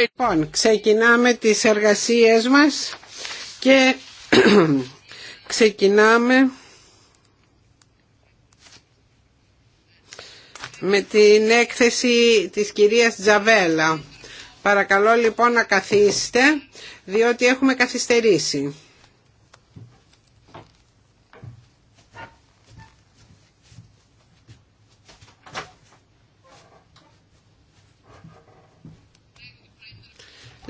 Λοιπόν, ξεκινάμε τις εργασίες μας και ξεκινάμε με την έκθεση της κυρίας Τζαβέλα. Παρακαλώ λοιπόν να καθίσετε διότι έχουμε καθυστερήσει.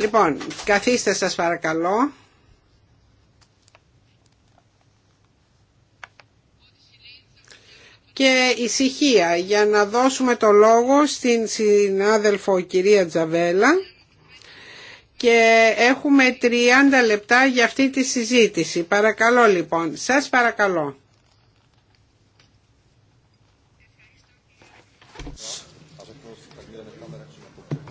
Λοιπόν, καθίστε σας παρακαλώ. Και ησυχία για να δώσουμε το λόγο στην συνάδελφο κυρία Τζαβέλα και έχουμε 30 λεπτά για αυτή τη συζήτηση. Παρακαλώ λοιπόν, σας παρακαλώ.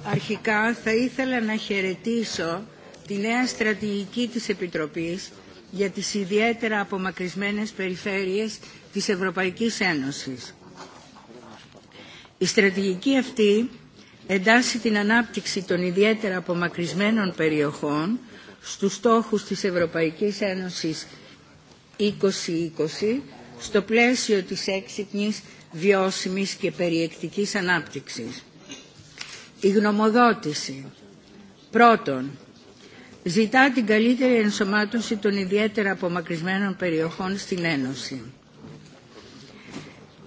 Αρχικά θα ήθελα να χαιρετήσω τη νέα στρατηγική της Επιτροπής για τις ιδιαίτερα απομακρυσμένες περιφέρειες της Ευρωπαϊκής Ένωσης. Η στρατηγική αυτή εντάσσει την ανάπτυξη των ιδιαίτερα απομακρυσμένων περιοχών στους στόχους της Ευρωπαϊκής Ένωσης 2020 στο πλαίσιο της έξυπνης, βιώσιμης και περιεκτικής ανάπτυξης. Η γνωμοδότηση. Πρώτον, ζητά την καλύτερη ενσωμάτωση των ιδιαίτερα απομακρυσμένων περιοχών στην Ένωση.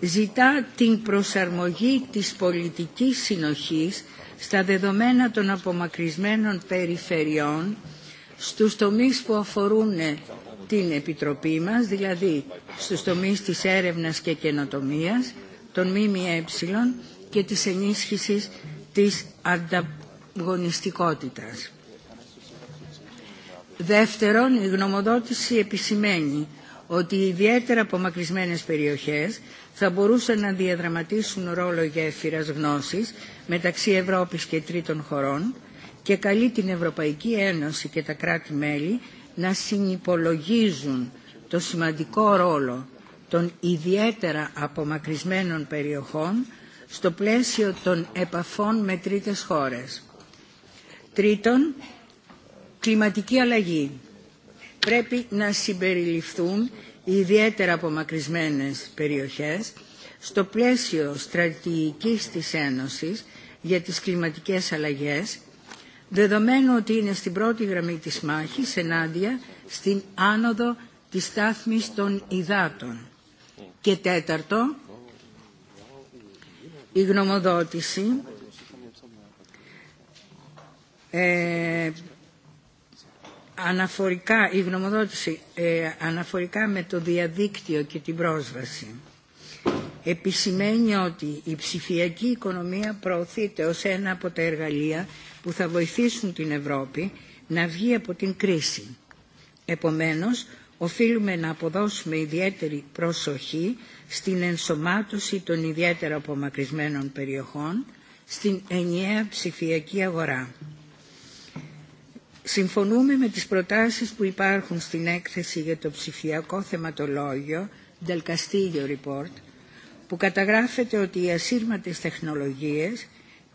Ζητά την προσαρμογή της πολιτικής συνοχής στα δεδομένα των απομακρυσμένων περιφερειών στους τομείς που αφορούν την Επιτροπή μας, δηλαδή στους τομείς της έρευνας και καινοτομίας, των ΜΜΕ και της ενίσχυσης της ανταγωνιστικότητας. Δεύτερον, η γνωμοδότηση επισημαίνει ότι οι ιδιαίτερα απομακρυσμένες περιοχές θα μπορούσαν να διαδραματίσουν ρόλο γέφυρας γνώσης μεταξύ Ευρώπης και τρίτων χωρών και καλεί την Ευρωπαϊκή Ένωση και τα κράτη-μέλη να συνυπολογίζουν το σημαντικό ρόλο των ιδιαίτερα απομακρυσμένων περιοχών στο πλαίσιο των επαφών με τρίτες χώρες. Τρίτον, κλιματική αλλαγή. Πρέπει να συμπεριληφθούν ιδιαίτερα απομακρυσμένες περιοχές στο πλαίσιο στρατηγικής της Ένωσης για τις κλιματικές αλλαγές, δεδομένου ότι είναι στην πρώτη γραμμή της μάχης ενάντια στην άνοδο της στάθμης των υδάτων. Και τέταρτο, η γνωμοδότηση ε, αναφορικά, η ε, αναφορικά με το διαδίκτυο και την πρόσβαση επισημαίνει ότι η ψηφιακή οικονομία προωθείται ως ένα από τα εργαλεία που θα βοηθήσουν την Ευρώπη να βγει από την κρίση. Επομένως, οφείλουμε να αποδώσουμε ιδιαίτερη προσοχή στην ενσωμάτωση των ιδιαίτερα απομακρυσμένων περιοχών στην ενιαία ψηφιακή αγορά. Συμφωνούμε με τις προτάσεις που υπάρχουν στην έκθεση για το ψηφιακό θεματολόγιο Del Castillo Report που καταγράφεται ότι οι ασύρματες τεχνολογίες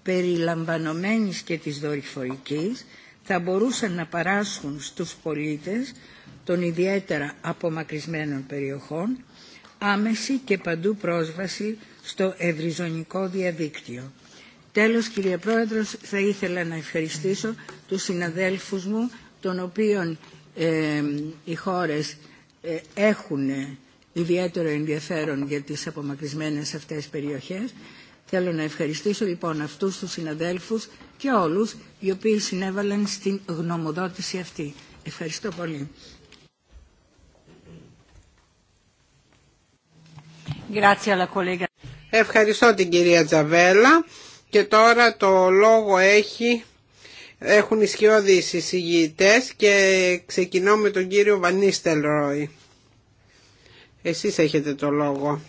περιλαμβανομένης και της δορυφορικής θα μπορούσαν να παράσχουν στους πολίτες των ιδιαίτερα απομακρυσμένων περιοχών, άμεση και παντού πρόσβαση στο ευρυζωνικό διαδίκτυο. Τέλος, κύριε Πρόεδρος, θα ήθελα να ευχαριστήσω τους συναδέλφους μου, των οποίων οι χώρες ε, έχουν ιδιαίτερο ενδιαφέρον για τις απομακρυσμένες αυτές περιοχές. Θέλω να ευχαριστήσω λοιπόν αυτούς τους συναδέλφους και όλους οι οποίοι συνέβαλαν στην γνωμοδότηση αυτή. Ευχαριστώ πολύ. Ευχαριστώ την κυρία Τζαβέλα και τώρα το λόγο έχει, έχουν ισχυώδει οι και ξεκινώ με τον κύριο Βανίστελ Ρόι. Εσείς έχετε το λόγο.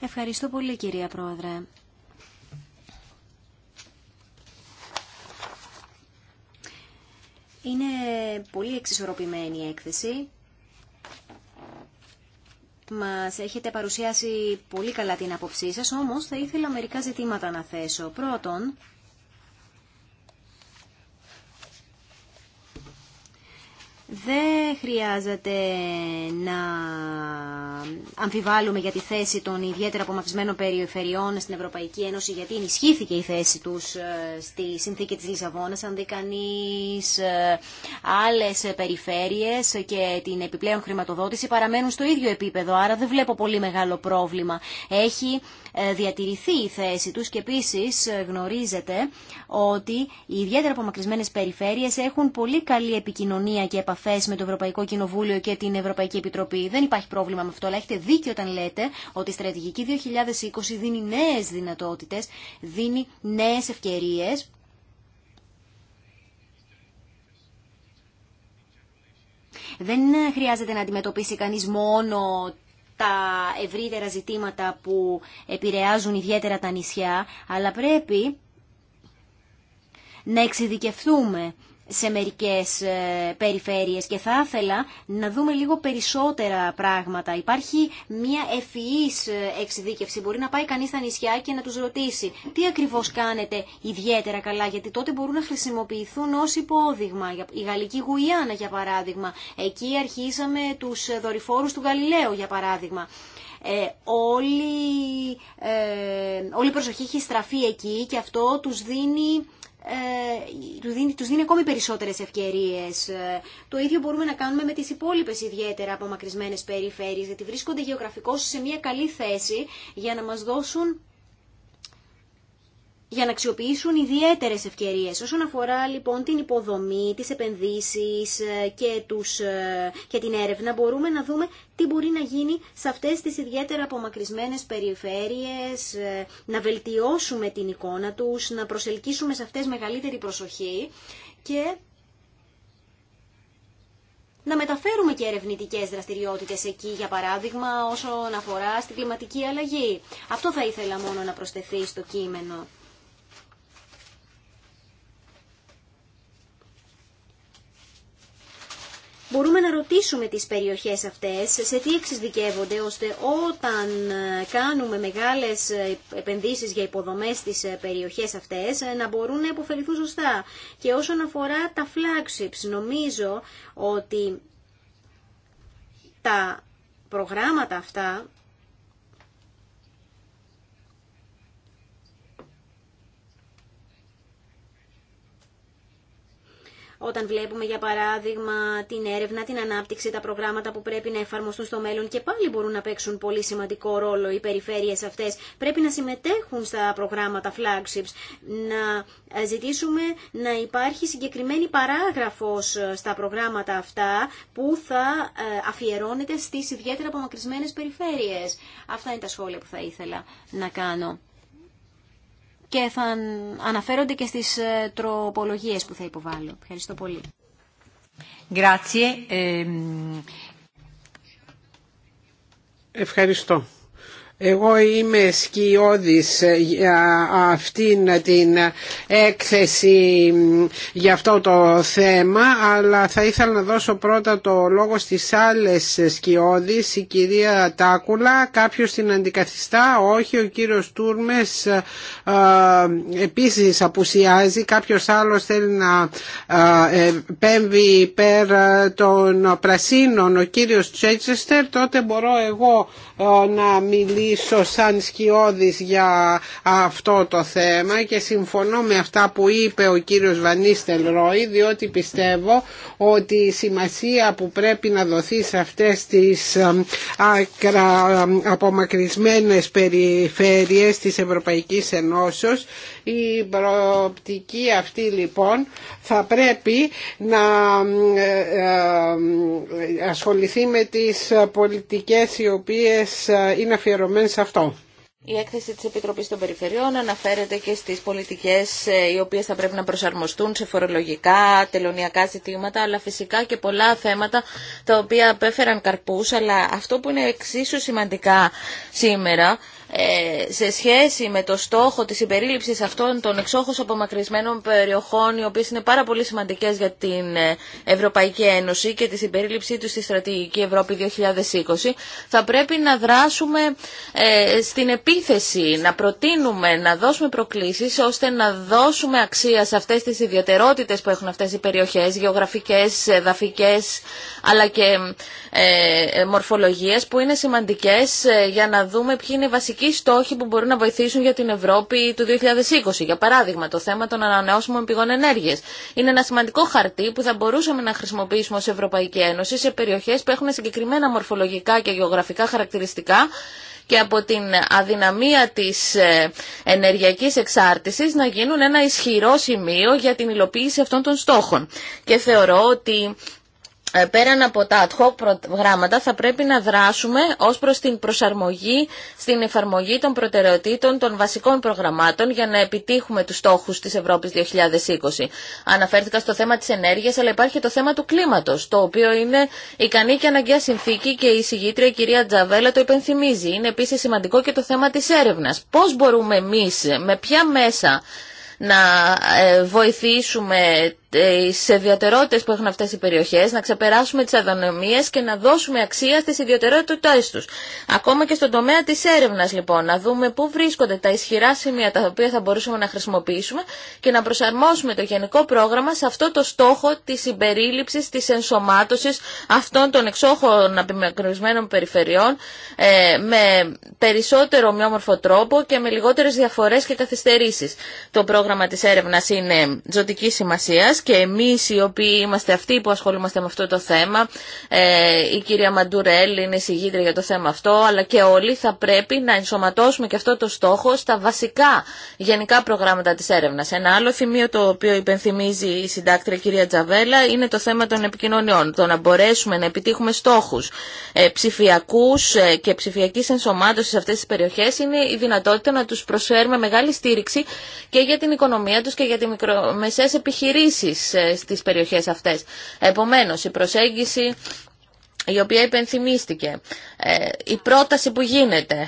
Ευχαριστώ πολύ κυρία Πρόεδρε. Είναι πολύ εξισορροπημένη η έκθεση μας έχετε παρουσιάσει πολύ καλά την άποψή σας, όμως θα ήθελα μερικά ζητήματα να θέσω. Πρώτον, Δεν χρειάζεται να αμφιβάλλουμε για τη θέση των ιδιαίτερα απομακρυσμένων περιφερειών στην Ευρωπαϊκή Ένωση, γιατί ενισχύθηκε η θέση τους ε, στη συνθήκη της Λισαβόνας, αν δει κανείς ε, άλλες περιφέρειες και την επιπλέον χρηματοδότηση παραμένουν στο ίδιο επίπεδο, άρα δεν βλέπω πολύ μεγάλο πρόβλημα. Έχει ε, διατηρηθεί η θέση τους και επίσης ε, γνωρίζετε ότι οι ιδιαίτερα απομακρυσμένε περιφέρειες έχουν πολύ καλή επικοινωνία και επαφές με το Ευρωπαϊκό Κοινοβούλιο και την Ευρωπαϊκή Επιτροπή. Δεν υπάρχει πρόβλημα με αυτό, αλλά έχετε δίκιο όταν λέτε ότι η στρατηγική 2020 δίνει νέες δυνατότητες, δίνει νέες ευκαιρίες Δεν χρειάζεται να αντιμετωπίσει κανείς μόνο τα ευρύτερα ζητήματα που επηρεάζουν ιδιαίτερα τα νησιά, αλλά πρέπει να εξειδικευτούμε σε μερικές ε, περιφέρειες και θα ήθελα να δούμε λίγο περισσότερα πράγματα. Υπάρχει μια ευφυής ε, εξειδίκευση. Μπορεί να πάει κανείς στα νησιά και να τους ρωτήσει τι ακριβώς κάνετε ιδιαίτερα καλά, γιατί τότε μπορούν να χρησιμοποιηθούν ως υπόδειγμα. Η Γαλλική Γουιάννα, για παράδειγμα. Εκεί αρχίσαμε τους δορυφόρους του Γαλιλαίου, για παράδειγμα. Ε, όλη, ε, όλη η προσοχή έχει στραφεί εκεί και αυτό τους δίνει ε, τους δίνει, τους δίνει ακόμη περισσότερες ευκαιρίες. Ε, το ίδιο μπορούμε να κάνουμε με τις υπόλοιπες ιδιαίτερα απομακρυσμένες περιφέρειες, γιατί βρίσκονται γεωγραφικώς σε μια καλή θέση για να μας δώσουν για να αξιοποιήσουν ιδιαίτερες ευκαιρίες όσον αφορά λοιπόν την υποδομή, τις επενδύσεις ε, και, τους, ε, και την έρευνα μπορούμε να δούμε τι μπορεί να γίνει σε αυτές τις ιδιαίτερα απομακρυσμένες περιφέρειες, ε, να βελτιώσουμε την εικόνα τους, να προσελκύσουμε σε αυτές μεγαλύτερη προσοχή και να μεταφέρουμε και ερευνητικέ δραστηριότητε εκεί, για παράδειγμα, όσον αφορά στην κλιματική αλλαγή. Αυτό θα ήθελα μόνο να προσθεθεί στο κείμενο. μπορούμε να ρωτήσουμε τις περιοχές αυτές σε τι εξειδικεύονται, ώστε όταν ε, κάνουμε μεγάλες ε, επενδύσεις για υποδομές στις ε, περιοχές αυτές, να μπορούν να υποφεληθούν σωστά. Και όσον αφορά τα flagships, νομίζω ότι τα προγράμματα αυτά όταν βλέπουμε για παράδειγμα την έρευνα, την ανάπτυξη, τα προγράμματα που πρέπει να εφαρμοστούν στο μέλλον και πάλι μπορούν να παίξουν πολύ σημαντικό ρόλο οι περιφέρειες αυτές. Πρέπει να συμμετέχουν στα προγράμματα flagships, να ζητήσουμε να υπάρχει συγκεκριμένη παράγραφος στα προγράμματα αυτά που θα ε, αφιερώνεται στις ιδιαίτερα απομακρυσμένες περιφέρειες. Αυτά είναι τα σχόλια που θα ήθελα να κάνω και θα αναφέρονται και στις ε, τροπολογίες που θα υποβάλω. Ευχαριστώ πολύ. Ehm. Ευχαριστώ. Εγώ είμαι σκιώδης ε, για αυτήν την έκθεση για αυτό το θέμα αλλά θα ήθελα να δώσω πρώτα το λόγο στις άλλες σκιώδης η κυρία Τάκουλα κάποιος την αντικαθιστά όχι ο κύριος Τούρμες ε, ε, επίσης απουσιάζει κάποιος άλλος θέλει να πέμβει υπέρ των πρασίνων ο κύριος Τσέτσεστερ τότε μπορώ εγώ να μιλήσω ίσως σαν σκιώδης για αυτό το θέμα και συμφωνώ με αυτά που είπε ο κύριος Βανίστελ Ρόι διότι πιστεύω ότι η σημασία που πρέπει να δοθεί σε αυτές τις άκρα απομακρυσμένες περιφέρειες της Ευρωπαϊκής Ενώσεως η προοπτική αυτή λοιπόν θα πρέπει να ασχοληθεί με τις πολιτικές οι οποίες ε, είναι αφιερωμένες η έκθεση της Επιτροπής των Περιφερειών αναφέρεται και στις πολιτικές ε, οι οποίες θα πρέπει να προσαρμοστούν σε φορολογικά, τελωνιακά ζητήματα, αλλά φυσικά και πολλά θέματα τα οποία απέφεραν καρπούς, αλλά αυτό που είναι εξίσου σημαντικά σήμερα ε, σε σχέση με το στόχο της υπερίληψης αυτών των εξόχως απομακρυσμένων περιοχών οι οποίες είναι πάρα πολύ σημαντικές για την ε, Ευρωπαϊκή Ένωση και τη συμπερίληψή τους στη Στρατηγική Ευρώπη 2020 θα πρέπει να δράσουμε ε, στην επίθεση, να προτείνουμε, να δώσουμε προκλήσεις ώστε να δώσουμε αξία σε αυτές τις ιδιαιτερότητες που έχουν αυτές οι περιοχές, γεωγραφικές, δαφικές αλλά και μορφολογίες που είναι σημαντικές για να δούμε ποιοι είναι οι βασικοί στόχοι που μπορούν να βοηθήσουν για την Ευρώπη του 2020. Για παράδειγμα, το θέμα των ανανεώσιμων πηγών ενέργεια. Είναι ένα σημαντικό χαρτί που θα μπορούσαμε να χρησιμοποιήσουμε ω Ευρωπαϊκή Ένωση σε περιοχέ που έχουν συγκεκριμένα μορφολογικά και γεωγραφικά χαρακτηριστικά και από την αδυναμία της ε, ενεργειακής εξάρτησης να γίνουν ένα ισχυρό σημείο για την υλοποίηση αυτών των στόχων. Και θεωρώ ότι ε, πέραν από τα ad hoc προγράμματα θα πρέπει να δράσουμε ως προς την προσαρμογή στην εφαρμογή των προτεραιοτήτων των βασικών προγραμμάτων για να επιτύχουμε τους στόχους της Ευρώπης 2020. Αναφέρθηκα στο θέμα της ενέργειας αλλά υπάρχει και το θέμα του κλίματος το οποίο είναι ικανή και αναγκαία συνθήκη και η συγγήτρια η κυρία Τζαβέλα το υπενθυμίζει. Είναι επίσης σημαντικό και το θέμα της έρευνας. Πώς μπορούμε εμείς, με ποια μέσα να ε, βοηθήσουμε ε, σε ιδιωτερότητες που έχουν αυτές οι περιοχές, να ξεπεράσουμε τις αδονομίες και να δώσουμε αξία στις ιδιωτερότητες τους. Ακόμα και στον τομέα της έρευνας λοιπόν, να δούμε πού βρίσκονται τα ισχυρά σημεία τα οποία θα μπορούσαμε να χρησιμοποιήσουμε και να προσαρμόσουμε το γενικό πρόγραμμα σε αυτό το στόχο της συμπερίληψη, της ενσωμάτωσης αυτών των εξόχων απομακρυσμένων περιφερειών ε, με περισσότερο ομοιόμορφο τρόπο και με λιγότερες διαφορές και καθυστερήσει. Το πρόγραμμα τη έρευνα είναι ζωτική σημασία και εμείς οι οποίοι είμαστε αυτοί που ασχολούμαστε με αυτό το θέμα, ε, η κυρία Μαντουρέλ είναι συγγήτρια για το θέμα αυτό, αλλά και όλοι θα πρέπει να ενσωματώσουμε και αυτό το στόχο στα βασικά γενικά προγράμματα της έρευνας. Ένα άλλο θυμίο το οποίο υπενθυμίζει η συντάκτρια κυρία Τζαβέλα είναι το θέμα των επικοινωνιών, το να μπορέσουμε να επιτύχουμε στόχους ε, ψηφιακούς ε, και ψηφιακής ενσωμάτωσης σε αυτές τις περιοχές είναι η δυνατότητα να του προσφέρουμε μεγάλη στήριξη και για την οικονομία τους και για τις μικρομεσαίες επιχειρήσεις ε, στις περιοχές αυτές. Επομένως, η προσέγγιση η οποία υπενθυμίστηκε, ε, η πρόταση που γίνεται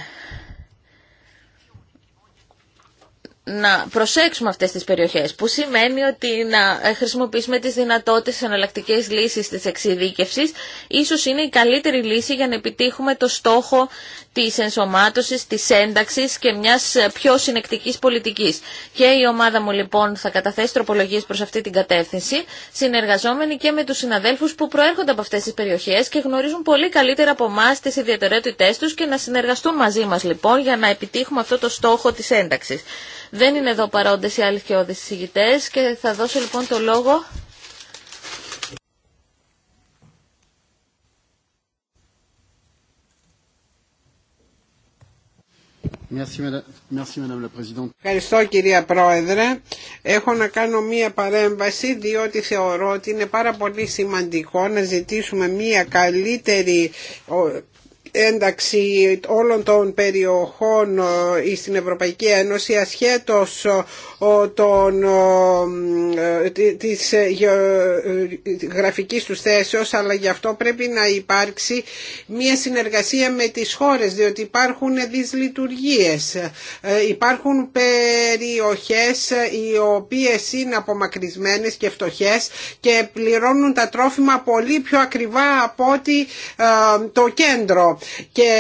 να προσέξουμε αυτές τις περιοχές, που σημαίνει ότι να ε, χρησιμοποιήσουμε τις δυνατότητες της εναλλακτικές λύσεις της εξειδίκευσης, ίσως είναι η καλύτερη λύση για να επιτύχουμε το στόχο της ενσωμάτωσης, της ένταξης και μιας ε, πιο συνεκτικής πολιτικής. Και η ομάδα μου λοιπόν θα καταθέσει τροπολογίες προς αυτή την κατεύθυνση, συνεργαζόμενοι και με τους συναδέλφους που προέρχονται από αυτές τις περιοχές και γνωρίζουν πολύ καλύτερα από εμά τις ιδιαιτερότητές τους και να συνεργαστούν μαζί μας λοιπόν για να επιτύχουμε αυτό το στόχο της ένταξης. Δεν είναι εδώ παρόντες οι άλλοι τι συζητητές και θα δώσω λοιπόν το λόγο Ευχαριστώ κυρία Πρόεδρε. Έχω να κάνω μία παρέμβαση διότι θεωρώ ότι είναι πάρα πολύ σημαντικό να ζητήσουμε μία καλύτερη ένταξη όλων των περιοχών ε, στην Ευρωπαϊκή Ένωση ασχέτως ε, των, ε, της γραφικής του θέσεως αλλά γι' αυτό πρέπει να υπάρξει μια συνεργασία με τις χώρες διότι υπάρχουν δυσλειτουργίες υπάρχουν περιοχές οι οποίες είναι απομακρυσμένες και φτωχές και πληρώνουν τα τρόφιμα πολύ πιο ακριβά από ότι το κέντρο και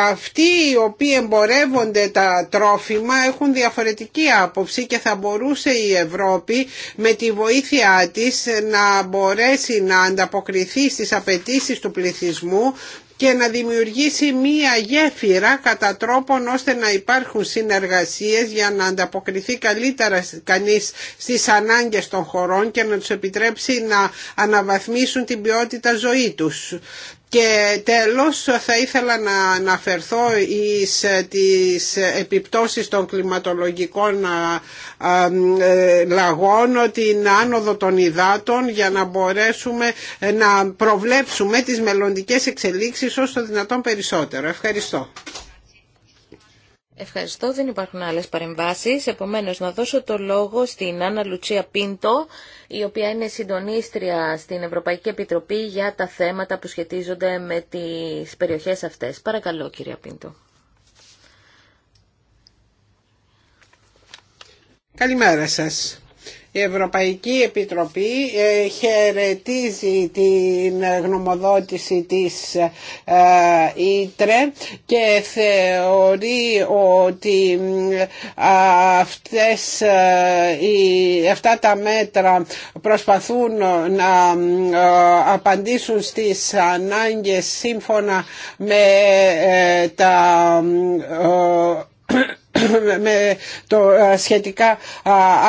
αυτοί οι οποίοι εμπορεύονται τα τρόφιμα έχουν διαφορετική άποψη και θα μπορούσε η Ευρώπη με τη βοήθειά της να μπορέσει να ανταποκριθεί στις απαιτήσει του πληθυσμού και να δημιουργήσει μία γέφυρα κατά τρόπον ώστε να υπάρχουν συνεργασίες για να ανταποκριθεί καλύτερα κανείς στις ανάγκες των χωρών και να τους επιτρέψει να αναβαθμίσουν την ποιότητα ζωή τους. Και τέλος θα ήθελα να αναφερθώ εις ε, τις επιπτώσεις των κλιματολογικών ε, λαγών, την άνοδο των υδάτων για να μπορέσουμε ε, να προβλέψουμε τις μελλοντικές εξελίξεις όσο δυνατόν περισσότερο. Ευχαριστώ. Ευχαριστώ. Δεν υπάρχουν άλλες παρεμβάσεις. Επομένως, να δώσω το λόγο στην Άννα Λουτσία Πίντο, η οποία είναι συντονίστρια στην Ευρωπαϊκή Επιτροπή για τα θέματα που σχετίζονται με τις περιοχές αυτές. Παρακαλώ, κυρία Πίντο. Καλημέρα σας. Η Ευρωπαϊκή Επιτροπή ε, χαιρετίζει την γνωμοδότηση της ΙΤΡΕ ε, και θεωρεί ότι αυτές, ε, αυτά τα μέτρα προσπαθούν να απαντήσουν στις ανάγκες σύμφωνα με τα με το σχετικά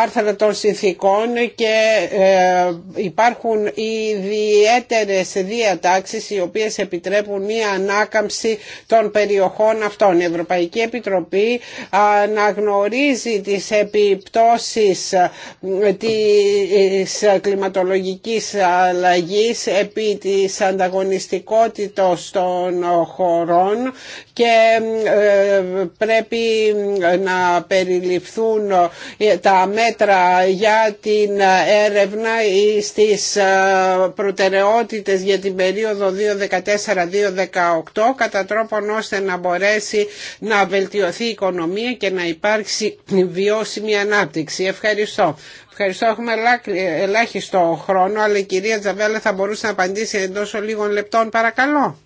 άρθρα των συνθήκων και ε, υπάρχουν ιδιαίτερες διατάξεις οι οποίες επιτρέπουν μία ανάκαμψη των περιοχών αυτών. Η Ευρωπαϊκή Επιτροπή αναγνωρίζει τις επιπτώσεις της κλιματολογικής αλλαγής επί της ανταγωνιστικότητας των χωρών και ε, πρέπει να περιληφθούν ε, τα μέτρα για την ε, έρευνα στις ε, προτεραιότητες για την περίοδο 2014-2018 κατά τρόπον ώστε να μπορέσει να βελτιωθεί η οικονομία και να υπάρξει βιώσιμη ανάπτυξη. Ευχαριστώ. Ευχαριστώ. Έχουμε ελάχιστο χρόνο, αλλά η κυρία Τζαβέλα θα μπορούσε να απαντήσει εντός λίγων λεπτών, παρακαλώ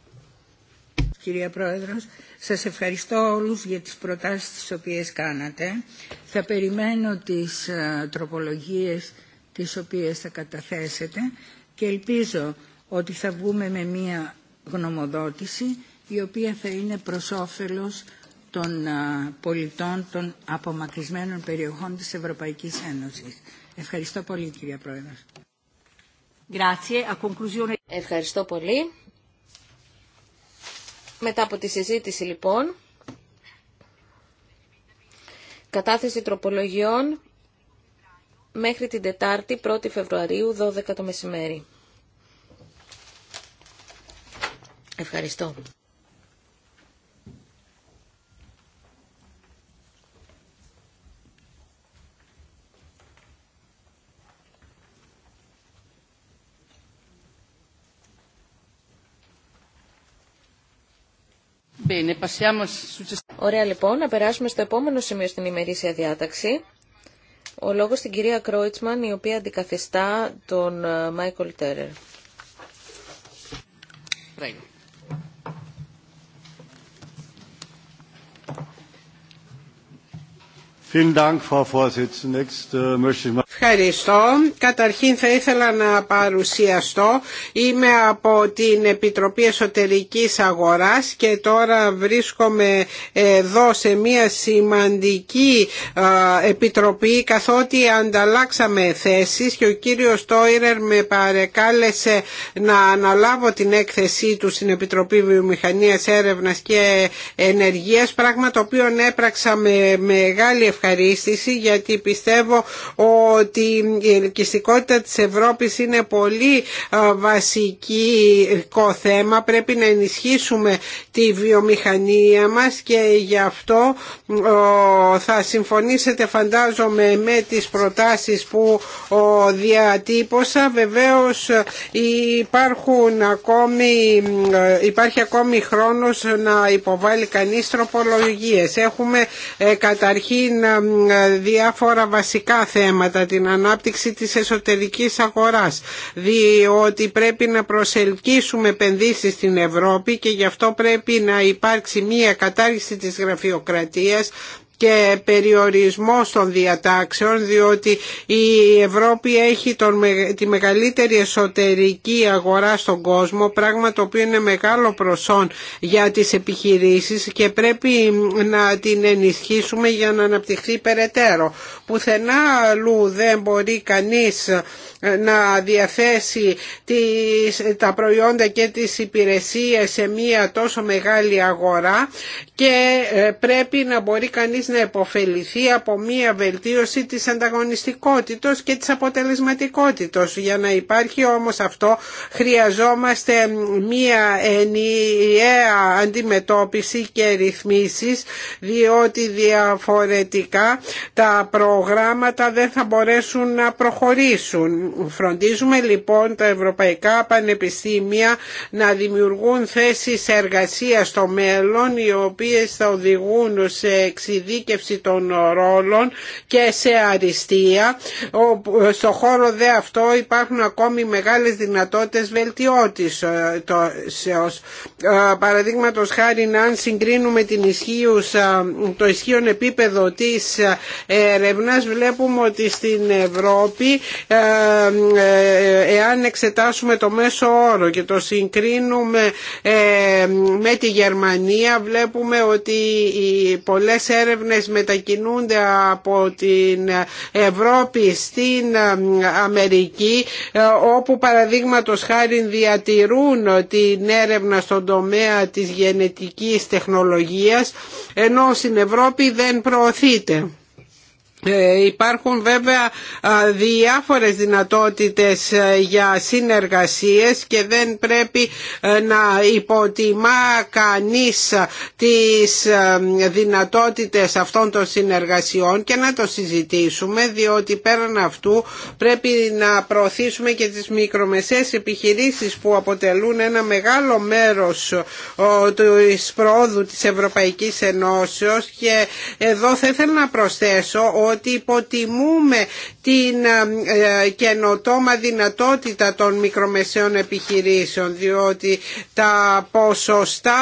κυρία Πρόεδρος. Σας ευχαριστώ όλους για τις προτάσεις τις οποίες κάνατε. Θα περιμένω τις ε, τροπολογίες τις οποίες θα καταθέσετε και ελπίζω ότι θα βγούμε με μία γνωμοδότηση η οποία θα είναι προς όφελος των ε, πολιτών των απομακρυσμένων περιοχών της Ευρωπαϊκής Ένωσης. Ευχαριστώ πολύ κυρία Πρόεδρε. Ευχαριστώ πολύ. Μετά από τη συζήτηση λοιπόν, κατάθεση τροπολογιών μέχρι την Τετάρτη 1η Φεβρουαρίου 12 το μεσημέρι. Ευχαριστώ. Ωραία λοιπόν, να περάσουμε στο επόμενο σημείο στην ημερήσια διάταξη. Ο λόγος στην κυρία Κρόιτσμαν, η οποία αντικαθιστά τον ε, Μάικολ Τέρερ. Ευχαριστώ. Καταρχήν θα ήθελα να παρουσιαστώ. Είμαι από την Επιτροπή Εσωτερικής Αγοράς και τώρα βρίσκομαι εδώ σε μια σημαντική επιτροπή καθότι ανταλλάξαμε θέσεις και ο κύριος Τόιρερ με παρεκάλεσε να αναλάβω την έκθεσή του στην Επιτροπή Βιομηχανίας Έρευνας και Ενεργείας πράγμα το οποίο έπραξα με μεγάλη ευχαρίστηση γιατί πιστεύω ότι ότι η ελκυστικότητα της Ευρώπης είναι πολύ βασικό θέμα. Πρέπει να ενισχύσουμε τη βιομηχανία μας και γι' αυτό θα συμφωνήσετε φαντάζομαι με τις προτάσεις που διατύπωσα. Βεβαίως υπάρχουν ακόμη, υπάρχει ακόμη χρόνος να υποβάλει κανείς τροπολογίες. Έχουμε ε, καταρχήν διάφορα βασικά θέματα την ανάπτυξη της εσωτερικής αγοράς διότι πρέπει να προσελκύσουμε επενδύσεις στην Ευρώπη και γι' αυτό πρέπει να υπάρξει μία κατάργηση της γραφειοκρατίας και περιορισμό των διατάξεων διότι η Ευρώπη έχει τον, τη μεγαλύτερη εσωτερική αγορά στον κόσμο πράγμα το οποίο είναι μεγάλο προσόν για τις επιχειρήσεις και πρέπει να την ενισχύσουμε για να αναπτυχθεί περαιτέρω. Πουθενά αλλού δεν μπορεί κανείς ε, να διαθέσει τις, τα προϊόντα και τις υπηρεσίες σε μία τόσο μεγάλη αγορά και ε, πρέπει να μπορεί κανείς να υποφεληθεί από μία βελτίωση της ανταγωνιστικότητος και της αποτελεσματικότητος. Για να υπάρχει όμως αυτό χρειαζόμαστε μία ενιαία αντιμετώπιση και ρυθμίσεις διότι διαφορετικά τα προγράμματα δεν θα μπορέσουν να προχωρήσουν. Φροντίζουμε λοιπόν τα ευρωπαϊκά πανεπιστήμια να δημιουργούν θέσεις εργασίας στο μέλλον οι οποίες θα οδηγούν σε εξειδίκευση των ρόλων και σε αριστεία. Στο χώρο δε αυτό υπάρχουν ακόμη μεγάλες δυνατότητες βελτιώτης. Ε, παραδείγματος χάρη αν συγκρίνουμε την ισχύουσα, το ισχύον επίπεδο της ε, βλέπουμε ότι στην Ευρώπη ε, ε, εάν εξετάσουμε το μέσο όρο και το συγκρίνουμε ε, με τη Γερμανία βλέπουμε ότι οι πολλές έρευνες μετακινούνται από την Ευρώπη στην Αμερική όπου παραδείγματος χάρη διατηρούν την έρευνα στον τομέα της γενετικής τεχνολογίας ενώ στην Ευρώπη δεν προωθείται. Ε, υπάρχουν βέβαια διάφορες δυνατότητες ε, για συνεργασίες και δεν πρέπει ε, να υποτιμά κανείς τις δυνατότητες αυτών των συνεργασιών και να το συζητήσουμε διότι πέραν αυτού πρέπει να προωθήσουμε και τις μικρομεσαίες επιχειρήσεις που αποτελούν ένα μεγάλο μέρος του πρόοδου της Ευρωπαϊκής Ενώσεως και εδώ θα ήθελα να προσθέσω ότι υποτιμούμε την ε, ε, καινοτόμα δυνατότητα των μικρομεσαίων επιχειρήσεων διότι τα ποσοστά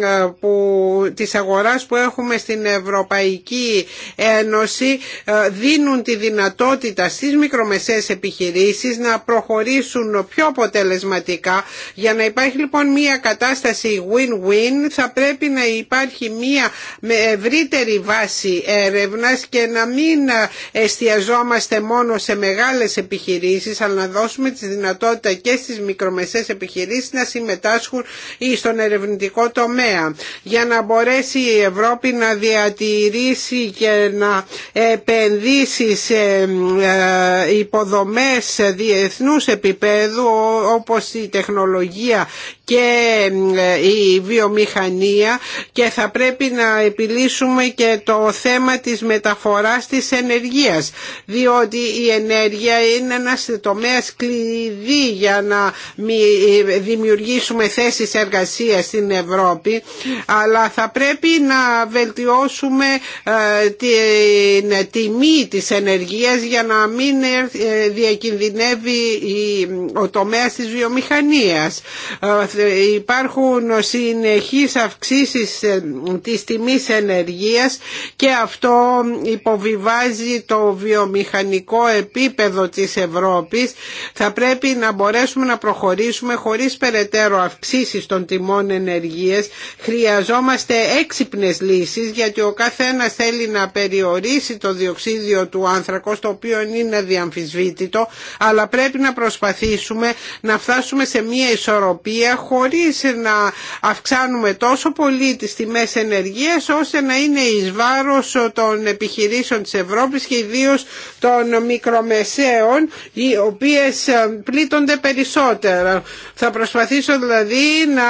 ε, που, της αγοράς που έχουμε στην Ευρωπαϊκή Ένωση δίνουν τη δυνατότητα στις μικρομεσαίες επιχειρήσεις να προχωρήσουν πιο αποτελεσματικά για να υπάρχει λοιπόν μια κατάσταση win-win θα πρέπει να υπάρχει μια ευρύτερη βάση έρευνας και να μην εστιαζόμαστε μόνο σε μεγάλες επιχειρήσεις αλλά να δώσουμε τη δυνατότητα και στις μικρομεσαίες επιχειρήσεις να συμμετάσχουν στον ερευνητικό τομέα για να μπορέσει η Ευρώπη να διατηρήσει και να επενδύσει σε ε, υποδομές διεθνούς επίπεδου όπως η τεχνολογία και ε, η βιομηχανία και θα πρέπει να επιλύσουμε και το θέμα της μεταφοράς της ενεργείας διότι η ενέργεια είναι ένας τομέας κλειδί για να ε, δημιουργήσουμε θέσεις εργασίας στην Ευρώπη αλλά θα πρέπει να βελτιώσουμε ε, την τιμή της ενεργείας για να μην διακινδυνεύει ο τομέας της βιομηχανίας υπάρχουν συνεχείς αυξήσεις ε, της τιμής ενεργείας και αυτό υποβιβάζει το βιομηχανικό επίπεδο της Ευρώπης. Θα πρέπει να μπορέσουμε να προχωρήσουμε χωρίς περαιτέρω αυξήσεις των τιμών ενεργείας. Χρειαζόμαστε έξυπνες λύσεις γιατί ο καθένας θέλει να περιορίσει το διοξίδιο του άνθρακος το οποίο είναι διαμφισβήτητο αλλά πρέπει να προσπαθήσουμε να φτάσουμε σε μια ισορροπία χωρίς να αυξάνουμε τόσο πολύ τις τιμές ενεργείας ώστε να είναι εις βάρος των επιχειρήσεων της Ευρώπης και ιδίως των μικρομεσαίων οι οποίες ε, πλήττονται περισσότερα. Θα προσπαθήσω δηλαδή να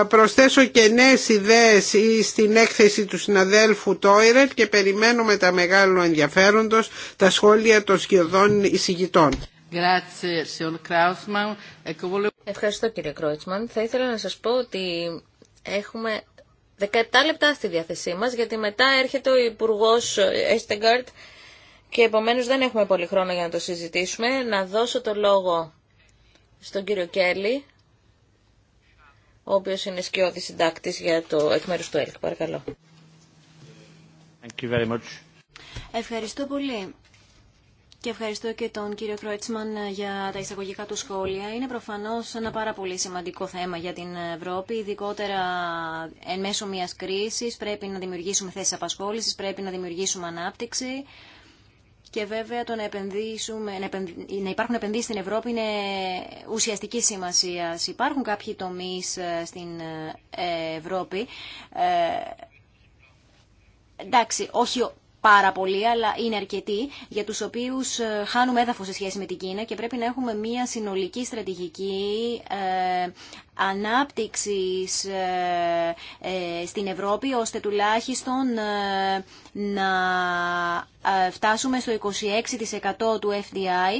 ε, προσθέσω και νέες ιδέες στην έκθεση του συναδέλφου Τόιρετ και περιμένουμε τα μεγάλο ενδιαφέροντος τα σχόλια των σχεδόν εισηγητών. Ευχαριστώ κύριε Κρόιτσμαν. Θα ήθελα να σας πω ότι έχουμε 17 λεπτά στη διάθεσή μας γιατί μετά έρχεται ο Υπουργός Έστεγκαρτ και επομένως δεν έχουμε πολύ χρόνο για να το συζητήσουμε. Να δώσω το λόγο στον κύριο Κέλλη, ο οποίος είναι σκιώδη συντάκτης για το εκ μέρους του ΕΛΚ. Παρακαλώ. Ευχαριστώ πολύ. Και ευχαριστώ και τον κύριο Κρόιτσμαν ε, για τα εισαγωγικά του σχόλια. Είναι προφανώς ένα πάρα πολύ σημαντικό θέμα για την Ευρώπη, ειδικότερα εν μέσω μιας κρίσης. Πρέπει να δημιουργήσουμε θέσει απασχόληση, πρέπει να δημιουργήσουμε ανάπτυξη. Και βέβαια το να, επενδύσουμε, να υπάρχουν επενδύσεις στην Ευρώπη είναι ουσιαστική σημασία. Υπάρχουν κάποιοι τομεί ε, στην ε, Ευρώπη Εντάξει, όχι πάρα πολλοί, αλλά είναι αρκετοί, για τους οποίους ε, χάνουμε έδαφος σε σχέση με την Κίνα και πρέπει να έχουμε μια συνολική στρατηγική ε, ανάπτυξης ε, ε, στην Ευρώπη, ώστε τουλάχιστον να φτάσουμε στο 26% του FDI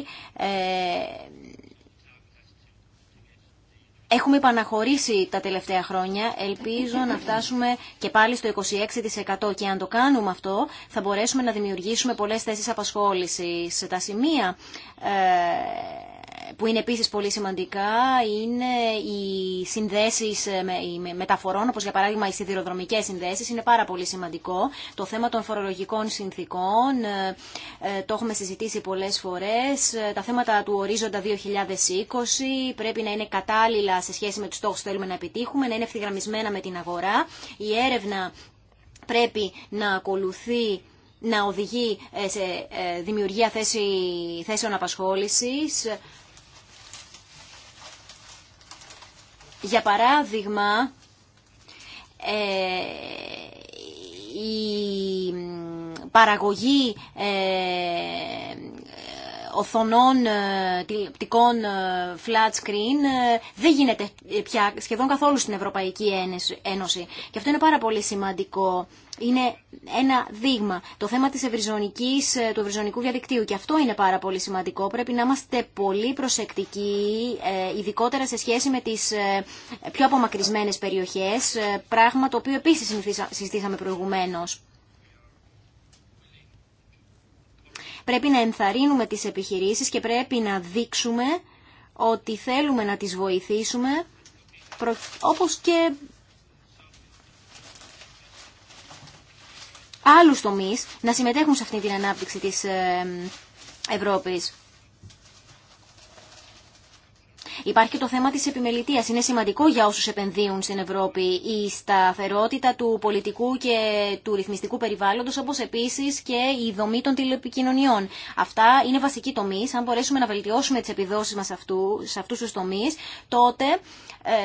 Έχουμε επαναχωρήσει τα τελευταία χρόνια. Ελπίζω να φτάσουμε και πάλι στο 26% και αν το κάνουμε αυτό θα μπορέσουμε να δημιουργήσουμε πολλές θέσεις απασχόλησης. Τα σημεία ε, που είναι επίσης πολύ σημαντικά είναι οι συνδέσεις μεταφορών, όπως για παράδειγμα οι σιδηροδρομικές συνδέσεις, είναι πάρα πολύ σημαντικό. Το θέμα των φορολογικών συνθήκων, ε, ε, το έχουμε συζητήσει πολλές φορές. Ε, τα θέματα του ορίζοντα 2020 πρέπει να είναι κατάλληλα σε σχέση με τους στόχους που θέλουμε να επιτύχουμε, να είναι ευθυγραμμισμένα με την αγορά. Η έρευνα πρέπει να ακολουθεί να οδηγεί σε δημιουργία θέσεων απασχόλησης Για παράδειγμα, ε, η παραγωγή ε, οθονών ε, τηλεοπτικών ε, flat screen ε, δεν γίνεται πια σχεδόν καθόλου στην Ευρωπαϊκή Ένωση. Και αυτό είναι πάρα πολύ σημαντικό. Είναι ένα δείγμα. Το θέμα της ευρυζωνικής, του ευρυζωνικού διαδικτύου και αυτό είναι πάρα πολύ σημαντικό. Πρέπει να είμαστε πολύ προσεκτικοί, ειδικότερα σε σχέση με τις πιο απομακρυσμένες περιοχές, πράγμα το οποίο επίσης συζητήσαμε προηγουμένως. Πρέπει να ενθαρρύνουμε τις επιχειρήσεις και πρέπει να δείξουμε ότι θέλουμε να τις βοηθήσουμε όπως και άλλους τομείς να συμμετέχουν σε αυτή την ανάπτυξη της ε, Ευρώπης. Υπάρχει και το θέμα της επιμελητίας. Είναι σημαντικό για όσους επενδύουν στην Ευρώπη η σταθερότητα του πολιτικού και του ρυθμιστικού περιβάλλοντος, όπως επίσης και η δομή των τηλεπικοινωνιών. Αυτά είναι βασικοί τομείς. Αν μπορέσουμε να βελτιώσουμε τις επιδόσεις μας σε αυτούς τους τομείς, τότε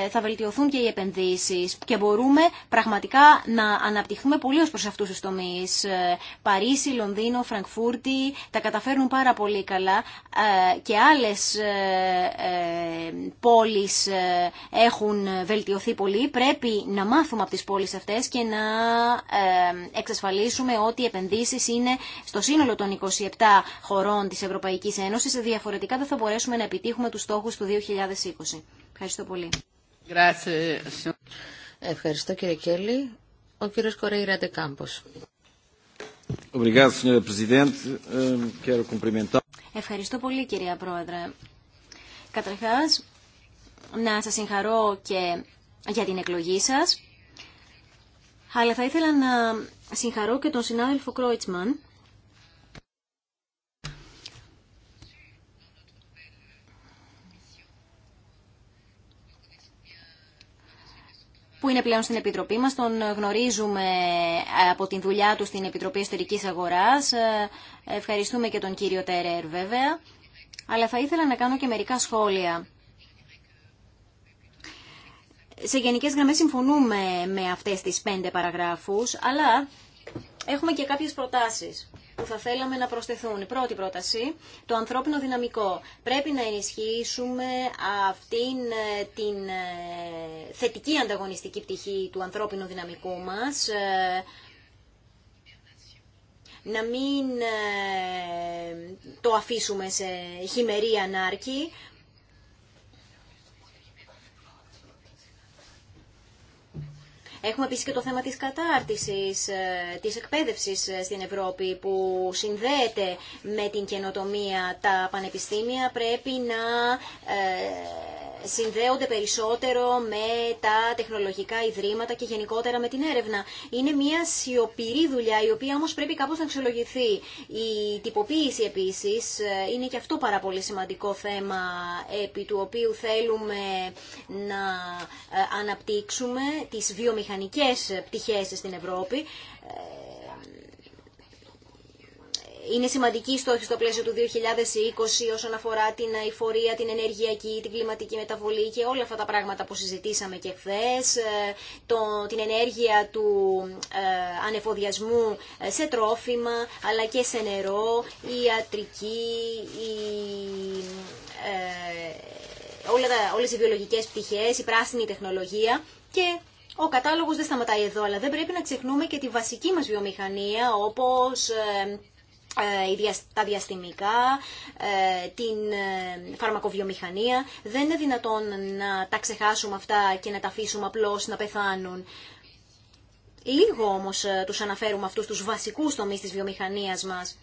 ε, θα βελτιωθούν και οι επενδύσεις και μπορούμε πραγματικά να αναπτυχθούμε πολύ ως προς αυτούς τους τομείς. Ε, Παρίσι, Λονδίνο, Φραγκφούρτη τα καταφέρνουν πάρα πολύ καλά ε, και άλλες πόλεις ε, έχουν βελτιωθεί πολύ. Πρέπει να μάθουμε από τις πόλεις αυτές και να ε, εξασφαλίσουμε ότι οι επενδύσεις είναι στο σύνολο των 27 χωρών της Ευρωπαϊκής Ένωσης. Διαφορετικά δεν θα μπορέσουμε να επιτύχουμε τους στόχους του 2020. Ευχαριστώ πολύ. Ευχαριστώ κύριε Κέλλη. Ο κύριος Κορέιρα Κάμπος. Ευχαριστώ πολύ κυρία Πρόεδρε. Καταρχάς, να σας συγχαρώ και για την εκλογή σας, αλλά θα ήθελα να συγχαρώ και τον συνάδελφο Κρόιτσμαν, που είναι πλέον στην Επιτροπή μας. Τον γνωρίζουμε από την δουλειά του στην Επιτροπή Εστερικής Αγοράς. Ευχαριστούμε και τον κύριο Τερέρ βέβαια αλλά θα ήθελα να κάνω και μερικά σχόλια. Σε γενικές γραμμές συμφωνούμε με αυτές τις πέντε παραγράφους, αλλά έχουμε και κάποιες προτάσεις που θα θέλαμε να προσθεθούν. Η πρώτη πρόταση, το ανθρώπινο δυναμικό. Πρέπει να ενισχύσουμε αυτήν ε, την ε, θετική ανταγωνιστική πτυχή του ανθρώπινου δυναμικού μας, ε, να μην ε, το αφήσουμε σε χειμερή ανάρκη. Έχουμε επίσης και το θέμα της κατάρτισης, ε, της εκπαίδευσης ε, στην Ευρώπη που συνδέεται με την καινοτομία. Τα πανεπιστήμια πρέπει να συνδέονται περισσότερο με τα τεχνολογικά ιδρύματα και γενικότερα με την έρευνα. Είναι μια σιωπηρή δουλειά η οποία όμως πρέπει κάπως να αξιολογηθεί. Η τυποποίηση επίσης ε, είναι και αυτό πάρα πολύ σημαντικό θέμα επί του οποίου θέλουμε να ε, αναπτύξουμε τις βιομηχανικές πτυχές στην Ευρώπη ε, είναι σημαντική η στόχη στο πλαίσιο του 2020 όσον αφορά την αηφορία, την ενεργειακή, την κλιματική μεταβολή και όλα αυτά τα πράγματα που συζητήσαμε και χθε, ε, την ενέργεια του ε, ανεφοδιασμού ε, σε τρόφιμα αλλά και σε νερό, η ιατρική, η, όλα τα, όλες οι βιολογικές πτυχές, η πράσινη τεχνολογία και ο κατάλογος δεν σταματάει εδώ, αλλά δεν πρέπει να ξεχνούμε και τη βασική μας βιομηχανία όπως... Ε, τα διαστημικά, ε, την ε, φαρμακοβιομηχανία. Δεν είναι δυνατόν να τα ξεχάσουμε αυτά και να τα αφήσουμε απλώς να πεθάνουν. Λίγο όμως τους αναφέρουμε αυτούς τους βασικούς τομείς της βιομηχανίας μας.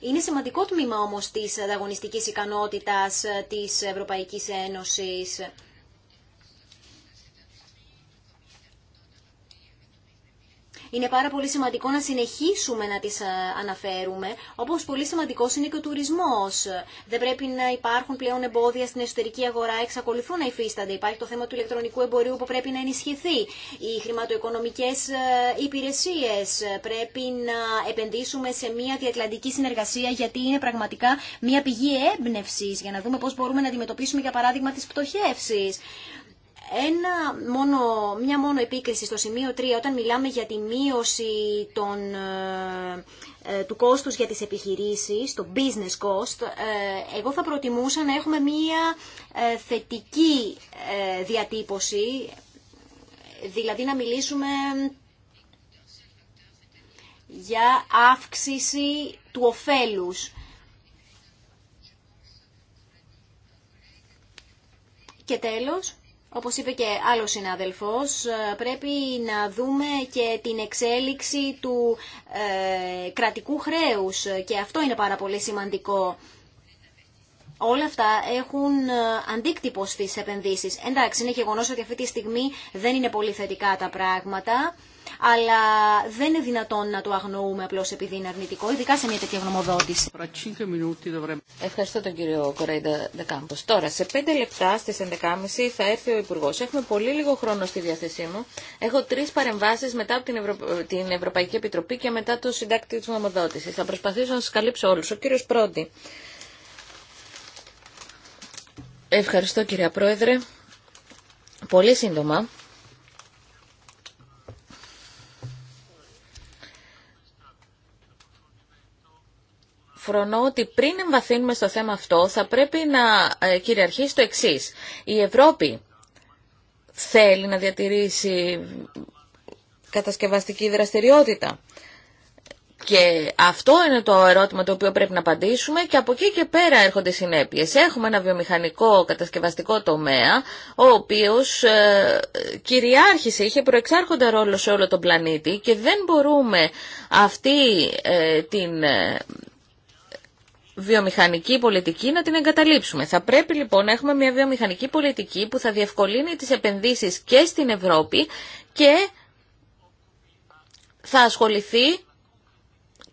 Είναι σημαντικό τμήμα όμως της ανταγωνιστικής ικανότητας της Ευρωπαϊκής Ένωσης. είναι πάρα πολύ σημαντικό να συνεχίσουμε να τις ε, αναφέρουμε, όπως πολύ σημαντικός είναι και ο τουρισμός. Δεν πρέπει να υπάρχουν πλέον εμπόδια στην εσωτερική αγορά, εξακολουθούν να υφίστανται. Υπάρχει το θέμα του ηλεκτρονικού εμπορίου που πρέπει να ενισχυθεί. Οι χρηματοοικονομικές ε, υπηρεσίες ε, πρέπει να επενδύσουμε σε μια διατλαντική συνεργασία, γιατί είναι πραγματικά μια πηγή έμπνευση για να δούμε πώς μπορούμε να αντιμετωπίσουμε, για παράδειγμα, τις πτωχεύσεις ένα μόνο, μια μόνο επίκριση στο σημείο 3 όταν μιλάμε για τη μείωση των, ε, ε, του κόστους για τις επιχειρήσεις, το business cost, ε, εγώ θα προτιμούσα να έχουμε μια θετική διατύπωση, δηλαδή να μιλήσουμε για αύξηση του ωφέλους. Και τέλος, όπως είπε και άλλος συνάδελφος, ε, πρέπει να δούμε και την εξέλιξη του ε, κρατικού χρέους και αυτό είναι πάρα πολύ σημαντικό. Όλα αυτά έχουν ε, αντίκτυπο στις επενδύσεις. Εντάξει, είναι γεγονός ότι αυτή τη στιγμή δεν είναι πολύ θετικά τα πράγματα αλλά δεν είναι δυνατόν να το αγνοούμε απλώ επειδή είναι αρνητικό, ειδικά σε μια τέτοια γνωμοδότηση. Ευχαριστώ τον κύριο Κορέιντα Δεκάμπο. Τώρα, σε πέντε λεπτά στι 11.30 θα έρθει ο Υπουργό. Έχουμε πολύ λίγο χρόνο στη διάθεσή μου. Έχω τρει παρεμβάσει μετά από την, την Ευρωπαϊκή Επιτροπή και μετά το συντάκτη τη γνωμοδότηση. Θα προσπαθήσω να σα καλύψω όλου. Ο κύριο Πρόντι. Ευχαριστώ κυρία Πρόεδρε. Πολύ σύντομα. φρονώ ότι πριν εμβαθύνουμε στο θέμα αυτό θα πρέπει να ε, κυριαρχήσει το εξής. Η Ευρώπη θέλει να διατηρήσει κατασκευαστική δραστηριότητα. Και αυτό είναι το ερώτημα το οποίο πρέπει να απαντήσουμε και από εκεί και πέρα έρχονται συνέπειες. Έχουμε ένα βιομηχανικό κατασκευαστικό τομέα ο οποίος ε, κυριάρχησε, είχε προεξάρχοντα ρόλο σε όλο τον πλανήτη και δεν μπορούμε αυτή ε, την βιομηχανική πολιτική να την εγκαταλείψουμε. Θα πρέπει λοιπόν να έχουμε μια βιομηχανική πολιτική που θα διευκολύνει τις επενδύσεις και στην Ευρώπη και θα ασχοληθεί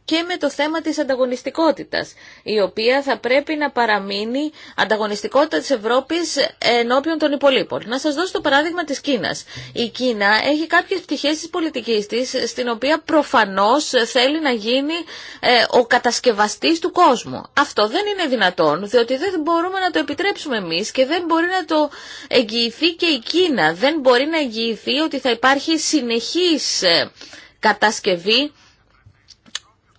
και με το θέμα της ανταγωνιστικότητας, η οποία θα πρέπει να παραμείνει ανταγωνιστικότητα της Ευρώπης ενώπιον των υπολείπων. Να σας δώσω το παράδειγμα της Κίνας. Η Κίνα έχει κάποιες πτυχές της πολιτικής της, στην οποία προφανώς θέλει να γίνει ε, ο κατασκευαστής του κόσμου. Αυτό δεν είναι δυνατόν, διότι δεν μπορούμε να το επιτρέψουμε εμείς και δεν μπορεί να το εγγυηθεί και η Κίνα. Δεν μπορεί να εγγυηθεί ότι θα υπάρχει συνεχής ε, κατασκευή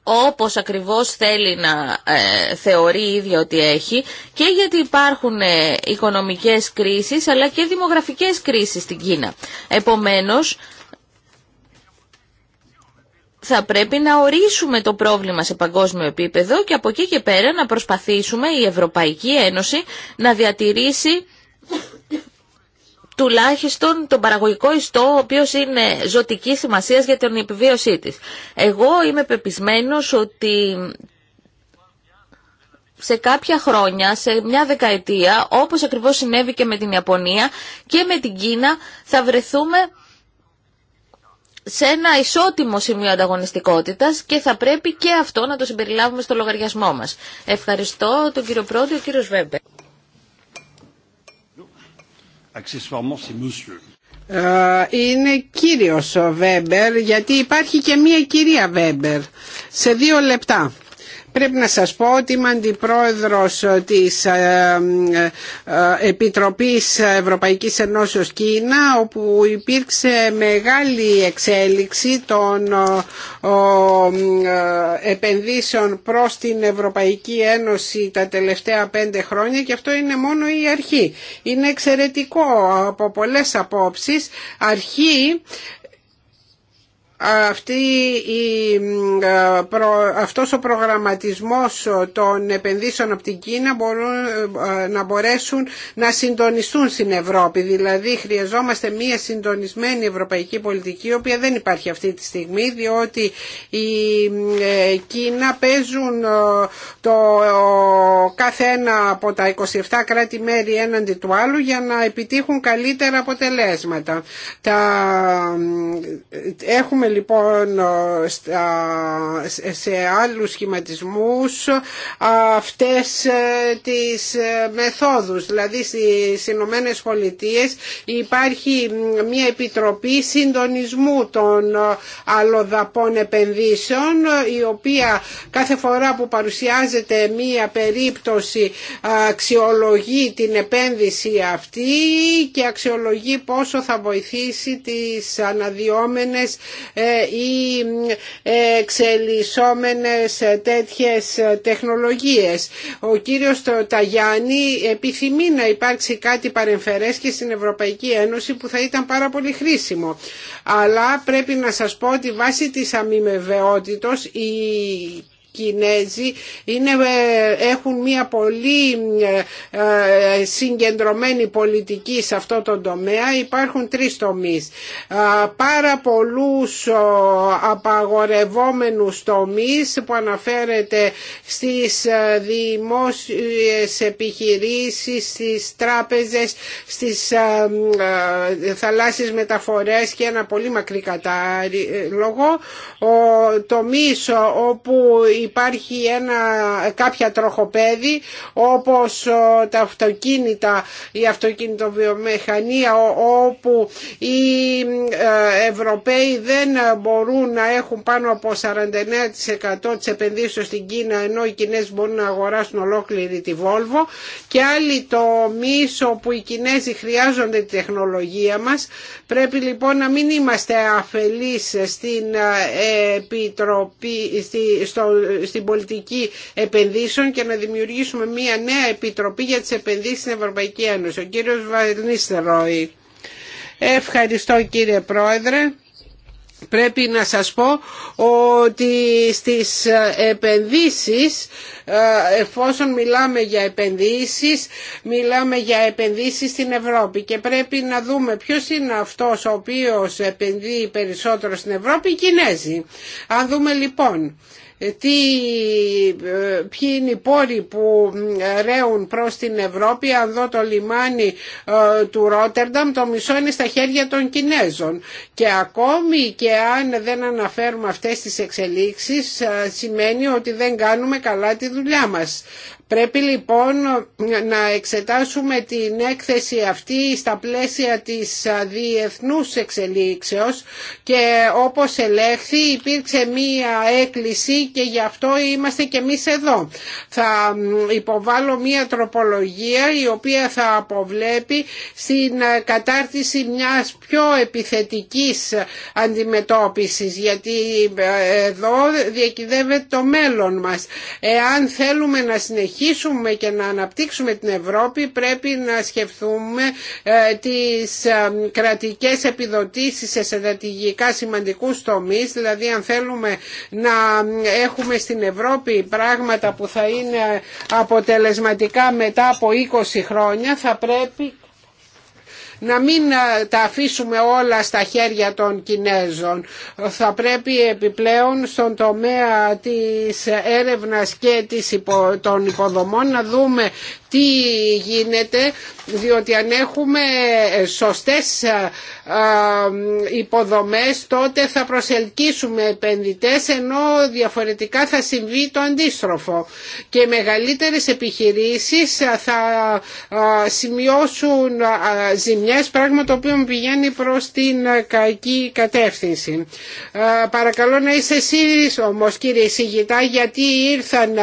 όπως ακριβώς θέλει να ε, θεωρεί η ίδια ότι έχει και γιατί υπάρχουν ε, οικονομικές κρίσεις αλλά και δημογραφικές κρίσεις στην Κίνα. Επομένως, θα πρέπει να ορίσουμε το πρόβλημα σε παγκόσμιο επίπεδο και από εκεί και πέρα να προσπαθήσουμε η Ευρωπαϊκή Ένωση να διατηρήσει τουλάχιστον τον παραγωγικό ιστό, ο οποίος είναι ζωτική σημασία για την επιβίωσή της. Εγώ είμαι πεπισμένος ότι σε κάποια χρόνια, σε μια δεκαετία, όπως ακριβώς συνέβη και με την Ιαπωνία και με την Κίνα, θα βρεθούμε σε ένα ισότιμο σημείο ανταγωνιστικότητας και θα πρέπει και αυτό να το συμπεριλάβουμε στο λογαριασμό μας. Ευχαριστώ τον κύριο Πρόεδρο, ο κύριος Βέμπερ. Ε, είναι κύριος ο Βέμπερ γιατί υπάρχει και μία κυρία Βέμπερ σε δύο λεπτά. Πρέπει να σας πω ότι είμαι αντιπρόεδρος της ε, ε, ε, Επιτροπής Ευρωπαϊκής Ενώσεως Κίνα όπου υπήρξε μεγάλη εξέλιξη των επενδύσεων προς την Ευρωπαϊκή Ένωση τα τελευταία πέντε χρόνια και αυτό είναι μόνο η αρχή. Είναι εξαιρετικό από πολλές απόψεις αρχή αυτή η, αυτός ο προγραμματισμός των επενδύσεων από την Κίνα μπορούν, ε, να μπορέσουν να συντονιστούν στην Ευρώπη. Δηλαδή χρειαζόμαστε μια συντονισμένη ευρωπαϊκή πολιτική η οποία δεν υπάρχει αυτή τη στιγμή διότι η ε, Κίνα παίζουν ε, το κάθε ένα από τα 27 κράτη-μέρη έναντι του άλλου για να επιτύχουν καλύτερα αποτελέσματα. Τα, έχουμε πάμε λοιπόν σε άλλους σχηματισμούς αυτές ε, τις ε, μεθόδους. Δηλαδή στις Ηνωμένε Πολιτείε υπάρχει μια επιτροπή συντονισμού των ε, αλλοδαπών επενδύσεων η οποία κάθε φορά που παρουσιάζεται μια περίπτωση αξιολογεί την επένδυση αυτή και αξιολογεί πόσο θα βοηθήσει τις αναδυόμενες ε, ή ε, εξελισσόμενες ε, τέτοιες τεχνολογίες. Ο κύριος Ταγιάννη επιθυμεί να υπάρξει κάτι παρεμφερές και στην Ευρωπαϊκή Ένωση που θα ήταν πάρα πολύ χρήσιμο. Αλλά πρέπει να σας πω ότι βάσει της αμοιβαιότητος η Κινέζοι ε, έχουν μια πολύ ε, ε, συγκεντρωμένη πολιτική σε αυτό το τομέα. Υπάρχουν τρεις τομείς. Πάρα πολλούς απαγορευόμενους τομείς που αναφέρεται στις δημόσιες επιχειρήσεις, στις τράπεζες, στις θαλάσσιες μεταφορές και ένα πολύ μακρύ κατάλογο. Ο τομείς όπου υπάρχει ένα, κάποια τροχοπέδη όπως τα αυτοκίνητα, η αυτοκινητοβιομηχανία όπου οι ε, Ευρωπαίοι δεν μπορούν να έχουν πάνω από 49% της επενδύσεως στην Κίνα ενώ οι Κινέζοι μπορούν να αγοράσουν ολόκληρη τη Βόλβο και άλλοι μίσο που οι Κινέζοι χρειάζονται τη τεχνολογία μας πρέπει λοιπόν να μην είμαστε αφελείς στην ε, Επιτροπή, στο στην πολιτική επενδύσεων και να δημιουργήσουμε μια νέα επιτροπή για τις επενδύσεις στην Ευρωπαϊκή Ένωση. Ο κύριος Βαλνίστεροι. Ευχαριστώ κύριε Πρόεδρε. Πρέπει να σας πω ότι στις επενδύσεις, εφόσον μιλάμε για επενδύσεις, μιλάμε για επενδύσεις στην Ευρώπη και πρέπει να δούμε ποιος είναι αυτός ο οποίος επενδύει περισσότερο στην Ευρώπη, οι Κινέζοι. Αν δούμε λοιπόν ε, τι, ε, ποιοι είναι οι πόροι που ρέουν προς την Ευρώπη αν δω το λιμάνι ε, του Ρότερνταμ το μισό είναι στα χέρια των Κινέζων και ακόμη και αν δεν αναφέρουμε αυτές τις εξελίξεις σημαίνει ότι δεν κάνουμε καλά τη δουλειά μας Πρέπει λοιπόν να εξετάσουμε την έκθεση αυτή στα πλαίσια της διεθνούς εξελίξεως και όπως ελέγχθη υπήρξε μία έκκληση και γι' αυτό είμαστε και εμείς εδώ. Θα υποβάλω μία τροπολογία η οποία θα αποβλέπει στην κατάρτιση μιας πιο επιθετικής αντιμετώπισης γιατί ε, εδώ διακυδεύεται το μέλλον μας. Εάν θέλουμε να συνεχίσουμε συνεχίσουμε και να αναπτύξουμε την Ευρώπη πρέπει να σκεφτούμε ε, τις ε, κρατικές επιδοτήσεις σε στρατηγικά σημαντικούς τομείς, δηλαδή αν θέλουμε να έχουμε στην Ευρώπη πράγματα που θα είναι αποτελεσματικά μετά από 20 χρόνια θα πρέπει να μην ε, τα αφήσουμε όλα στα χέρια των Κινέζων. Θα πρέπει επιπλέον στον τομέα της έρευνας και των υποδομών να δούμε τι γίνεται διότι αν έχουμε σωστές ε, ε, υποδομές τότε θα προσελκύσουμε επενδυτές ενώ διαφορετικά θα συμβεί το αντίστροφο και μεγαλύτερες επιχειρήσεις θα ε, σημειώσουν ζημιές πράγμα το οποίο πηγαίνει προς την κακή κατεύθυνση. Παρακαλώ να είσαι εσείς όμως κύριε Σιγητά γιατί ήρθαν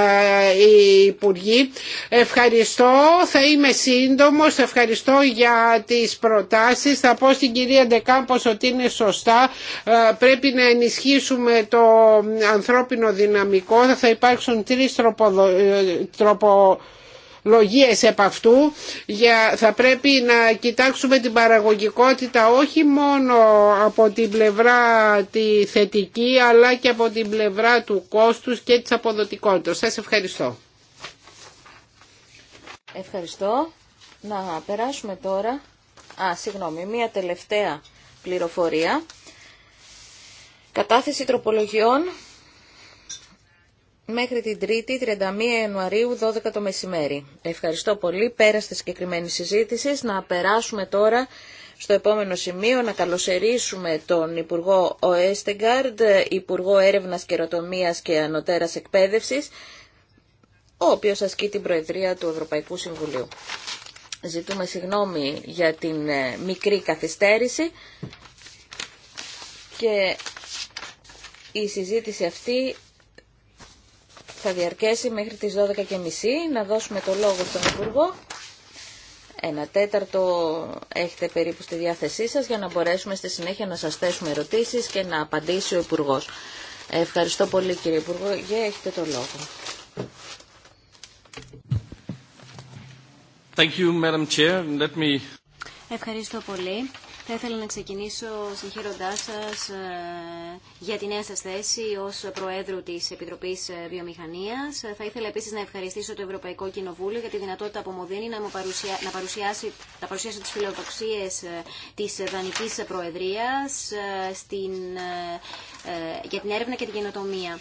οι υπουργοί. Ευχαριστώ θα είμαι σύντομος, ευχαριστώ για τις προτάσεις. Θα πω στην κυρία Ντεκάμπος ότι είναι σωστά, ε, πρέπει να ενισχύσουμε το ανθρώπινο δυναμικό, θα υπάρξουν τρεις τροποδο... Ε, τροπο επ' αυτού για, θα πρέπει να κοιτάξουμε την παραγωγικότητα όχι μόνο από την πλευρά τη θετική αλλά και από την πλευρά του κόστους και της αποδοτικότητας. Σας ευχαριστώ. Ευχαριστώ. Να περάσουμε τώρα... Α, συγγνώμη, μία τελευταία πληροφορία. Κατάθεση τροπολογιών μέχρι την 3η 31 Ιανουαρίου 12 το μεσημέρι. Ευχαριστώ πολύ. Πέρα στη συγκεκριμένη συζήτηση να περάσουμε τώρα στο επόμενο σημείο να καλωσερίσουμε τον Υπουργό Οέστεγκαρντ, Υπουργό Έρευνας Καιροτομίας και Ανωτέρας Εκπαίδευσης ο οποίος ασκεί την Προεδρία του Ευρωπαϊκού Συμβουλίου. Ζητούμε συγγνώμη για την ε, μικρή καθυστέρηση και η συζήτηση αυτή θα διαρκέσει μέχρι τις 12.30. Να δώσουμε το λόγο στον Υπουργό. Ένα τέταρτο έχετε περίπου στη διάθεσή σας για να μπορέσουμε στη συνέχεια να σας θέσουμε ερωτήσεις και να απαντήσει ο Υπουργός. Ευχαριστώ πολύ κύριε Υπουργό. και έχετε το λόγο. Ευχαριστώ πολύ. Θα ήθελα να ξεκινήσω συγχαίροντάς σας ε, για τη νέα σας θέση ως Προέδρου της Επιτροπής ε, Βιομηχανίας. Ε, θα ήθελα επίσης να ευχαριστήσω το Ευρωπαϊκό Κοινοβούλιο για τη δυνατότητα που μου δίνει να, παρουσιάσει... να παρουσιάσω τις φιλοδοξίες της Δανικής Προεδρίας για την έρευνα και την καινοτομία.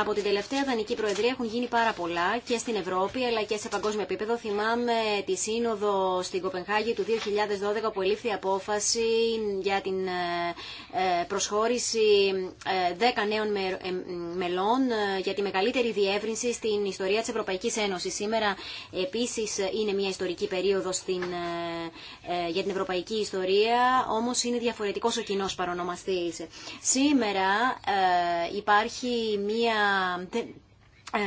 Από την τελευταία Δανική Προεδρία έχουν γίνει πάρα πολλά και στην Ευρώπη αλλά και σε παγκόσμιο επίπεδο. Θυμάμαι τη σύνοδο στην Κοπενχάγη του 2012 που ελήφθη η απόφαση για την ε, ε, προσχώρηση 10 ε, νέων μελών για τη μεγαλύτερη διεύρυνση στην ιστορία της Ευρωπαϊκής Ένωσης. Σήμερα επίσης είναι μια ιστορική περίοδο στην, για την ευρωπαϊκή ιστορία, όμως είναι διαφορετικός ο κοινός παρονομαστής. Σήμερα υπάρχει μια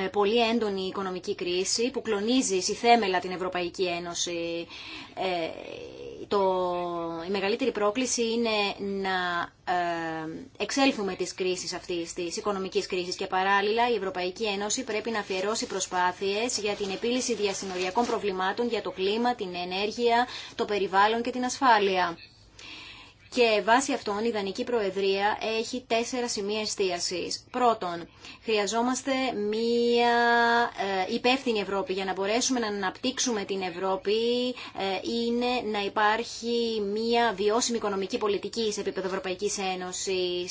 ε, πολύ έντονη οικονομική κρίση που κλονίζει στη θέμελα την Ευρωπαϊκή Ένωση. Ε, η μεγαλύτερη πρόκληση είναι να ε, εξέλθουμε της κρίσης αυτής, της οικονομικής κρίσης και παράλληλα η Ευρωπαϊκή Ένωση πρέπει να αφιερώσει προσπάθειες για την επίλυση διασυνοριακών προβλημάτων για το κλίμα, την ενέργεια, το περιβάλλον και την ασφάλεια. Και βάσει αυτών η Δανική Προεδρία έχει τέσσερα σημεία εστίαση. Πρώτον, χρειαζόμαστε μία ε, υπεύθυνη Ευρώπη. Για να μπορέσουμε να αναπτύξουμε την Ευρώπη ε, είναι να υπάρχει μία βιώσιμη οικονομική πολιτική σε επίπεδο Ευρωπαϊκή Ένωση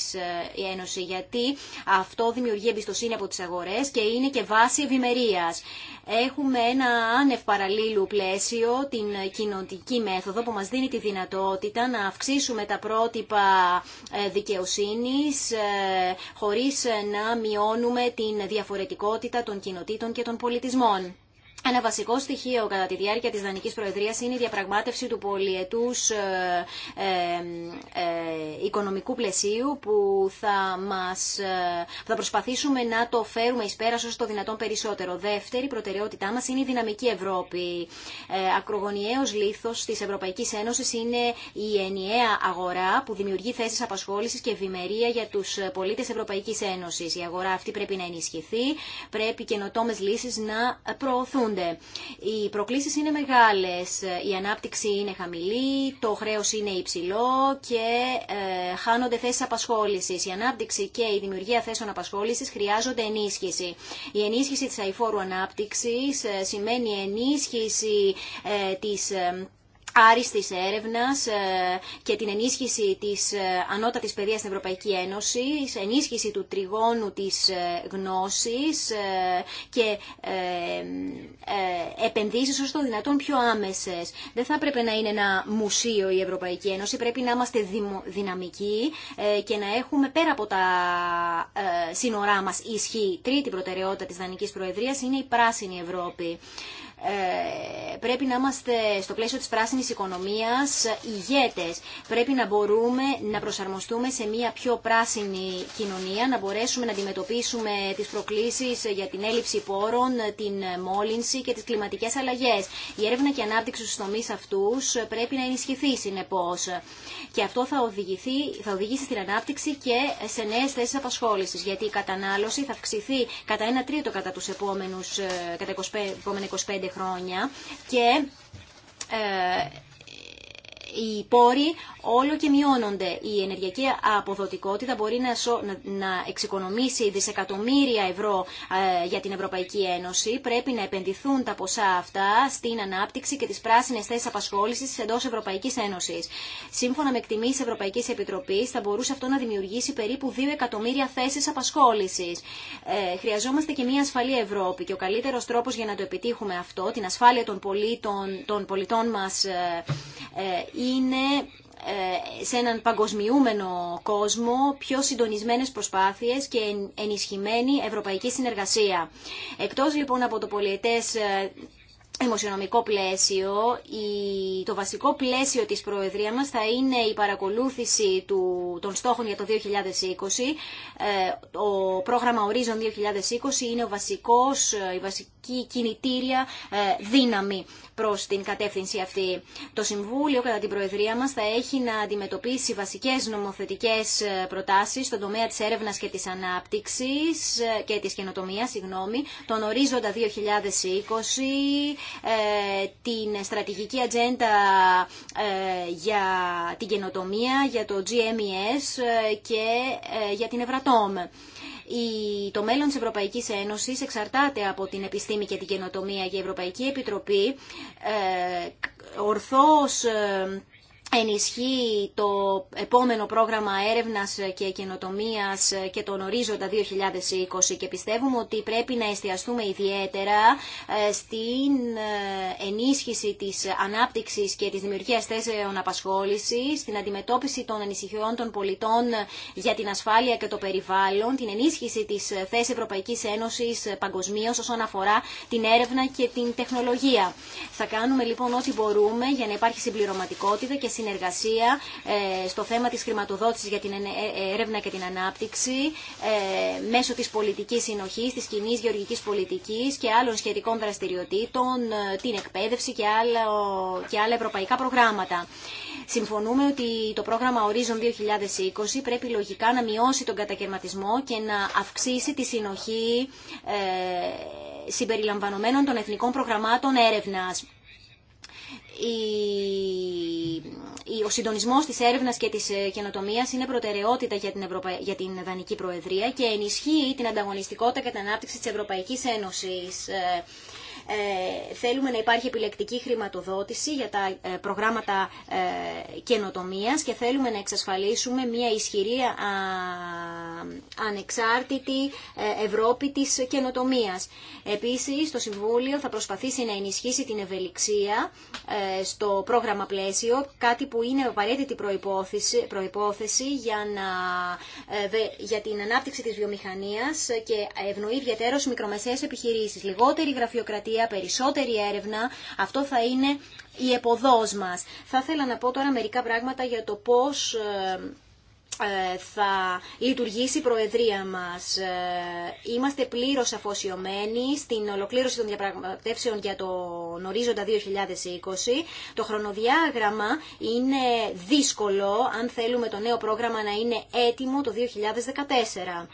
ε, Ένωση, γιατί αυτό δημιουργεί εμπιστοσύνη από τι αγορέ και είναι και βάση ευημερία. Έχουμε ένα άνευ παραλλήλου πλαίσιο, την κοινωνική μέθοδο που μα δίνει τη δυνατότητα να αυξήσουμε τα τα πρότυπα ε, δικαιοσύνης ε, χωρίς να μειώνουμε την διαφορετικότητα των κοινοτήτων και των πολιτισμών. Ένα βασικό στοιχείο κατά τη διάρκεια της Δανικής Προεδρίας είναι η διαπραγμάτευση του πολιετούς ε, ε, ε οικονομικού πλαισίου που θα, μας, ε, θα προσπαθήσουμε να το φέρουμε εις πέρας όσο το δυνατόν περισσότερο. Δεύτερη προτεραιότητά μας είναι η δυναμική Ευρώπη. Ε, ακρογωνιαίος λήθος της Ευρωπαϊκής Ένωσης είναι η ενιαία αγορά που δημιουργεί θέσεις απασχόλησης και ευημερία για τους πολίτες Ευρωπαϊκής Ένωσης. Η αγορά αυτή πρέπει να ενισχυθεί, πρέπει καινοτόμε λύσεις να προωθούν οι προκλήσει είναι μεγάλες, η ανάπτυξη είναι χαμηλή, το χρέο είναι υψηλό και ε, χάνονται θέσει απασχόληση. Η ανάπτυξη και η δημιουργία θέσεων απασχόληση χρειάζονται ενίσχυση. Η ενίσχυση τη αηφόρου ανάπτυξης ε, σημαίνει ενίσχυση ε, της άριστης έρευνας ε, και την ενίσχυση της ε, ανώτατης παιδείας στην Ευρωπαϊκή Ένωση, ενίσχυση του τριγώνου της ε, γνώσης και επενδύσεις όσο το δυνατόν πιο άμεσες. Δεν θα έπρεπε να είναι ένα μουσείο η Ευρωπαϊκή Ένωση, πρέπει να είμαστε δυναμικοί και να έχουμε πέρα από τα σύνορά μας ισχύ. Τρίτη προτεραιότητα της Δανικής Προεδρίας είναι η πράσινη Ευρώπη. Ε, πρέπει να είμαστε στο πλαίσιο της πράσινης οικονομίας ηγέτες. Πρέπει να μπορούμε να προσαρμοστούμε σε μια πιο πράσινη κοινωνία, να μπορέσουμε να αντιμετωπίσουμε τις προκλήσεις για την έλλειψη πόρων, την μόλυνση και τις κλιματικές αλλαγές. Η έρευνα και η ανάπτυξη στους τομείς αυτούς πρέπει να ενισχυθεί συνεπώς. Και αυτό θα, οδηγηθεί, θα οδηγήσει στην ανάπτυξη και σε νέες θέσεις απασχόλησης, γιατί η κατανάλωση θα αυξηθεί κατά ένα τρίτο κατά τους επόμενους, ε, κατά 25, επόμενα 25 χρόνια και ε, οι πόροι όλο και μειώνονται. Η ενεργειακή αποδοτικότητα μπορεί να εξοικονομήσει δισεκατομμύρια ευρώ ε, για την Ευρωπαϊκή Ένωση. Πρέπει να επενδυθούν τα ποσά αυτά στην ανάπτυξη και τι πράσινε θέσει απασχόληση εντό Ευρωπαϊκή Ένωση. Σύμφωνα με εκτιμήσεις Ευρωπαϊκή Επιτροπή θα μπορούσε αυτό να δημιουργήσει περίπου 2 εκατομμύρια θέσεις απασχόλησης. Ε, χρειαζόμαστε και μια ασφαλή Ευρώπη και ο καλύτερο τρόπο για να το επιτύχουμε αυτό, την ασφάλεια των πολιτών, των είναι ε, σε έναν παγκοσμιούμενο κόσμο πιο συντονισμένες προσπάθειες και ενισχυμένη ευρωπαϊκή συνεργασία. Εκτός λοιπόν από το πολιετές ε, δημοσιονομικό πλαίσιο, το βασικό πλαίσιο της Προεδρία μας θα είναι η παρακολούθηση των στόχων για το 2020. το ε, πρόγραμμα Horizon 2020 είναι ο βασικός, η βασική πολιτική κινητήρια ε, δύναμη προς την κατεύθυνση αυτή. Το Συμβούλιο κατά την Προεδρία μας θα έχει να αντιμετωπίσει βασικές νομοθετικές ε, προτάσεις στον τομέα της έρευνας και της ανάπτυξης ε, και της καινοτομίας, συγγνώμη, τον ορίζοντα 2020, την στρατηγική ατζέντα για την καινοτομία, για το GMES και για την Ευρατόμ το μέλλον της Ευρωπαϊκής Ένωσης εξαρτάται από την επιστήμη και την καινοτομία και η Ευρωπαϊκή Επιτροπή ε, ορθώς ε, ενισχύει το επόμενο πρόγραμμα έρευνας και καινοτομίας και τον ορίζοντα 2020 και πιστεύουμε ότι πρέπει να εστιαστούμε ιδιαίτερα ε, στην ε, ενίσχυση της ανάπτυξης και της δημιουργίας θέσεων απασχόλησης, στην αντιμετώπιση των ανησυχιών των πολιτών για την ασφάλεια και το περιβάλλον, την ενίσχυση της θέσης Ευρωπαϊκής Ένωσης παγκοσμίω όσον αφορά την έρευνα και την τεχνολογία. Θα κάνουμε λοιπόν ό,τι μπορούμε για να υπάρχει συμπληρωματικότητα και συνεργασία ε, στο θέμα της χρηματοδότησης για την ε, ε, έρευνα και την ανάπτυξη μέσω της πολιτικής συνοχής, της κοινή γεωργικής πολιτικής και άλλων σχετικών δραστηριοτήτων, την εκπαίδευση και άλλα, και άλλα ευρωπαϊκά προγράμματα. Συμφωνούμε ότι το πρόγραμμα Horizon 2020 πρέπει λογικά να μειώσει τον κατακαιρματισμό και να αυξήσει τη συνοχή συμπεριλαμβανομένων των εθνικών προγραμμάτων έρευνας ο συντονισμός της έρευνας και της ε, καινοτομίας είναι προτεραιότητα για την, Ευρωπα... για την Δανική Προεδρία και ενισχύει την ανταγωνιστικότητα και την ανάπτυξη της Ευρωπαϊκής Ένωσης. Ε, ε, θέλουμε να υπάρχει επιλεκτική χρηματοδότηση για τα ε, προγράμματα ε, καινοτομία και θέλουμε να εξασφαλίσουμε μια ισχυρή ανεξάρτητη Ευρώπη της καινοτομία. Επίσης, το Συμβούλιο θα προσπαθήσει να ενισχύσει την ευελιξία στο πρόγραμμα πλαίσιο, κάτι που είναι απαραίτητη προϋπόθεση, προϋπόθεση για, να, για την ανάπτυξη της βιομηχανίας και ευνοεί ιδιαίτερως μικρομεσαίες επιχειρήσεις. Λιγότερη γραφειοκρατία εργασία, περισσότερη έρευνα, αυτό θα είναι η εποδός μας. Θα ήθελα να πω τώρα μερικά πράγματα για το πώς ε, ε, θα λειτουργήσει η Προεδρία μας. Ε, είμαστε πλήρως αφοσιωμένοι στην ολοκλήρωση των διαπραγματεύσεων για τον ορίζοντα 2020. Το χρονοδιάγραμμα είναι δύσκολο αν θέλουμε το νέο πρόγραμμα να είναι έτοιμο το 2014.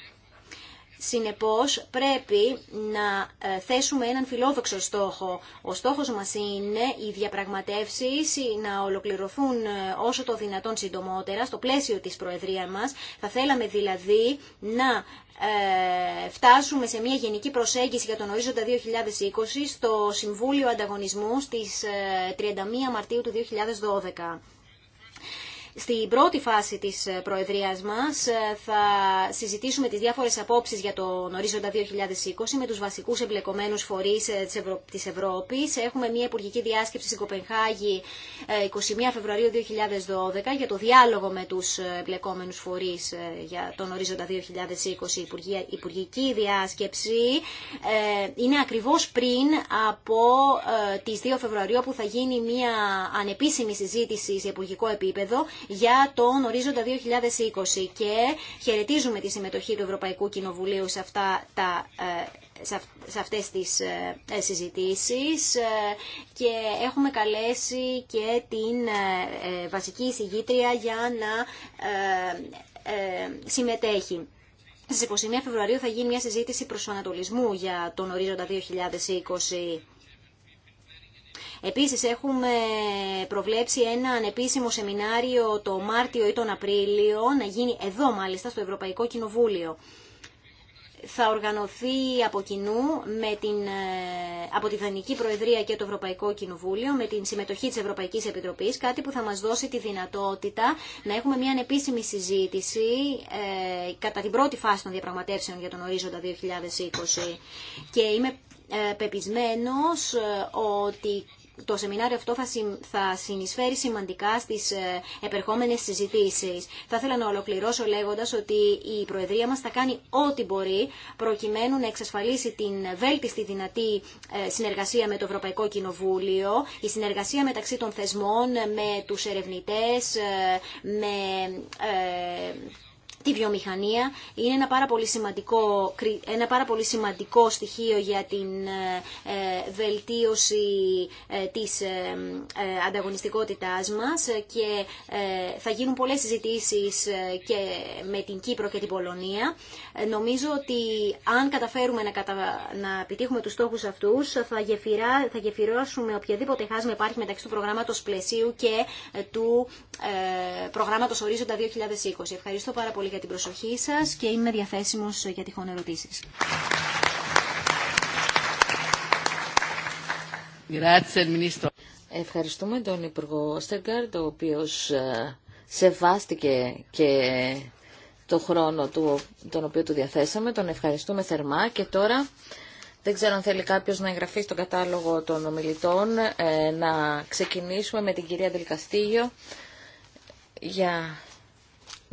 Συνεπώς πρέπει να ε, θέσουμε έναν φιλόδοξο στόχο. Ο στόχος μας είναι οι διαπραγματεύσεις να ολοκληρωθούν ε, όσο το δυνατόν συντομότερα στο πλαίσιο της Προεδρίας μας. Θα θέλαμε δηλαδή να ε, φτάσουμε σε μια γενική προσέγγιση για τον ορίζοντα 2020 στο Συμβούλιο Ανταγωνισμού στις 31 Μαρτίου του 2012. Στην πρώτη φάση της ε, Προεδρίας μας ε, θα συζητήσουμε τις διάφορες απόψεις για τον ορίζοντα 2020 με τους βασικούς εμπλεκομένους φορείς ε, της Ευρώπης. Έχουμε μια υπουργική διάσκεψη στην Κοπενχάγη 21 Φεβρουαρίου 2012 για το διάλογο με τους εμπλεκόμενους φορείς για τον ορίζοντα 2020 η υπουργική διάσκεψη είναι ακριβώς πριν από τις 2 Φεβρουαρίου που θα γίνει μια ανεπίσημη συζήτηση σε υπουργικό επίπεδο για τον ορίζοντα 2020 και χαιρετίζουμε τη συμμετοχή του Ευρωπαϊκού Κοινοβουλίου σε αυτά τα ε, σε αυτές τις ε, ε, συζητήσεις και έχουμε καλέσει και την βασική εισηγήτρια για να συμμετέχει. Στις 21 Φεβρουαρίου θα γίνει μια συζήτηση προς ανατολισμού για τον ορίζοντα 2020 Επίσης έχουμε προβλέψει ένα ανεπίσημο σεμινάριο το Μάρτιο ή τον Απρίλιο να γίνει εδώ μάλιστα στο Ευρωπαϊκό Κοινοβούλιο. Θα οργανωθεί από κοινού με την, ε, από τη Δανική Προεδρία και το Ευρωπαϊκό Κοινοβούλιο με την συμμετοχή της Ευρωπαϊκής Επιτροπής, κάτι που θα μας δώσει τη δυνατότητα να έχουμε μια ανεπίσημη συζήτηση ε, κατά την πρώτη φάση των διαπραγματεύσεων για τον ορίζοντα 2020. Και είμαι ε, πεπισμένος ότι το σεμινάριο αυτό θα, θα συνεισφέρει σημαντικά στις ε, επερχόμενες συζητήσεις. Θα ήθελα να ολοκληρώσω λέγοντας ότι η Προεδρία μας θα κάνει ό,τι μπορεί προκειμένου να εξασφαλίσει την βέλτιστη δυνατή ε, συνεργασία με το Ευρωπαϊκό Κοινοβούλιο, η συνεργασία μεταξύ των θεσμών, με τους ερευνητές, ε, με τη βιομηχανία είναι ένα πάρα πολύ σημαντικό, ένα σημαντικό στοιχείο για την ε, ε, βελτίωση ε, της ανταγωνιστικότητάς μας και θα γίνουν πολλές συζητήσεις και με την Κύπρο και την Πολωνία. Νομίζω ότι αν καταφέρουμε να, κατα... να επιτύχουμε τους στόχους αυτούς θα, γεφυρά... θα γεφυρώσουμε οποιαδήποτε χάσμα υπάρχει μεταξύ του προγράμματος πλαισίου και του προγράμματος ορίζοντα 2020. Ευχαριστώ πάρα πολύ για την προσοχή σας και είμαι διαθέσιμος για τυχόν ερωτήσεις. Ευχαριστούμε τον Υπουργό Στεργκάρντ, ο οποίος ε, σεβάστηκε και το χρόνο του, τον οποίο του διαθέσαμε. Τον ευχαριστούμε θερμά και τώρα δεν ξέρω αν θέλει κάποιος να εγγραφεί στο κατάλογο των ομιλητών. Ε, να ξεκινήσουμε με την κυρία Δελκαστήγιο για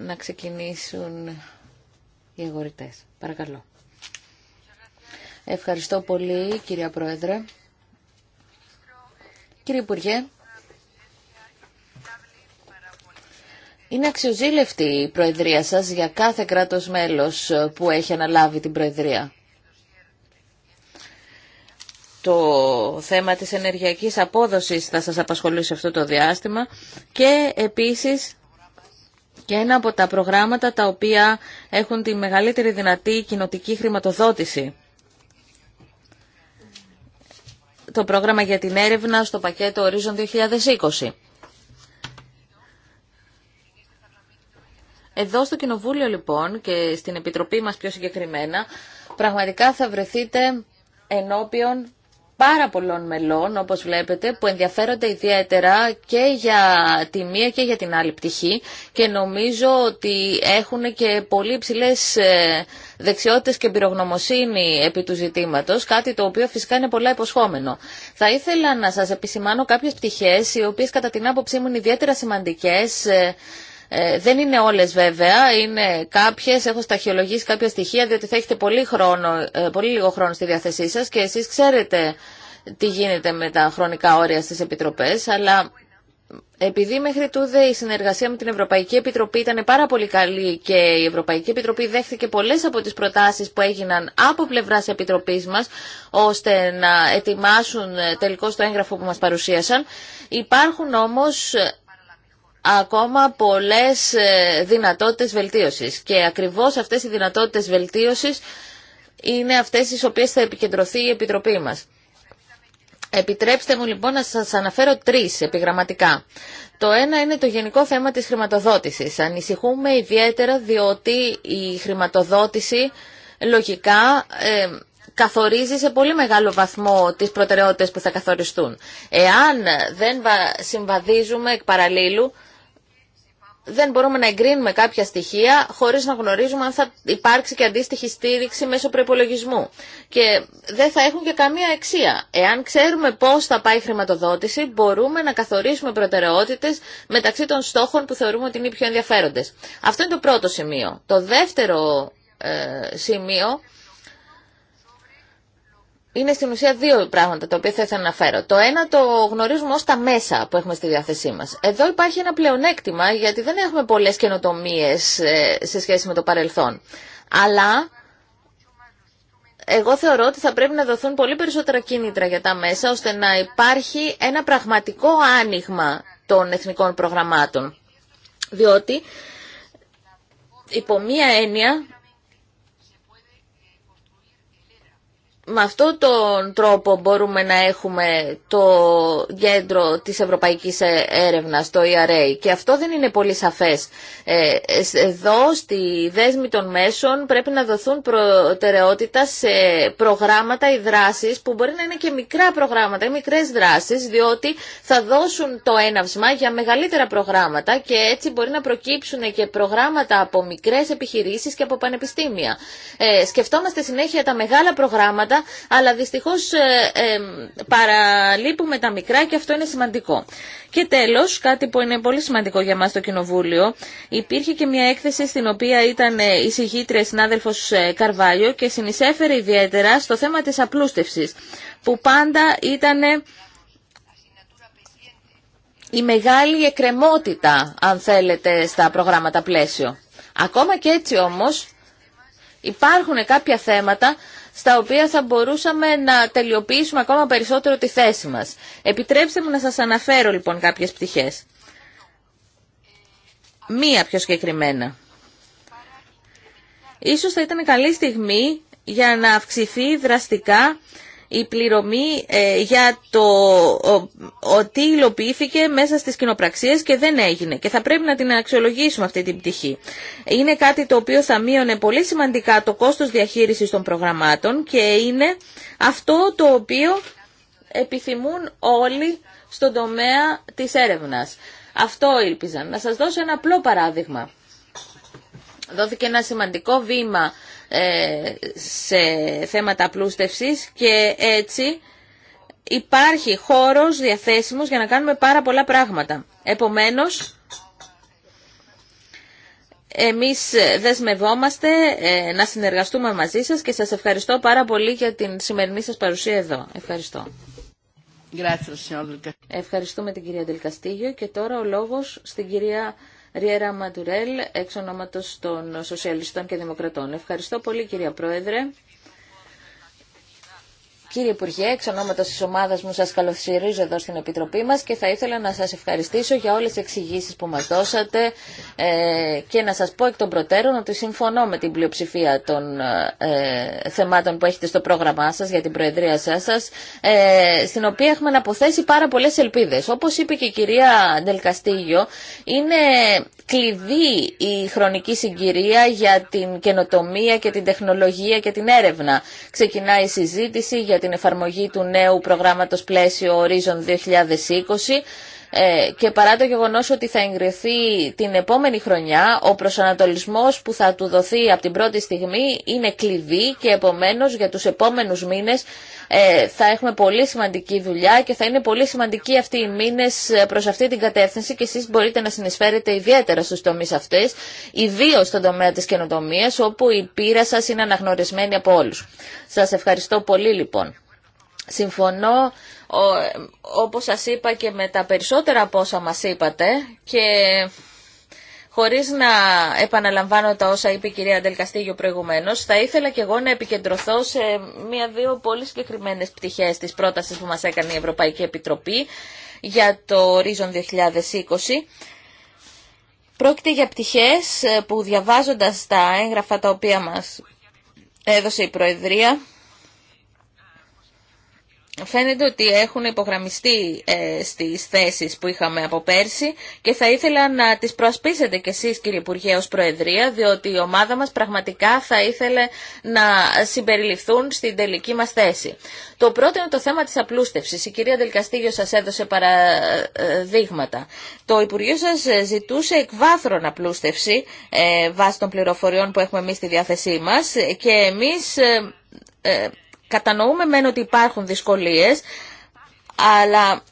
να ξεκινήσουν οι αγορητές. Παρακαλώ. Ευχαριστώ πολύ, κυρία Πρόεδρε. Κύριε Υπουργέ, είναι αξιοζήλευτη η Προεδρία σας για κάθε κράτος μέλος που έχει αναλάβει την Προεδρία. Το θέμα της ενεργειακής απόδοσης θα σας απασχολήσει αυτό το διάστημα και επίσης και ένα από τα προγράμματα τα οποία έχουν τη μεγαλύτερη δυνατή κοινοτική χρηματοδότηση. Το πρόγραμμα για την έρευνα στο πακέτο Horizon 2020. Εδώ στο Κοινοβούλιο λοιπόν και στην Επιτροπή μας πιο συγκεκριμένα, πραγματικά θα βρεθείτε ενώπιον πάρα πολλών μελών, όπως βλέπετε, που ενδιαφέρονται ιδιαίτερα και για τη μία και για την άλλη πτυχή και νομίζω ότι έχουν και πολύ υψηλέ ε, δεξιότητες και πυρογνωμοσύνη επί του ζητήματος, κάτι το οποίο φυσικά είναι πολλά υποσχόμενο. Θα ήθελα να σας επισημάνω κάποιες πτυχές, οι οποίες κατά την άποψή μου είναι ιδιαίτερα σημαντικές ε, ε, δεν είναι όλες βέβαια, είναι κάποιες, έχω σταχυολογήσει κάποια στοιχεία διότι θα έχετε πολύ, χρόνο, ε, πολύ λίγο χρόνο στη διάθεσή σας και εσείς ξέρετε τι γίνεται με τα χρονικά όρια στις επιτροπές, αλλά επειδή μέχρι τούδε η συνεργασία με την Ευρωπαϊκή Επιτροπή ήταν πάρα πολύ καλή και η Ευρωπαϊκή Επιτροπή δέχθηκε πολλές από τις προτάσεις που έγιναν από πλευράς Επιτροπής μας ώστε να ετοιμάσουν τελικώς το έγγραφο που μας παρουσίασαν, υπάρχουν όμως ακόμα πολλές ε, δυνατότητες βελτίωσης. Και ακριβώς αυτές οι δυνατότητες βελτίωσης είναι αυτές στις οποίες θα επικεντρωθεί η Επιτροπή μας. Επιτρέψτε μου λοιπόν να σας αναφέρω τρεις επιγραμματικά. Το ένα είναι το γενικό θέμα της χρηματοδότησης. Ανησυχούμε ιδιαίτερα διότι η χρηματοδότηση λογικά ε, καθορίζει σε πολύ μεγάλο βαθμό τις προτεραιότητες που θα καθοριστούν. Εάν δεν συμβαδίζουμε εκ παραλίλου δεν μπορούμε να εγκρίνουμε κάποια στοιχεία χωρίς να γνωρίζουμε αν θα υπάρξει και αντίστοιχη στήριξη μέσω προπολογισμού. Και δεν θα έχουν και καμία αξία. Εάν ξέρουμε πώς θα πάει η χρηματοδότηση, μπορούμε να καθορίσουμε προτεραιότητες μεταξύ των στόχων που θεωρούμε ότι είναι οι πιο ενδιαφέροντες. Αυτό είναι το πρώτο σημείο. Το δεύτερο ε, σημείο είναι στην ουσία δύο πράγματα τα οποία θα ήθελα να φέρω. Το ένα το γνωρίζουμε ως τα μέσα που έχουμε στη διάθεσή μας. Εδώ υπάρχει ένα πλεονέκτημα γιατί δεν έχουμε πολλές καινοτομίε ε, σε σχέση με το παρελθόν. Αλλά εγώ θεωρώ ότι θα πρέπει να δοθούν πολύ περισσότερα κίνητρα για τα μέσα ώστε να υπάρχει ένα πραγματικό άνοιγμα των εθνικών προγραμμάτων. Διότι υπό μία έννοια με αυτόν τον τρόπο μπορούμε να έχουμε το κέντρο της Ευρωπαϊκής ε- Έρευνας, το ERA. Και αυτό δεν είναι πολύ σαφές. Ε, εδώ, στη δέσμη των μέσων, πρέπει να δοθούν προτεραιότητα σε προγράμματα ή δράσεις, που μπορεί να είναι και μικρά προγράμματα ή μικρές δράσεις, διότι θα δώσουν το έναυσμα για μεγαλύτερα προγράμματα και έτσι μπορεί να προκύψουν και προγράμματα από μικρές επιχειρήσεις και από πανεπιστήμια. Ε, σκεφτόμαστε συνέχεια τα μεγάλα προγράμματα αλλά δυστυχώς ε, ε, παραλείπουμε τα μικρά και αυτό είναι σημαντικό. Και τέλος, κάτι που είναι πολύ σημαντικό για μας το Κοινοβούλιο, υπήρχε και μια έκθεση στην οποία ήταν ε, η συγχύτρια συνάδελφος ε, Καρβάλιο και συνεισέφερε ιδιαίτερα στο θέμα της απλούστευσης, που πάντα ήταν η μεγάλη εκκρεμότητα, αν θέλετε, στα προγράμματα πλαίσιο. Ακόμα και έτσι όμως υπάρχουν κάποια θέματα στα οποία θα μπορούσαμε να τελειοποιήσουμε ακόμα περισσότερο τη θέση μας. Επιτρέψτε μου να σας αναφέρω λοιπόν κάποιες πτυχές. Μία πιο συγκεκριμένα. Ίσως θα ήταν καλή στιγμή για να αυξηθεί δραστικά η πληρωμή ε, για το ότι υλοποιήθηκε μέσα στις κοινοπραξίες και δεν έγινε. Και θα πρέπει να την αξιολογήσουμε αυτή την πτυχή. Είναι κάτι το οποίο θα μείωνε πολύ σημαντικά το κόστος διαχείρισης των προγραμμάτων και είναι αυτό το οποίο επιθυμούν όλοι στον τομέα της έρευνας. Αυτό ήλπιζαν. Να σας δώσω ένα απλό παράδειγμα. Δόθηκε ένα σημαντικό βήμα ε, σε θέματα απλούστευσης και έτσι υπάρχει χώρος διαθέσιμος για να κάνουμε πάρα πολλά πράγματα. Επομένως, εμείς δεσμευόμαστε ε, να συνεργαστούμε μαζί σας και σας ευχαριστώ πάρα πολύ για την σημερινή σας παρουσία εδώ. Ευχαριστώ. Ευχαριστούμε την κυρία Ντελκαστήγιο και τώρα ο λόγος στην κυρία Ριέρα Μαντουρέλ, εξ ονόματος των Σοσιαλιστών και Δημοκρατών. Ευχαριστώ πολύ κυρία Πρόεδρε. Κύριε Υπουργέ, εξ ονόματο τη ομάδα μου, σα καλωσορίζω εδώ στην Επιτροπή μα και θα ήθελα να σα ευχαριστήσω για όλε τι εξηγήσει που μα δώσατε ε, και να σα πω εκ των προτέρων ότι συμφωνώ με την πλειοψηφία των ε, θεμάτων που έχετε στο πρόγραμμά σα για την Προεδρία σα, ε, στην οποία έχουμε αναποθέσει πάρα πολλέ ελπίδε. Όπω είπε και η κυρία Ντελκαστήγιο, είναι κλειδί η χρονική συγκυρία για την καινοτομία και την τεχνολογία και την έρευνα. Ξεκινάει η συζήτηση την εφαρμογή του νέου προγράμματος πλαίσιο Horizon 2020 ε, και παρά το γεγονός ότι θα εγκριθεί την επόμενη χρονιά, ο προσανατολισμός που θα του δοθεί από την πρώτη στιγμή είναι κλειδί και επομένως για τους επόμενους μήνες ε, θα έχουμε πολύ σημαντική δουλειά και θα είναι πολύ σημαντικοί αυτοί οι μήνες προς αυτή την κατεύθυνση και εσείς μπορείτε να συνεισφέρετε ιδιαίτερα στους τομείς αυτές, ιδίω στον τομέα της καινοτομίας όπου η πείρα σας είναι αναγνωρισμένη από όλους. Σας ευχαριστώ πολύ λοιπόν. Συμφωνώ, όπως σας είπα και με τα περισσότερα από όσα μας είπατε και χωρίς να επαναλαμβάνω τα όσα είπε η κυρία Αντελκαστήγιο προηγουμένως, θα ήθελα και εγώ να επικεντρωθώ σε μία-δύο πολύ συγκεκριμένε πτυχές της πρότασης που μας έκανε η Ευρωπαϊκή Επιτροπή για το Horizon 2020. Πρόκειται για πτυχές που διαβάζοντας τα έγγραφα τα οποία μας έδωσε η Προεδρία, Φαίνεται ότι έχουν υπογραμμιστεί ε, στις θέσεις που είχαμε από πέρσι και θα ήθελα να τις προασπίσετε κι εσείς κύριε Υπουργέ ως Προεδρία διότι η ομάδα μας πραγματικά θα ήθελε να συμπεριληφθούν στην τελική μας θέση. Το πρώτο είναι το θέμα της απλούστευσης. Η κυρία Δελκαστήγιο σας έδωσε παραδείγματα. Το Υπουργείο σας ζητούσε εκβάθρον απλούστευση ε, βάσει των πληροφοριών που έχουμε εμείς στη διάθεσή μας και εμείς... Ε, ε, κατανοούμε μεν ότι υπάρχουν δυσκολίες, αλλά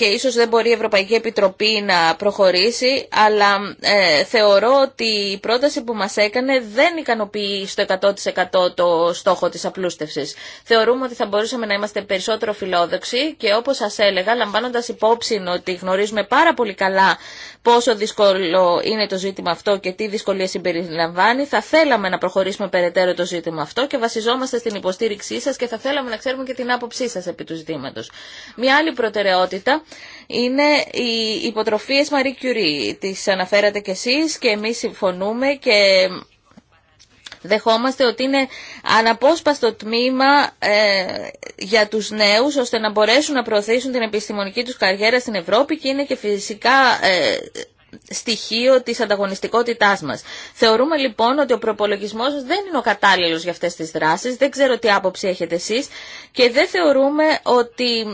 και ίσως δεν μπορεί η Ευρωπαϊκή Επιτροπή να προχωρήσει, αλλά ε, θεωρώ ότι η πρόταση που μας έκανε δεν ικανοποιεί στο 100% το στόχο της απλούστευσης. Θεωρούμε ότι θα μπορούσαμε να είμαστε περισσότερο φιλόδοξοι και όπως σας έλεγα, λαμβάνοντας υπόψη ότι γνωρίζουμε πάρα πολύ καλά πόσο δύσκολο είναι το ζήτημα αυτό και τι δυσκολίε συμπεριλαμβάνει, θα θέλαμε να προχωρήσουμε περαιτέρω το ζήτημα αυτό και βασιζόμαστε στην υποστήριξή σας και θα θέλαμε να ξέρουμε και την άποψή σας επί του ζητήματος. Μια άλλη προτεραιότητα είναι οι υποτροφίες Marie Curie. Τις αναφέρατε κι εσείς και εμείς συμφωνούμε και δεχόμαστε ότι είναι αναπόσπαστο τμήμα ε, για τους νέους ώστε να μπορέσουν να προωθήσουν την επιστημονική τους καριέρα στην Ευρώπη και είναι και φυσικά ε, στοιχείο της ανταγωνιστικότητάς μας. Θεωρούμε λοιπόν ότι ο προπολογισμός δεν είναι ο κατάλληλος για αυτές τις δράσεις, δεν ξέρω τι άποψη έχετε εσείς και δεν θεωρούμε ότι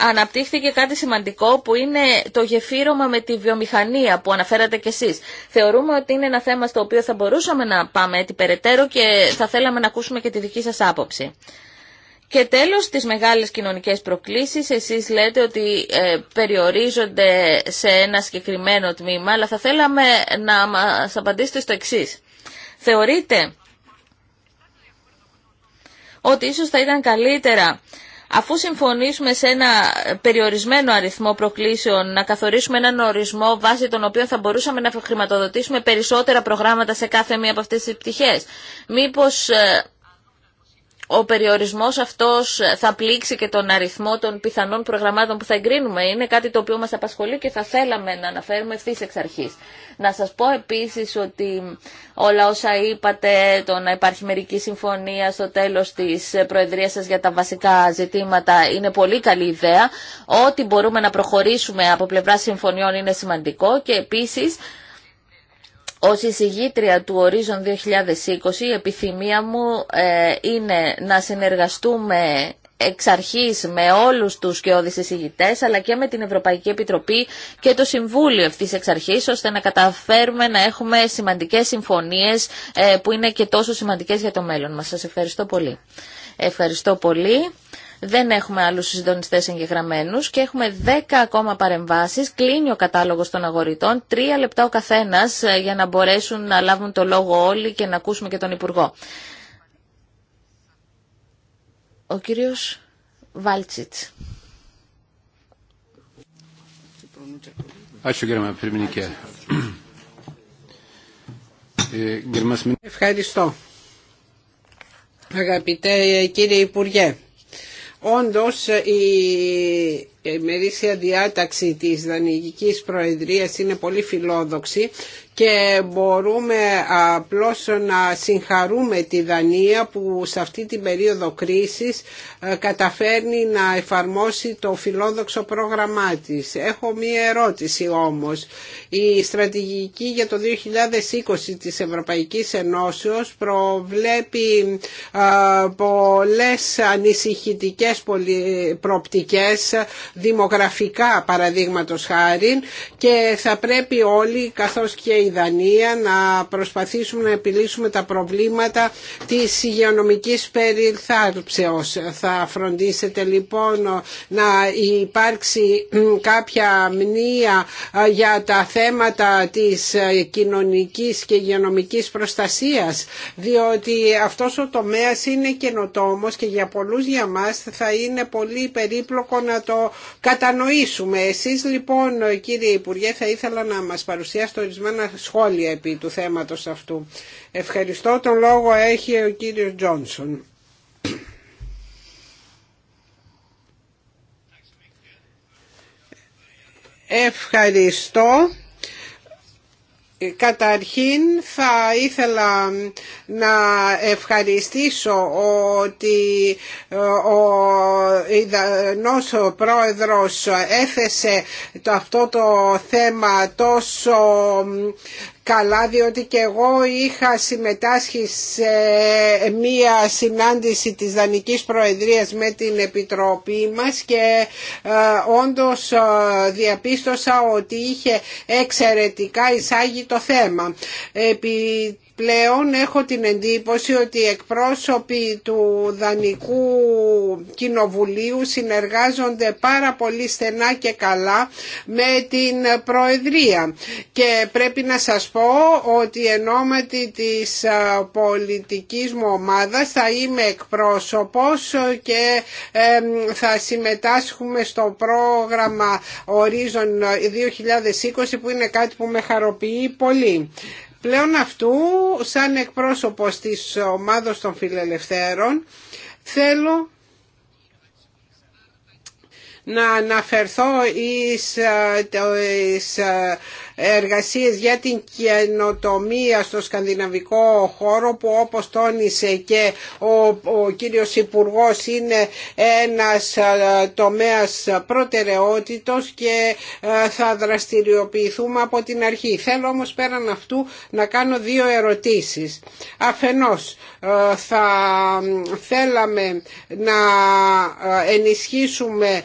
αναπτύχθηκε κάτι σημαντικό που είναι το γεφύρωμα με τη βιομηχανία που αναφέρατε κι εσείς. Θεωρούμε ότι είναι ένα θέμα στο οποίο θα μπορούσαμε να πάμε έτσι περαιτέρω και θα θέλαμε να ακούσουμε και τη δική σας άποψη. Και τέλος, τις μεγάλες κοινωνικές προκλήσεις, εσείς λέτε ότι ε, περιορίζονται σε ένα συγκεκριμένο τμήμα, αλλά θα θέλαμε να μας απαντήσετε στο εξή. Θεωρείτε ότι ίσως θα ήταν καλύτερα αφού συμφωνήσουμε σε ένα περιορισμένο αριθμό προκλήσεων να καθορίσουμε έναν ορισμό βάσει τον οποίο θα μπορούσαμε να χρηματοδοτήσουμε περισσότερα προγράμματα σε κάθε μία από αυτές τις πτυχές. Μήπως ε, ο περιορισμός αυτός θα πλήξει και τον αριθμό των πιθανών προγραμμάτων που θα εγκρίνουμε. Είναι κάτι το οποίο μας απασχολεί και θα θέλαμε να αναφέρουμε ευθύ εξ αρχής. Να σας πω επίσης ότι όλα όσα είπατε, το να υπάρχει μερική συμφωνία στο τέλος της Προεδρίας σας για τα βασικά ζητήματα είναι πολύ καλή ιδέα. Ό,τι μπορούμε να προχωρήσουμε από πλευρά συμφωνιών είναι σημαντικό και επίσης ως εισηγήτρια του Horizon 2020 η επιθυμία μου ε, είναι να συνεργαστούμε εξ αρχής με όλους τους και εισηγητές αλλά και με την Ευρωπαϊκή Επιτροπή και το Συμβούλιο αυτή εξ αρχής ώστε να καταφέρουμε να έχουμε σημαντικές συμφωνίες ε, που είναι και τόσο σημαντικές για το μέλλον μας. Σας ευχαριστώ πολύ. Ευχαριστώ πολύ. Δεν έχουμε άλλους συντονιστές εγγεγραμμένους και έχουμε 10 ακόμα παρεμβάσεις. Κλείνει ο κατάλογος των αγορητών, τρία λεπτά ο καθένας ε, για να μπορέσουν να λάβουν το λόγο όλοι και να ακούσουμε και τον Υπουργό. Ο κύριος Βάλτσιτς. Ε, Ευχαριστώ. Αγαπητέ κύριε Υπουργέ, όντως η η μερίσια διάταξη της Δανειγικής Προεδρίας είναι πολύ φιλόδοξη και μπορούμε απλώς να συγχαρούμε τη Δανία που σε αυτή την περίοδο κρίσης ε, καταφέρνει να εφαρμόσει το φιλόδοξο πρόγραμμά της. Έχω μία ερώτηση όμως. Η στρατηγική για το 2020 της Ευρωπαϊκής Ενώσεως προβλέπει ε, πολλές ανησυχητικές προοπτικές δημογραφικά παραδείγματος χάρη και θα πρέπει όλοι καθώς και η Δανία να προσπαθήσουμε να επιλύσουμε τα προβλήματα της υγειονομικής περιθάρψεως. Θα φροντίσετε λοιπόν να υπάρξει κάποια μνήμα ε, για τα θέματα της ε, κοινωνικής και υγειονομικής προστασίας διότι αυτός ο τομέας είναι καινοτόμος και για πολλούς για μας θα είναι πολύ περίπλοκο να το κατανοήσουμε. Εσείς λοιπόν κύριε Υπουργέ θα ήθελα να μας παρουσιάσετε ορισμένα σχόλια επί του θέματος αυτού. Ευχαριστώ. Τον λόγο έχει ο κύριος Τζόνσον. Ευχαριστώ. Καταρχήν θα ήθελα να ευχαριστήσω ότι ε, ο Ιδανός Πρόεδρος έθεσε το, αυτό το θέμα τόσο καλά διότι και εγώ είχα συμμετάσχει σε μία συνάντηση της Δανικής Προεδρίας με την Επιτροπή μας και ε, όντως ε, διαπίστωσα ότι είχε εξαιρετικά εισάγει το θέμα. Επί πλέον έχω την εντύπωση ότι οι εκπρόσωποι του Δανικού Κοινοβουλίου συνεργάζονται πάρα πολύ στενά και καλά με την Προεδρία και πρέπει να σας πω ότι ενώματι της πολιτικής μου ομάδας θα είμαι εκπρόσωπος και θα συμμετάσχουμε στο πρόγραμμα Horizon 2020 που είναι κάτι που με χαροποιεί πολύ. Πλέον αυτού, σαν εκπρόσωπος της ομάδος των φιλελευθέρων, θέλω να αναφερθώ εις, ε, εις ε, εργασίες για την καινοτομία στο σκανδιναβικό χώρο που όπως τόνισε και ο, ο κύριος Υπουργός είναι ένας ε, τομέας προτεραιότητος και ε, θα δραστηριοποιηθούμε από την αρχή. Θέλω όμως πέραν αυτού να κάνω δύο ερωτήσεις. Αφενός ε, θα θέλαμε να ενισχύσουμε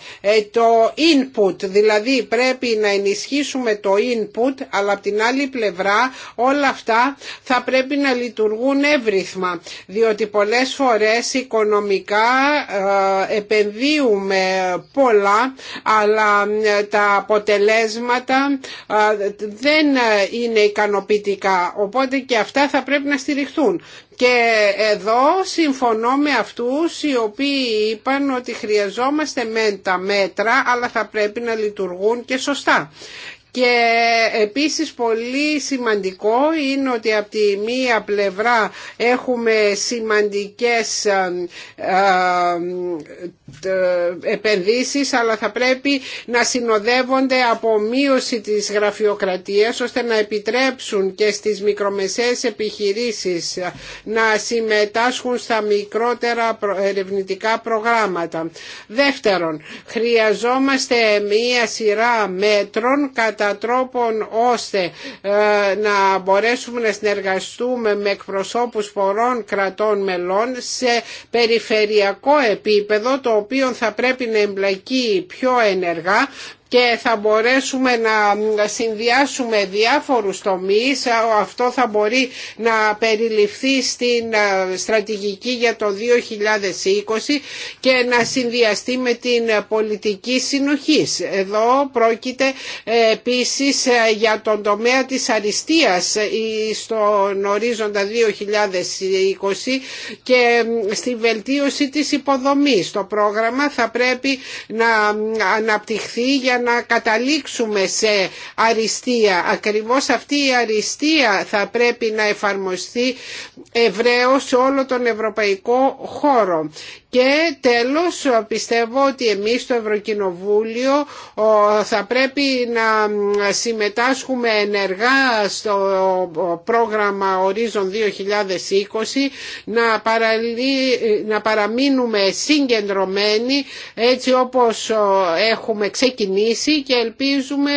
το input, δηλαδή πρέπει να ενισχύσουμε το input αλλά από την άλλη πλευρά όλα αυτά θα πρέπει να λειτουργούν εύρυθμα διότι πολλές φορές οικονομικά ε, επενδύουμε πολλά αλλά ε, τα αποτελέσματα ε, δεν είναι ικανοποιητικά οπότε και αυτά θα πρέπει να στηριχθούν. Και εδώ συμφωνώ με αυτούς οι οποίοι είπαν ότι χρειαζόμαστε μεν τα μέτρα αλλά θα πρέπει να λειτουργούν και σωστά. Και επίσης πολύ σημαντικό είναι ότι από τη μία πλευρά έχουμε σημαντικές ε, ε, ε, επενδύσεις αλλά θα πρέπει να συνοδεύονται από μείωση της γραφειοκρατίας ώστε να επιτρέψουν και στις μικρομεσαίες επιχειρήσεις να συμμετάσχουν στα μικρότερα ερευνητικά προγράμματα. Δεύτερον, χρειαζόμαστε μία σειρά μέτρων κατά τρόπον ώστε ε, να μπορέσουμε να συνεργαστούμε με εκπροσώπους πορών κρατών μελών σε περιφερειακό επίπεδο οποίο θα πρέπει να εμπλακεί πιο ενεργά και θα μπορέσουμε να συνδυάσουμε διάφορους τομείς. Αυτό θα μπορεί να περιληφθεί στην ε, στρατηγική για το 2020 και να συνδυαστεί με την πολιτική συνοχής. Εδώ πρόκειται ε, επίσης ε, για τον τομέα της αριστείας στον ορίζοντα 2020 και στη βελτίωση της υποδομής. Το πρόγραμμα θα πρέπει να αναπτυχθεί για να καταλήξουμε σε αριστεία. Ακριβώς αυτή η αριστεία θα πρέπει να εφαρμοστεί ευρέως σε όλο τον ευρωπαϊκό χώρο και τέλος πιστεύω ότι εμείς στο Ευρωκοινοβούλιο θα πρέπει να συμμετάσχουμε ενεργά στο πρόγραμμα Horizon 2020 να, να παραμείνουμε συγκεντρωμένοι έτσι όπως έχουμε ξεκινήσει και ελπίζουμε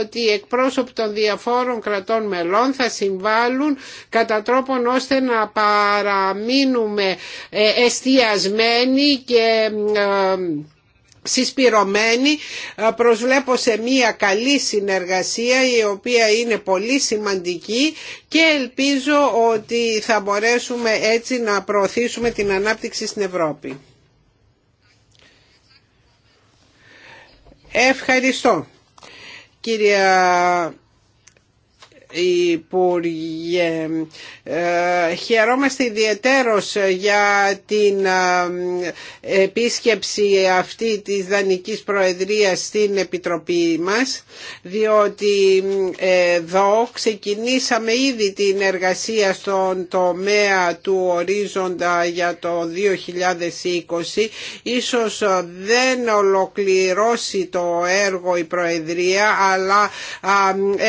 ότι οι εκπρόσωποι των διαφόρων κρατών μελών θα συμβάλλουν κατά τρόπον ώστε να παραμείνουμε ε, εστιασμένοι και ε, συσπηρωμένοι ε, προσβλέπω σε μια καλή συνεργασία η οποία είναι πολύ σημαντική και ελπίζω ότι θα μπορέσουμε έτσι να προωθήσουμε την ανάπτυξη στην Ευρώπη. Ευχαριστώ. Κυρία Υπουργέ. Ε, χαιρόμαστε ιδιαιτέρως για την ε, επίσκεψη αυτή της Δανικής Προεδρίας στην Επιτροπή μας διότι ε, εδώ ξεκινήσαμε ήδη την εργασία στον τομέα του ορίζοντα για το 2020 ίσως δεν ολοκληρώσει το έργο η Προεδρία αλλά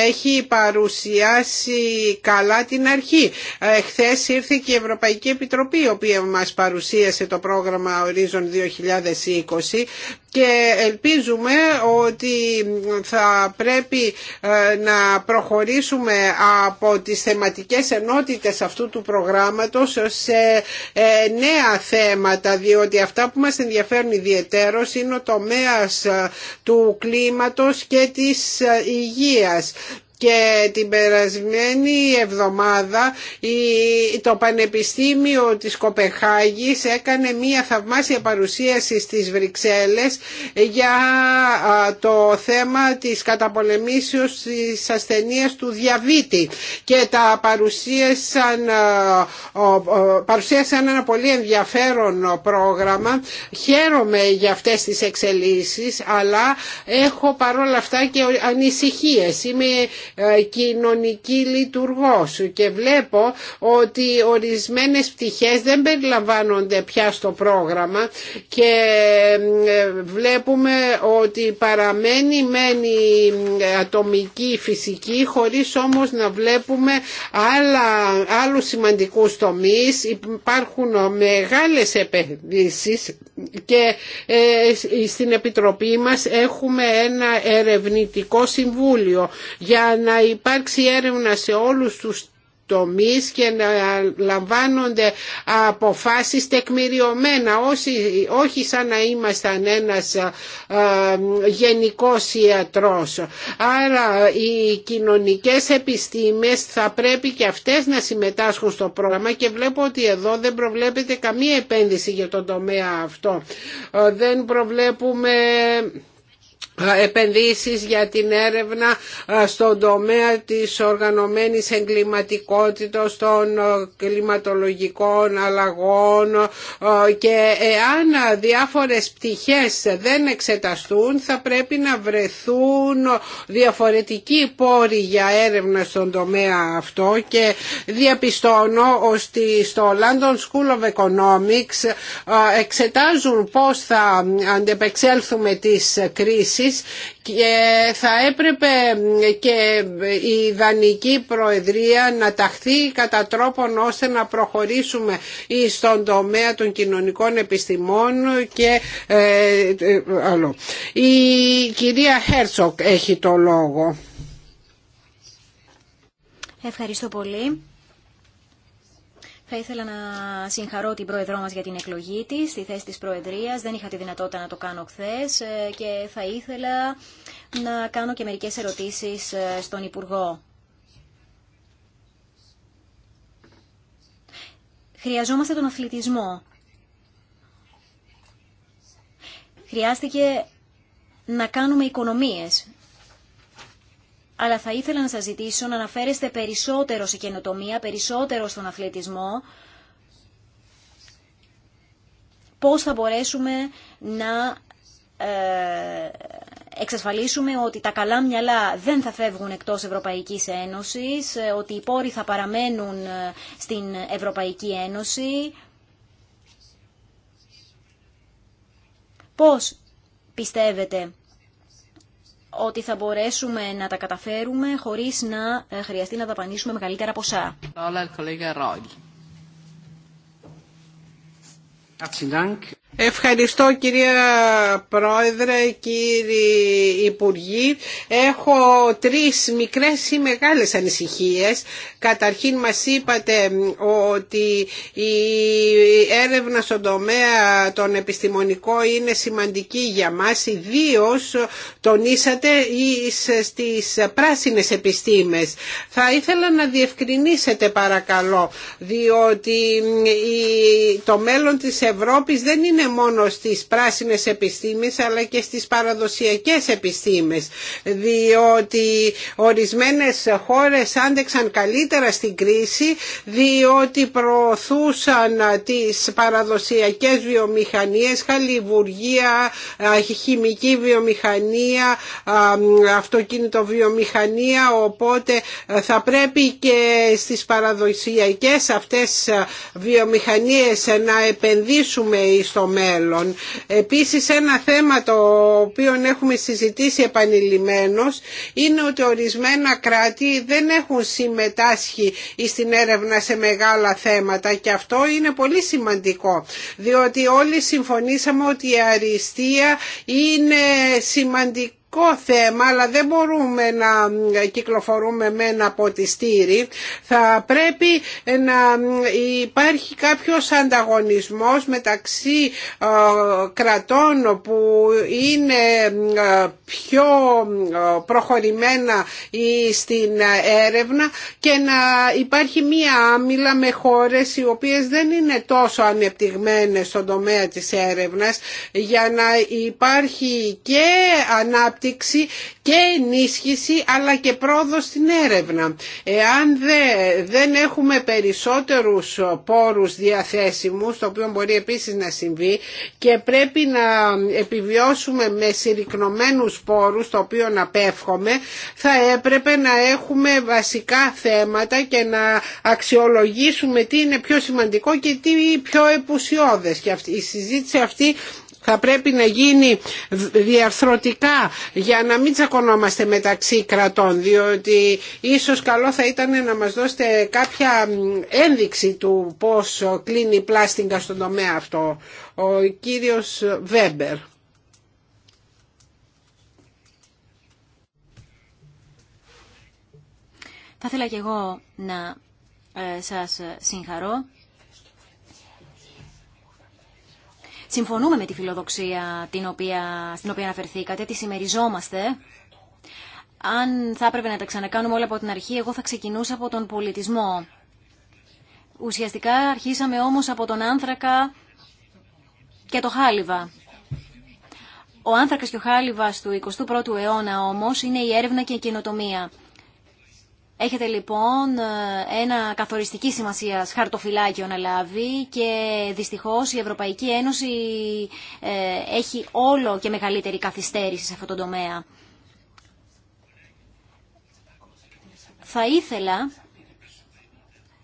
έχει παρουσίασει πλησιάσει καλά την αρχή. Ε, Χθε ήρθε και η Ευρωπαϊκή Επιτροπή η οποία μας παρουσίασε το πρόγραμμα Horizon 2020 και ελπίζουμε ότι θα πρέπει ε, να προχωρήσουμε από τις θεματικές ενότητες αυτού του προγράμματος σε ε, νέα θέματα διότι αυτά που μας ενδιαφέρουν ιδιαιτέρως είναι ο τομέας του κλίματος και της υγείας και την περασμένη εβδομάδα το Πανεπιστήμιο της Κοπεχάγης έκανε μία θαυμάσια παρουσίαση στις Βρυξέλλες για το θέμα της καταπολεμήσεως της ασθενείας του διαβήτη και τα παρουσίασαν, παρουσίασαν ένα πολύ ενδιαφέρον πρόγραμμα. Χαίρομαι για αυτές τις εξελίσεις αλλά έχω παρόλα αυτά και ανησυχίες. Είμαι ε, κοινωνική λειτουργός και βλέπω ότι ορισμένες πτυχές δεν περιλαμβάνονται πια στο πρόγραμμα και ε, βλέπουμε ότι παραμένει μένει ατομική φυσική χωρίς όμως να βλέπουμε άλλα, άλλους σημαντικούς τομείς υπάρχουν μεγάλες επενδύσεις και ε, στην Επιτροπή μας έχουμε ένα ερευνητικό συμβούλιο για να να υπάρξει έρευνα σε όλους τους τομείς και να λαμβάνονται αποφάσεις τεκμηριωμένα όχι σαν να ήμασταν ένας α, ε, γενικός ιατρός. Άρα οι κοινωνικές επιστήμες θα πρέπει και αυτές να συμμετάσχουν στο πρόγραμμα και βλέπω ότι εδώ δεν προβλέπεται καμία επένδυση για τον τομέα αυτό. Ε, δεν προβλέπουμε επενδύσεις για την έρευνα στον τομέα της οργανωμένης εγκληματικότητας των κλιματολογικών αλλαγών και εάν διάφορες πτυχές δεν εξεταστούν θα πρέπει να βρεθούν διαφορετικοί πόροι για έρευνα στον τομέα αυτό και διαπιστώνω ότι στο London School of Economics εξετάζουν πώς θα αντεπεξέλθουμε τις κρίσεις και θα έπρεπε και η ιδανική προεδρία να ταχθεί κατά τρόπον ώστε να προχωρήσουμε στον τομέα των κοινωνικών επιστημών και ε, ε, άλλο. Η κυρία Χέρτσοκ έχει το λόγο. Ευχαριστώ πολύ. Θα ήθελα να συγχαρώ την Πρόεδρό μας για την εκλογή της, στη θέση της Προεδρίας. Δεν είχα τη δυνατότητα να το κάνω χθε ε, και θα ήθελα να κάνω και μερικές ερωτήσεις ε, στον Υπουργό. Χρειαζόμαστε τον αθλητισμό. Χρειάστηκε να κάνουμε οικονομίες αλλά θα ήθελα να σας ζητήσω να αναφέρεστε περισσότερο σε καινοτομία, περισσότερο στον αθλητισμό, πώς θα μπορέσουμε να ε, εξασφαλίσουμε ότι τα καλά μυαλά δεν θα φεύγουν εκτός Ευρωπαϊκής Ένωσης, ε, ότι οι πόροι θα παραμένουν ε, στην Ευρωπαϊκή Ένωση. Πώς πιστεύετε ότι θα μπορέσουμε να τα καταφέρουμε χωρίς να ε, χρειαστεί να δαπανίσουμε μεγαλύτερα ποσά. Ευχαριστώ κυρία Πρόεδρε, κύριοι Υπουργοί. Έχω τρεις μικρές ή μεγάλες ανησυχίες. Καταρχήν μας είπατε ότι η έρευνα στον τομέα τον επιστημονικό είναι σημαντική για μας, ιδίω τονίσατε στις πράσινες επιστήμες. Θα ήθελα να διευκρινίσετε παρακαλώ, διότι το μέλλον της Ευρώπης δεν είναι μόνο στις πράσινες επιστήμες αλλά και στις παραδοσιακές επιστήμες διότι ορισμένες χώρες άντεξαν καλύτερα στην κρίση διότι προωθούσαν τις παραδοσιακές βιομηχανίες, χαλιβουργία, χημική βιομηχανία, βιομηχανία οπότε θα πρέπει και στις παραδοσιακές αυτές βιομηχανίες να επενδύσουμε στο μέλλον. Επίσης ένα θέμα το οποίο έχουμε συζητήσει επανειλημμένως είναι ότι ορισμένα κράτη δεν έχουν συμμετάσχει στην έρευνα σε μεγάλα θέματα και αυτό είναι πολύ σημαντικό διότι όλοι συμφωνήσαμε ότι η αριστεία είναι σημαντικό θέμα αλλά δεν μπορούμε να κυκλοφορούμε με ένα ποτιστήρι θα πρέπει να υπάρχει κάποιος ανταγωνισμός μεταξύ ε, κρατών που είναι ε, πιο ε, προχωρημένα στην έρευνα και να υπάρχει μία άμυλα με χώρες οι οποίες δεν είναι τόσο ανεπτυγμένες στον τομέα της έρευνας για να υπάρχει και ανάπτυξη και ενίσχυση αλλά και πρόοδο στην έρευνα. Εάν δεν έχουμε περισσότερους πόρους διαθέσιμους, το οποίο μπορεί επίσης να συμβεί και πρέπει να επιβιώσουμε με συρρυκνωμένους πόρους, το οποίο να πέφχομαι, θα έπρεπε να έχουμε βασικά θέματα και να αξιολογήσουμε τι είναι πιο σημαντικό και τι πιο επουσιώδες. Και αυτή, η συζήτηση αυτή θα πρέπει να γίνει διαρθρωτικά για να μην τσακωνόμαστε μεταξύ κρατών διότι ίσως καλό θα ήταν να μας δώσετε κάποια ένδειξη του πώς κλείνει η πλάστιγκα στον τομέα αυτό. Ο κύριος Βέμπερ. Θα ήθελα και εγώ να ε, σας συγχαρώ Συμφωνούμε με τη φιλοδοξία την οποία, στην οποία αναφερθήκατε, τη συμμεριζόμαστε. Αν θα έπρεπε να τα ξανακάνουμε όλα από την αρχή, εγώ θα ξεκινούσα από τον πολιτισμό. Ουσιαστικά αρχίσαμε όμως από τον άνθρακα και το χάλιβα. Ο άνθρακας και ο χάλιβας του 21ου αιώνα όμως είναι η έρευνα και η καινοτομία. Έχετε λοιπόν ε, ένα καθοριστική σημασία χαρτοφυλάκιο να λάβει και δυστυχώς η Ευρωπαϊκή Ένωση ε, έχει όλο και μεγαλύτερη καθυστέρηση σε αυτό το τομέα. Θα ήθελα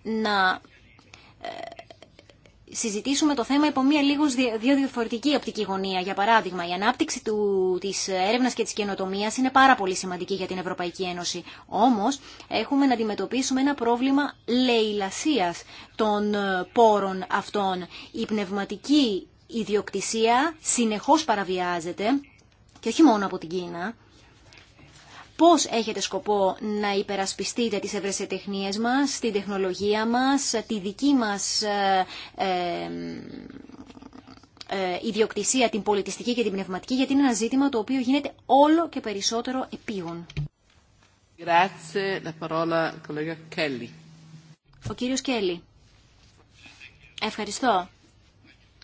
να ε, συζητήσουμε το θέμα υπό μία λίγο δύο διαφορετική οπτική γωνία. Για παράδειγμα, η ανάπτυξη του, της έρευνας και της καινοτομίας είναι πάρα πολύ σημαντική για την Ευρωπαϊκή Ένωση. Όμως, έχουμε να αντιμετωπίσουμε ένα πρόβλημα λαιλασίας των ε, πόρων αυτών. Η πνευματική ιδιοκτησία συνεχώς παραβιάζεται και όχι μόνο από την Κίνα, πώς έχετε σκοπό να υπερασπιστείτε τις ευρεσιτεχνίες μας, την τεχνολογία μας, τη δική μας ε, ε, ε, ιδιοκτησία, την πολιτιστική και την πνευματική, γιατί είναι ένα ζήτημα το οποίο γίνεται όλο και περισσότερο επίγον. Ευχαριστώ.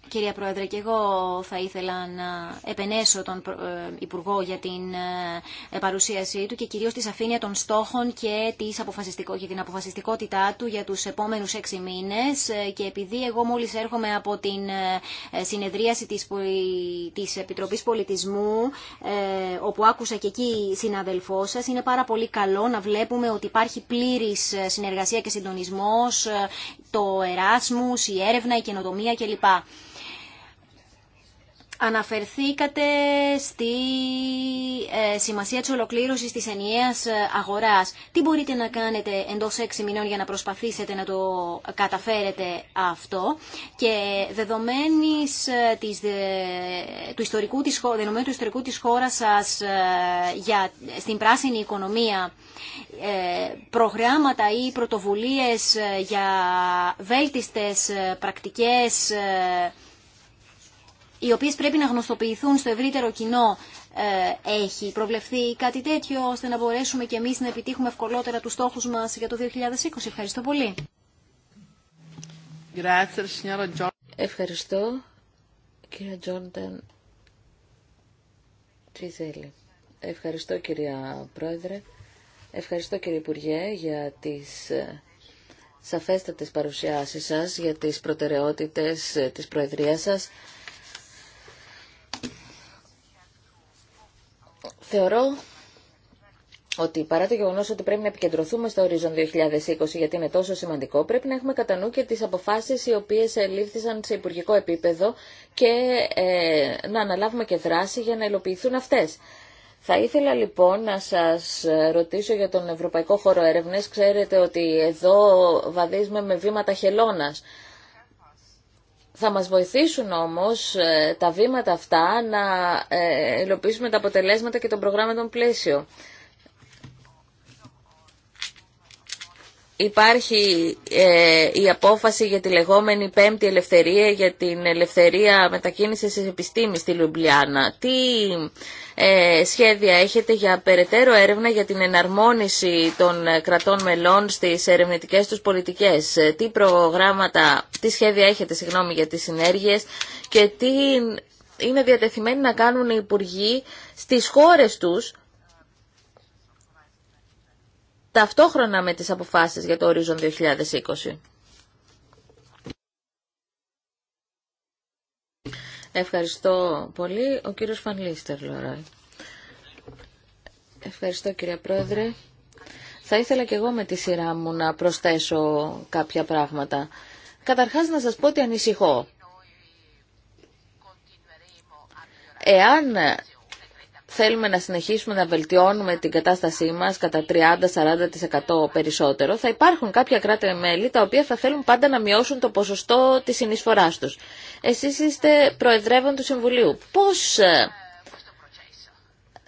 Κυρία Πρόεδρε, και εγώ θα ήθελα να επενέσω τον ε, Υπουργό για την ε, παρουσίασή του και κυρίως τη σαφήνεια των στόχων και, της αποφασιστικό, την αποφασιστικότητά του για τους επόμενους έξι μήνες ε, και επειδή εγώ μόλις έρχομαι από την συνεδρίαση της, της Επιτροπής Πολιτισμού όπου άκουσα και εκεί συναδελφό σα, είναι πάρα πολύ καλό να βλέπουμε ότι υπάρχει πλήρης συνεργασία και συντονισμός το Εράσμους, η έρευνα, η καινοτομία κλπ. Αναφερθήκατε στη ε, σημασία της ολοκλήρωσης της ενιαίας ε, αγοράς. Τι μπορείτε να κάνετε εντός έξι μηνών για να προσπαθήσετε να το καταφέρετε αυτό και δεδομένης ε, της, του, ιστορικού, της, δεδομένου του ιστορικού της χώρας σας για, στην πράσινη οικονομία προγράμματα ή πρωτοβουλίες για βέλτιστες πρακτικές οι οποίες πρέπει να γνωστοποιηθούν στο ευρύτερο κοινό ε, έχει προβλεφθεί κάτι τέτοιο ώστε να μπορέσουμε και εμείς να επιτύχουμε ευκολότερα τους στόχους μας για το 2020. Ευχαριστώ πολύ. Ευχαριστώ κύριε Τζόνταν Τζιζέλη. Ευχαριστώ κυρία Πρόεδρε. Ευχαριστώ κύριε Υπουργέ για τις ε, σαφέστατες παρουσιάσεις σας, για τις προτεραιότητες ε, της Προεδρίας σας. Θεωρώ ότι παρά το γεγονός ότι πρέπει να επικεντρωθούμε στο ορίζον 2020 γιατί είναι τόσο σημαντικό, πρέπει να έχουμε κατά νου και τις αποφάσεις οι οποίες λήφθησαν σε υπουργικό επίπεδο και ε, να αναλάβουμε και δράση για να υλοποιηθούν αυτές. Θα ήθελα λοιπόν να σας ρωτήσω για τον Ευρωπαϊκό Χώρο Έρευνες. Ξέρετε ότι εδώ βαδίζουμε με βήματα χελώνας. Θα μας βοηθήσουν όμως ε, τα βήματα αυτά να ε, υλοποιήσουμε τα αποτελέσματα και των προγράμματων πλαίσιο. Υπάρχει ε, η απόφαση για τη λεγόμενη πέμπτη ελευθερία, για την ελευθερία μετακίνησης της επιστήμης στη Λουμπλιάνα. Τι ε, σχέδια έχετε για περαιτέρω έρευνα για την εναρμόνιση των κρατών μελών στις ερευνητικές τους πολιτικές. Τι προγράμματα, τι σχέδια έχετε συγγνώμη, για τις συνέργειες και τι είναι διατεθειμένοι να κάνουν οι υπουργοί στις χώρες τους ταυτόχρονα με τις αποφάσεις για το ορίζον 2020. Ευχαριστώ πολύ. Ο κύριος Φανλίστερ, Λόραϊ. Ευχαριστώ κύριε Πρόεδρε. Θα ήθελα και εγώ με τη σειρά μου να προσθέσω κάποια πράγματα. Καταρχάς να σας πω ότι ανησυχώ. Εάν θέλουμε να συνεχίσουμε να βελτιώνουμε την κατάστασή μας κατά 30-40% περισσότερο, θα υπάρχουν κάποια κράτη-μέλη τα οποία θα θέλουν πάντα να μειώσουν το ποσοστό της συνεισφοράς τους. Εσείς είστε προεδρεύον του Συμβουλίου. Πώς ε,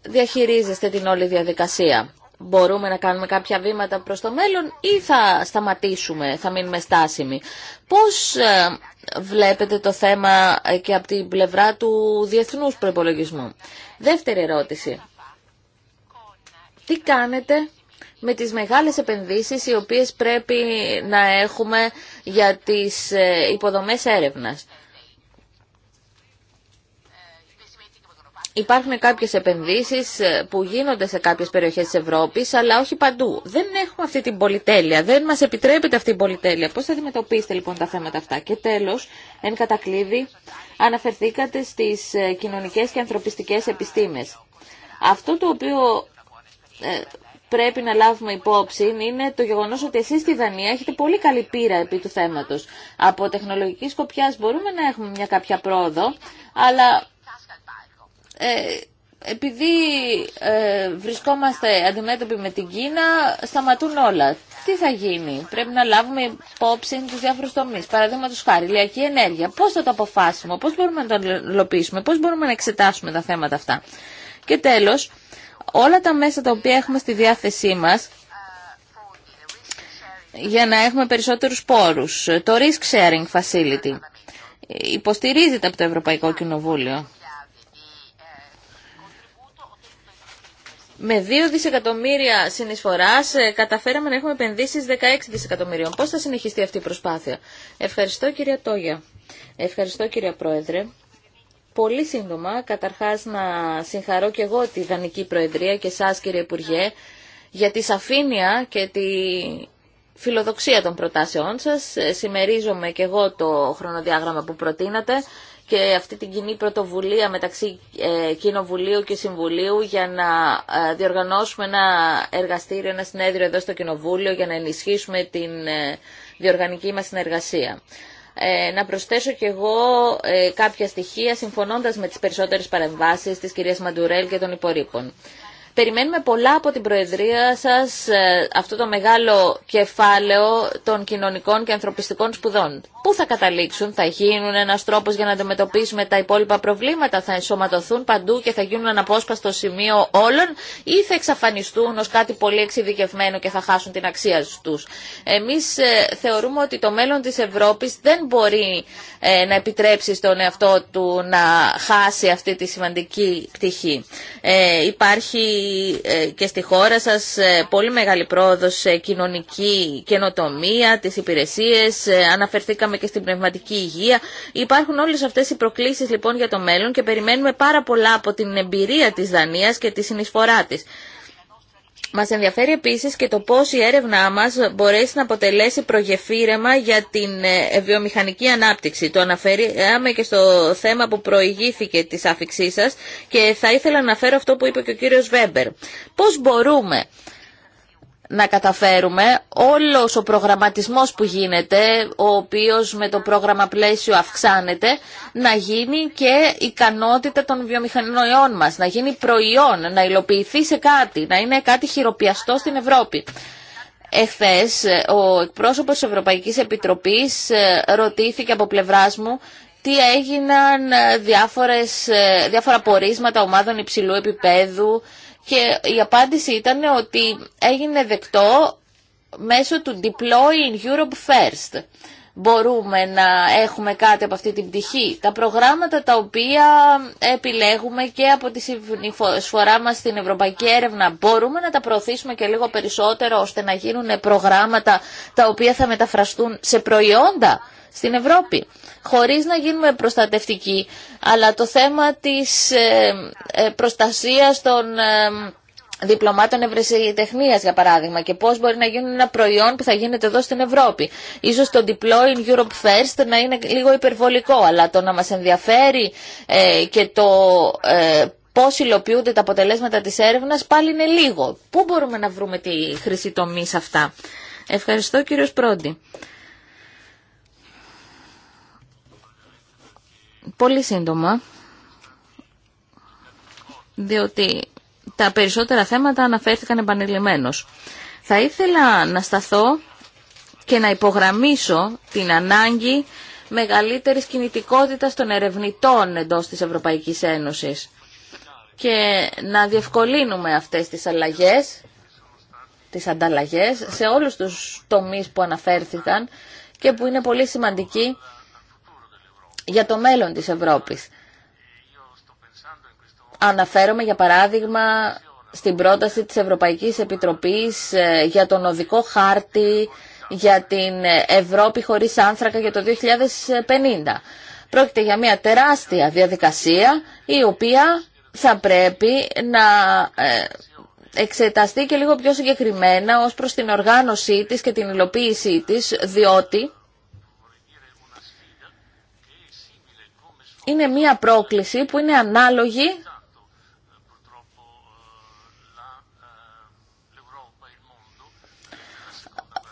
διαχειρίζεστε την όλη διαδικασία μπορούμε να κάνουμε κάποια βήματα προς το μέλλον ή θα σταματήσουμε, θα μείνουμε στάσιμοι. Πώς ε, βλέπετε το θέμα ε, και από την πλευρά του διεθνούς προϋπολογισμού. Δεύτερη ερώτηση. Τι κάνετε με τις μεγάλες επενδύσεις οι οποίες πρέπει να έχουμε για τις ε, υποδομές έρευνας. Υπάρχουν κάποιες επενδύσεις ε, που γίνονται σε κάποιες περιοχές της Ευρώπης, αλλά όχι παντού. Δεν έχουμε αυτή την πολυτέλεια, δεν μας επιτρέπεται αυτή η πολυτέλεια. Πώς θα αντιμετωπίσετε λοιπόν τα θέματα αυτά. Και τέλος, εν κατακλείδη, αναφερθήκατε στις ε, κοινωνικές και ανθρωπιστικές επιστήμες. Αυτό το οποίο ε, πρέπει να λάβουμε υπόψη είναι το γεγονός ότι εσείς στη Δανία έχετε πολύ καλή πείρα επί του θέματος. Από τεχνολογική σκοπιάς μπορούμε να έχουμε μια κάποια πρόοδο, αλλά ε, επειδή ε, βρισκόμαστε αντιμέτωποι με την Κίνα, σταματούν όλα. Τι θα γίνει, πρέπει να λάβουμε υπόψη του διάφορου τομεί. Παραδείγματο χάρη, ηλιακή ενέργεια. Πώ θα το αποφάσουμε, πώ μπορούμε να το υλοποιήσουμε, πώ μπορούμε να εξετάσουμε τα θέματα αυτά. Και τέλο, όλα τα μέσα τα οποία έχουμε στη διάθεσή μα για να έχουμε περισσότερους πόρους. Το Risk Sharing Facility υποστηρίζεται από το Ευρωπαϊκό Κοινοβούλιο. με 2 δισεκατομμύρια συνεισφορά, ε, καταφέραμε να έχουμε επενδύσει 16 δισεκατομμυρίων. Πώς θα συνεχιστεί αυτή η προσπάθεια. Ευχαριστώ κυρία Τόγια. Ευχαριστώ κυρία Πρόεδρε. Πολύ σύντομα, καταρχά να συγχαρώ και εγώ τη Δανική Προεδρία και εσά, κύριε Υπουργέ για τη σαφήνεια και τη φιλοδοξία των προτάσεών σας. Ε, Σημερίζομαι και εγώ το χρονοδιάγραμμα που προτείνατε και αυτή την κοινή πρωτοβουλία μεταξύ ε, Κοινοβουλίου και Συμβουλίου για να ε, διοργανώσουμε ένα εργαστήριο, ένα συνέδριο εδώ στο Κοινοβούλιο για να ενισχύσουμε την ε, διοργανική μας συνεργασία. να προσθέσω κι εγώ κάποια στοιχεία συμφωνώντας με τις περισσότερες παρεμβάσεις της κυρίας Μαντουρέλ και των υπορρήπων. Περιμένουμε πολλά από την Προεδρία σας, ε, αυτό το μεγάλο κεφάλαιο των κοινωνικών και ανθρωπιστικών σπουδών. Πού θα καταλήξουν, θα γίνουν ένας τρόπος για να αντιμετωπίσουμε τα υπόλοιπα προβλήματα, θα ενσωματωθούν παντού και θα γίνουν αναπόσπαστο σημείο όλων ή θα εξαφανιστούν ως κάτι πολύ εξειδικευμένο και θα χάσουν την αξία τους. Εμείς ε, θεωρούμε ότι το μέλλον της Ευρώπης δεν μπορεί ε, να επιτρέψει στον εαυτό του να χάσει αυτή τη σημαντική πτυχή. υπάρχει ε, και στη χώρα σας ε, πολύ μεγάλη πρόοδο σε κοινωνική καινοτομία, τις υπηρεσίες, ε, αναφερθήκαμε και στην πνευματική υγεία. Υπάρχουν όλες αυτές οι προκλήσεις λοιπόν για το μέλλον και περιμένουμε πάρα πολλά από την εμπειρία της Δανίας και τη συνεισφορά της. Μας ενδιαφέρει επίσης και το πώς η έρευνά μας μπορέσει να αποτελέσει προγεφύρεμα για την ε, βιομηχανική ανάπτυξη. Το αναφέραμε και στο θέμα που προηγήθηκε της άφηξής σας και θα ήθελα να αναφέρω αυτό που είπε και ο κύριος Βέμπερ. Πώς μπορούμε να καταφέρουμε όλος ο προγραμματισμός που γίνεται, ο οποίος με το πρόγραμμα πλαίσιο αυξάνεται, να γίνει και ικανότητα των βιομηχανιών μας, να γίνει προϊόν, να υλοποιηθεί σε κάτι, να είναι κάτι χειροπιαστό στην Ευρώπη. Εχθές ο εκπρόσωπος της Ευρωπαϊκής Επιτροπής ε, ρωτήθηκε από πλευράς μου τι έγιναν ε, διάφορες, ε, διάφορα πορίσματα ομάδων υψηλού επίπεδου και η απάντηση ήταν ότι έγινε δεκτό μέσω του Deploy in Europe First. Μπορούμε να έχουμε κάτι από αυτή την πτυχή. Τα προγράμματα τα οποία επιλέγουμε και από τη συμφορά μας στην Ευρωπαϊκή Έρευνα μπορούμε να τα προωθήσουμε και λίγο περισσότερο ώστε να γίνουν προγράμματα τα οποία θα μεταφραστούν σε προϊόντα στην Ευρώπη χωρίς να γίνουμε προστατευτικοί. Αλλά το θέμα της ε, ε, προστασίας των ε, διπλωμάτων ευρεσιτεχνίας για παράδειγμα και πώς μπορεί να γίνει ένα προϊόν που θα γίνεται εδώ στην Ευρώπη. Ίσως το Deploy in Europe First να είναι λίγο υπερβολικό αλλά το να μας ενδιαφέρει ε, και το ε, πώς υλοποιούνται τα αποτελέσματα της έρευνας πάλι είναι λίγο. Πού μπορούμε να βρούμε τη χρυσή τομή σε αυτά. Ευχαριστώ κύριος Πρόντι. πολύ σύντομα, διότι τα περισσότερα θέματα αναφέρθηκαν επανειλημμένως. Θα ήθελα να σταθώ και να υπογραμμίσω την ανάγκη μεγαλύτερης κινητικότητας των ερευνητών εντός της Ευρωπαϊκής Ένωσης και να διευκολύνουμε αυτές τις αλλαγές, τις ανταλλαγές σε όλους τους τομείς που αναφέρθηκαν και που είναι πολύ σημαντικοί για το μέλλον της Ευρώπης. Αναφέρομαι για παράδειγμα στην πρόταση της Ευρωπαϊκής Επιτροπής ε, για τον οδικό χάρτη για την Ευρώπη χωρίς άνθρακα για το 2050. Πρόκειται για μια τεράστια διαδικασία η οποία θα πρέπει να ε, εξεταστεί και λίγο πιο συγκεκριμένα ως προς την οργάνωσή της και την υλοποίησή της, διότι είναι μία πρόκληση που είναι ανάλογη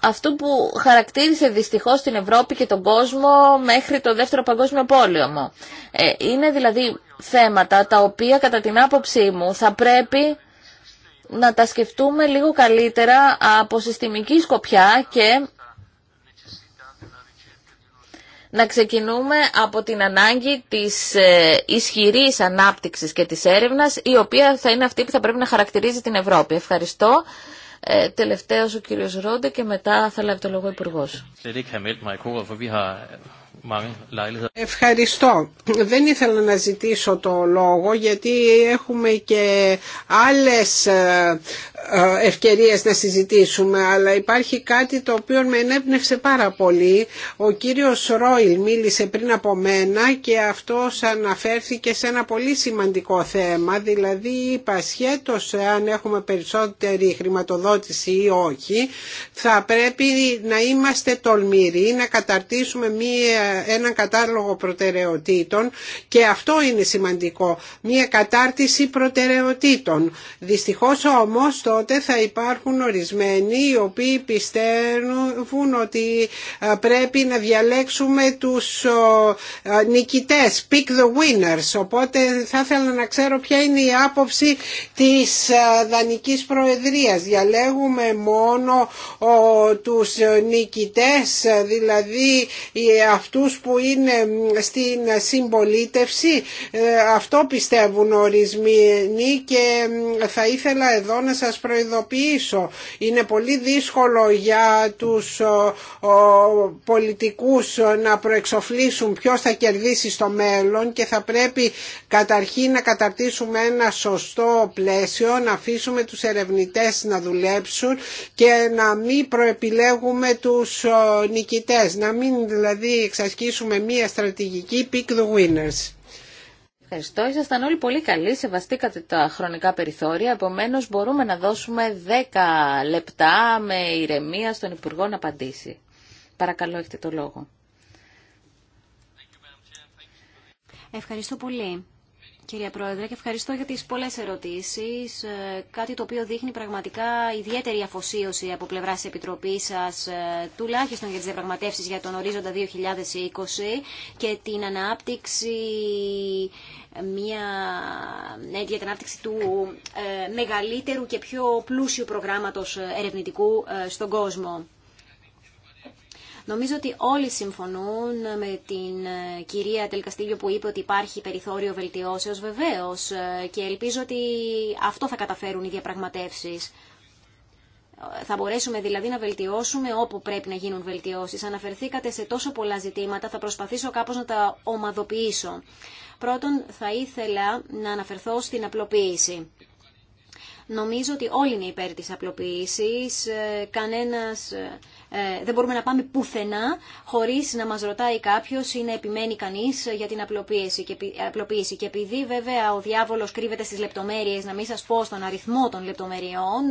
αυτού που χαρακτήρισε δυστυχώς την Ευρώπη και τον κόσμο μέχρι το Δεύτερο Παγκόσμιο Πόλεμο. Ε, είναι δηλαδή θέματα τα οποία κατά την άποψή μου θα πρέπει να τα σκεφτούμε λίγο καλύτερα από συστημική σκοπιά και να ξεκινούμε από την ανάγκη της ε, ισχυρής ανάπτυξης και της έρευνας, η οποία θα είναι αυτή που θα πρέπει να χαρακτηρίζει την Ευρώπη. Ευχαριστώ. Ε, τελευταίος ο κύριος Ρόντε και μετά θα λάβει το λόγο ο Υπουργός. Ευχαριστώ. Δεν ήθελα να ζητήσω το λόγο γιατί έχουμε και άλλες ε, ε, ευκαιρίες να συζητήσουμε αλλά υπάρχει κάτι το οποίο με ενέπνευσε πάρα πολύ ο κύριος Ρόιλ μίλησε πριν από μένα και αυτός αναφέρθηκε σε ένα πολύ σημαντικό θέμα δηλαδή είπα σχέτως αν έχουμε περισσότερη χρηματοδότηση ή όχι θα πρέπει να είμαστε τολμηροί να καταρτήσουμε μία, έναν κατάλογο προτεραιοτήτων και αυτό είναι σημαντικό μία κατάρτιση προτεραιοτήτων δυστυχώς όμως το τότε θα υπάρχουν ορισμένοι οι οποίοι πιστεύουν ότι ε, πρέπει να διαλέξουμε τους ε, νικητές, pick the winners. Οπότε θα ήθελα να ξέρω ποια είναι η άποψη της ε, Δανικής Προεδρίας. Διαλέγουμε μόνο τους νικητές, δηλαδή αυτούς που είναι στην συμπολίτευση. Αυτό πιστεύουν ορισμένοι και θα ήθελα εδώ να σας προειδοποιήσω. Είναι πολύ δύσκολο για τους πολιτικούς να προεξοφλήσουν ποιος θα κερδίσει στο μέλλον και θα πρέπει καταρχήν να καταρτήσουμε ένα σωστό πλαίσιο, να αφήσουμε τους ερευνητές να δουλέψουν και να μην προεπιλέγουμε τους νικητές, να μην δηλαδή εξασκήσουμε μία στρατηγική pick the winners. Ευχαριστώ. Ήσασταν όλοι πολύ καλοί, σεβαστήκατε τα χρονικά περιθώρια, επομένω μπορούμε να δώσουμε 10 λεπτά με ηρεμία στον Υπουργό να απαντήσει. Παρακαλώ, έχετε το λόγο. Ευχαριστώ πολύ. Κυρία Πρόεδρε, και ευχαριστώ για τις πολλές ερωτήσεις. Ε, κάτι το οποίο δείχνει πραγματικά ιδιαίτερη αφοσίωση από πλευράς της Επιτροπής σας, ε, τουλάχιστον για τις διαπραγματεύσεις για τον ορίζοντα 2020 και την ανάπτυξη ε, μια ναι, την ανάπτυξη του μεγαλύτερου και πιο πλούσιου προγράμματος ερευνητικού στον κόσμο. Νομίζω ότι όλοι συμφωνούν με την ε, κυρία Τελκαστήλιο που είπε ότι υπάρχει περιθώριο βελτιώσεως βεβαίως ε, και ελπίζω ότι αυτό θα καταφέρουν οι διαπραγματεύσεις. Θα μπορέσουμε δηλαδή να βελτιώσουμε όπου πρέπει να γίνουν βελτιώσεις. Αναφερθήκατε σε τόσο πολλά ζητήματα, θα προσπαθήσω κάπως να τα ομαδοποιήσω. Πρώτον, θα ήθελα να αναφερθώ στην απλοποίηση. Νομίζω ότι όλοι είναι υπέρ της απλοποίησης, ε, κανένας... Ε, ε, δεν μπορούμε να πάμε πουθενά χωρίς να μας ρωτάει κάποιος ή να επιμένει κανείς για την απλοποίηση. Και, απλοποίηση. και επειδή βέβαια ο διάβολος κρύβεται στις λεπτομέρειες, να μην σας πω στον αριθμό των λεπτομεριών,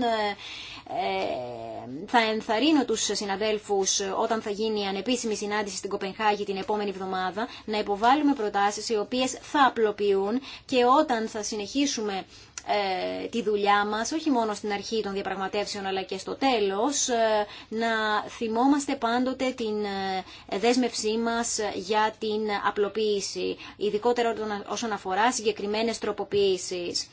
θα ενθαρρύνω τους συναδέλφους όταν θα γίνει η ανεπίσημη συνάντηση στην Κοπενχάγη την επόμενη εβδομάδα να υποβάλουμε προτάσεις οι οποίες θα απλοποιούν και όταν θα συνεχίσουμε ε, τη δουλειά μας, όχι μόνο στην αρχή των διαπραγματεύσεων αλλά και στο τέλος, ε, να θυμόμαστε πάντοτε την ε, δέσμευσή μας για την απλοποίηση, ειδικότερα όσον αφορά συγκεκριμένες τροποποιήσεις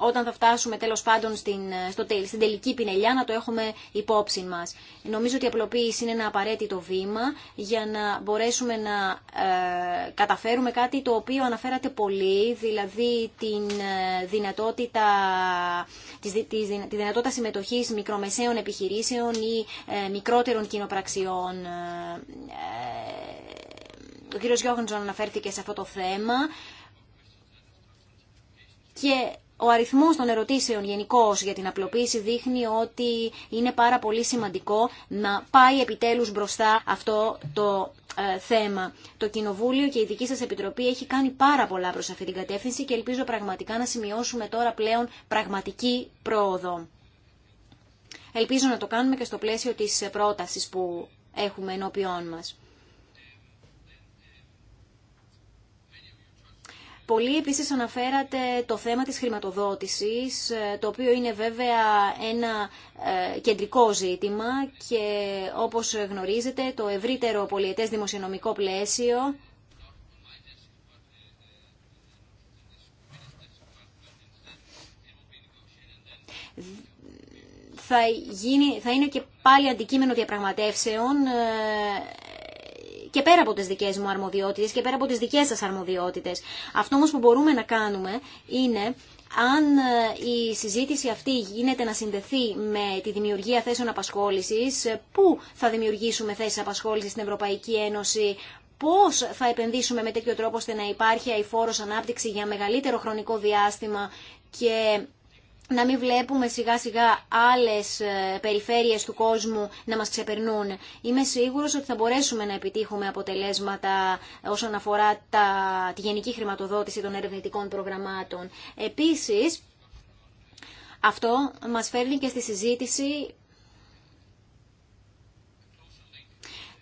όταν θα φτάσουμε τέλος πάντων στην, στο, στην τελική πινελιά να το έχουμε υπόψη μας. Νομίζω ότι η απλοποίηση είναι ένα απαραίτητο βήμα για να μπορέσουμε να ε, καταφέρουμε κάτι το οποίο αναφέρατε πολύ, δηλαδή την ε, δυνατότητα, της, τη δυνατότητα συμμετοχής μικρομεσαίων επιχειρήσεων ή ε, μικρότερων κοινοπραξιών. ο κύριος Γιώχανσον αναφέρθηκε σε αυτό το θέμα και ο αριθμός των ερωτήσεων γενικώ για την απλοποίηση δείχνει ότι είναι πάρα πολύ σημαντικό να πάει επιτέλους μπροστά αυτό το ε, θέμα. Το Κοινοβούλιο και η δική σας Επιτροπή έχει κάνει πάρα πολλά προς αυτή την κατεύθυνση και ελπίζω πραγματικά να σημειώσουμε τώρα πλέον πραγματική πρόοδο. Ελπίζω να το κάνουμε και στο πλαίσιο της πρότασης που έχουμε ενώπιόν μας. Πολύ επίσης αναφέρατε το θέμα της χρηματοδότησης, ε, το οποίο είναι βέβαια ένα ε, κεντρικό ζήτημα και όπως γνωρίζετε το ευρύτερο πολιετές δημοσιονομικό πλαίσιο θα, θα είναι και πάλι αντικείμενο διαπραγματεύσεων ε, και πέρα από τις δικέ μου αρμοδιότητες και πέρα από τις δικέ σας αρμοδιότητες. Αυτό όμω που μπορούμε να κάνουμε είναι αν ε, η συζήτηση αυτή γίνεται να συνδεθεί με τη δημιουργία θέσεων απασχόλησης, πού θα δημιουργήσουμε θέσεις απασχόλησης στην Ευρωπαϊκή Ένωση, πώς θα επενδύσουμε με τέτοιο τρόπο ώστε να υπάρχει αηφόρος ανάπτυξη για μεγαλύτερο χρονικό διάστημα και να μην βλέπουμε σιγά σιγά άλλες ε, περιφέρειες του κόσμου να μας ξεπερνούν. Είμαι σίγουρος ότι θα μπορέσουμε να επιτύχουμε αποτελέσματα όσον αφορά τα, τη γενική χρηματοδότηση των ερευνητικών προγραμμάτων. Επίσης, αυτό μας φέρνει και στη συζήτηση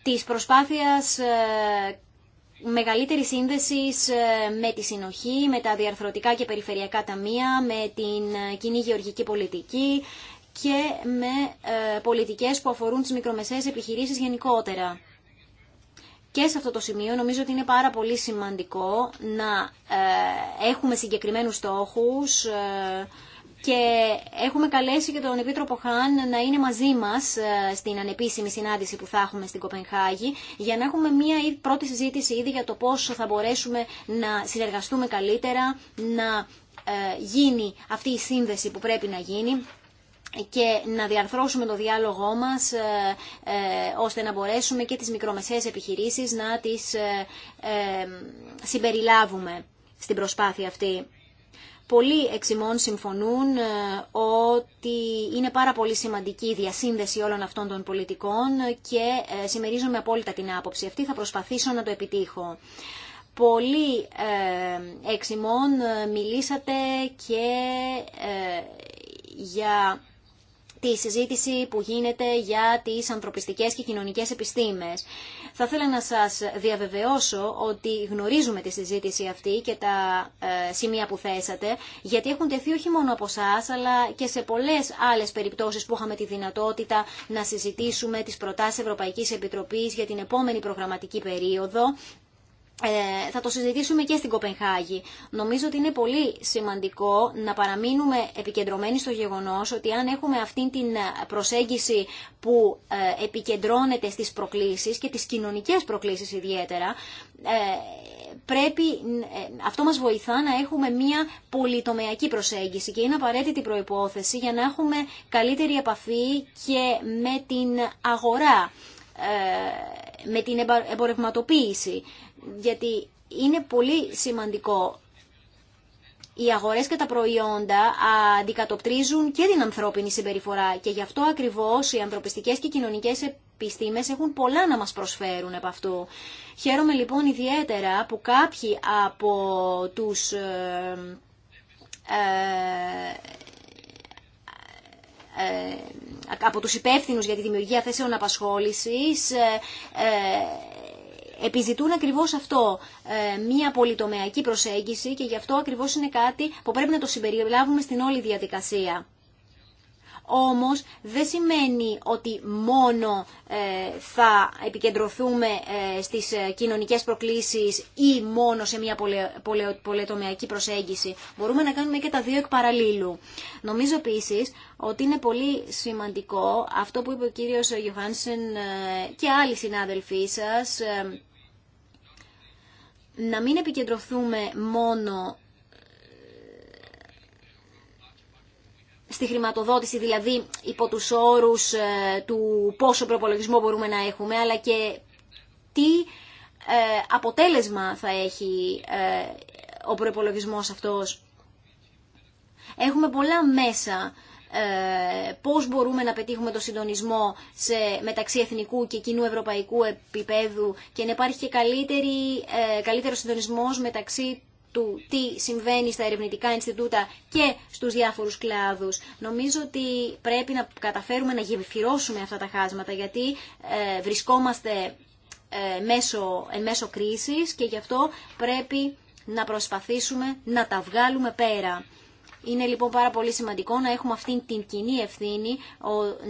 της προσπάθειας ε, μεγαλύτερη σύνδεση ε, με τη συνοχή, με τα διαρθρωτικά και περιφερειακά ταμεία, με την ε, κοινή γεωργική πολιτική και με ε, πολιτικές που αφορούν τις μικρομεσαίες επιχειρήσεις γενικότερα. Και σε αυτό το σημείο νομίζω ότι είναι πάρα πολύ σημαντικό να έχουμε συγκεκριμένους στόχους και έχουμε καλέσει και τον Επίτροπο Χάν να είναι μαζί μας ε, στην ανεπίσημη συνάντηση που θα έχουμε στην Κοπενχάγη για να έχουμε μια πρώτη συζήτηση ήδη για το πώς θα μπορέσουμε να συνεργαστούμε καλύτερα, να ε, γίνει αυτή η σύνδεση που πρέπει να γίνει και να διαρθρώσουμε το διάλογό μας ε, ώστε να μπορέσουμε και τις μικρομεσαίες επιχειρήσεις να τις συμπεριλάβουμε στην προσπάθεια αυτή. Πολλοί εξημών συμφωνούν ε, ότι είναι πάρα πολύ σημαντική η διασύνδεση όλων αυτών των πολιτικών και ε, συμμερίζομαι απόλυτα την άποψη αυτή. Θα προσπαθήσω να το επιτύχω. Πολλοί ε, εξημών μιλήσατε και για τη συζήτηση που γίνεται για τις ανθρωπιστικές και κοινωνικές επιστήμες. Θα ήθελα να σας διαβεβαιώσω ότι γνωρίζουμε τη συζήτηση αυτή και τα ε, σημεία που θέσατε, γιατί έχουν τεθεί όχι μόνο από εσά, αλλά και σε πολλές άλλες περιπτώσεις που είχαμε τη δυνατότητα να συζητήσουμε τις προτάσεις Ευρωπαϊκής Επιτροπής για την επόμενη προγραμματική περίοδο ε, θα το συζητήσουμε και στην Κοπενχάγη. Νομίζω ότι είναι πολύ σημαντικό να παραμείνουμε επικεντρωμένοι στο γεγονός ότι αν έχουμε αυτή την προσέγγιση που ε, επικεντρώνεται στις προκλήσεις και τις κοινωνικές προκλήσεις ιδιαίτερα, ε, πρέπει, αυτό μας βοηθά να έχουμε μια πολυτομεακή προσέγγιση και είναι απαραίτητη προϋπόθεση για να έχουμε καλύτερη επαφή και με την αγορά με την εμπορευματοποίηση γιατί είναι πολύ σημαντικό οι αγορές και τα προϊόντα αντικατοπτρίζουν και την ανθρώπινη συμπεριφορά και γι' αυτό ακριβώς οι ανθρωπιστικές και κοινωνικές επιστήμες έχουν πολλά να μας προσφέρουν από αυτού. Χαίρομαι λοιπόν ιδιαίτερα που κάποιοι από τους ε, ε, ε, ε από τους υπεύθυνους για τη δημιουργία θέσεων απασχόλησης επιζητούν ακριβώς αυτό, ε, μια πολυτομεακή προσέγγιση και γι' αυτό ακριβώς είναι κάτι που πρέπει να το συμπεριλάβουμε στην όλη διαδικασία. Όμως δεν σημαίνει ότι μόνο ε, θα επικεντρωθούμε ε, στις κοινωνικές προκλήσεις ή μόνο σε μια πολετομιακή προσέγγιση. Μπορούμε να κάνουμε και τα δύο εκ παραλίλου. Νομίζω επίσης ότι είναι πολύ σημαντικό αυτό που είπε ο κύριος Γιωχάνσεν και άλλοι συνάδελφοί σας να μην επικεντρωθούμε μόνο ε, στη χρηματοδότηση, δηλαδή υπό τους όρους ε, του πόσο προπολογισμό μπορούμε να έχουμε, αλλά και τι ε, αποτέλεσμα θα έχει ο προπολογισμός αυτός. Έχουμε πολλά μέσα ε, πώς μπορούμε να πετύχουμε το συντονισμό σε, μεταξύ εθνικού και κοινού ευρωπαϊκού επίπεδου και να υπάρχει και καλύτερη, ε, καλύτερος συντονισμός μεταξύ του τι συμβαίνει στα ερευνητικά Ινστιτούτα και στους διάφορους κλάδους. Νομίζω ότι πρέπει να καταφέρουμε να γεφυρώσουμε αυτά τα χάσματα γιατί ε, βρισκόμαστε μέσω, μέσω κρίσης και γι' αυτό πρέπει να προσπαθήσουμε να τα βγάλουμε πέρα. Είναι λοιπόν πάρα πολύ σημαντικό να έχουμε αυτήν την κοινή ευθύνη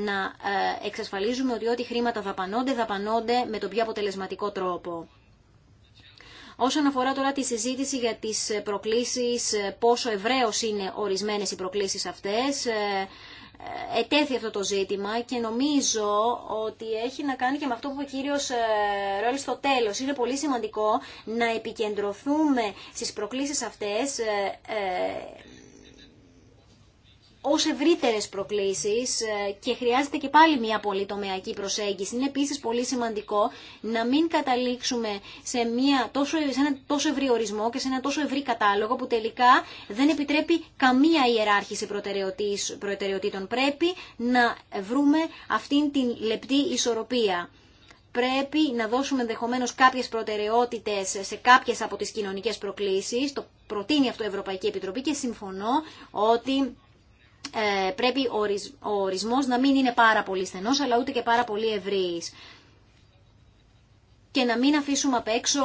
να ε, εξασφαλίζουμε ότι ό,τι χρήματα δαπανώνται, δαπανώνται με τον πιο αποτελεσματικό τρόπο. Όσον αφορά τώρα τη συζήτηση για τις προκλήσεις, ε, πόσο ευρέως είναι ορισμένες οι προκλήσεις αυτές, ε, ετέθη αυτό το ζήτημα και νομίζω ότι έχει να κάνει και με αυτό που ο κύριος Ρόλης στο τέλος. Είναι πολύ σημαντικό να επικεντρωθούμε στις προκλήσεις αυτές Ω ευρύτερε προκλήσει ε, και χρειάζεται και πάλι μια πολυτομεακή προσέγγιση. Είναι επίση πολύ σημαντικό να μην καταλήξουμε σε, μια τόσο, σε ένα τόσο ευρύ ορισμό και σε ένα τόσο ευρύ κατάλογο που τελικά δεν επιτρέπει καμία ιεράρχηση προτεραιοτήτων. Πρέπει να βρούμε αυτήν την λεπτή ισορροπία πρέπει να δώσουμε ενδεχομένω κάποιε προτεραιότητε σε κάποιε από τι κοινωνικέ προκλήσει. Το προτείνει αυτό η Ευρωπαϊκή Επιτροπή και συμφωνώ ότι ε, πρέπει ο ορισμός να μην είναι πάρα πολύ στενός αλλά ούτε και πάρα πολύ ευρύς και να μην αφήσουμε απ' έξω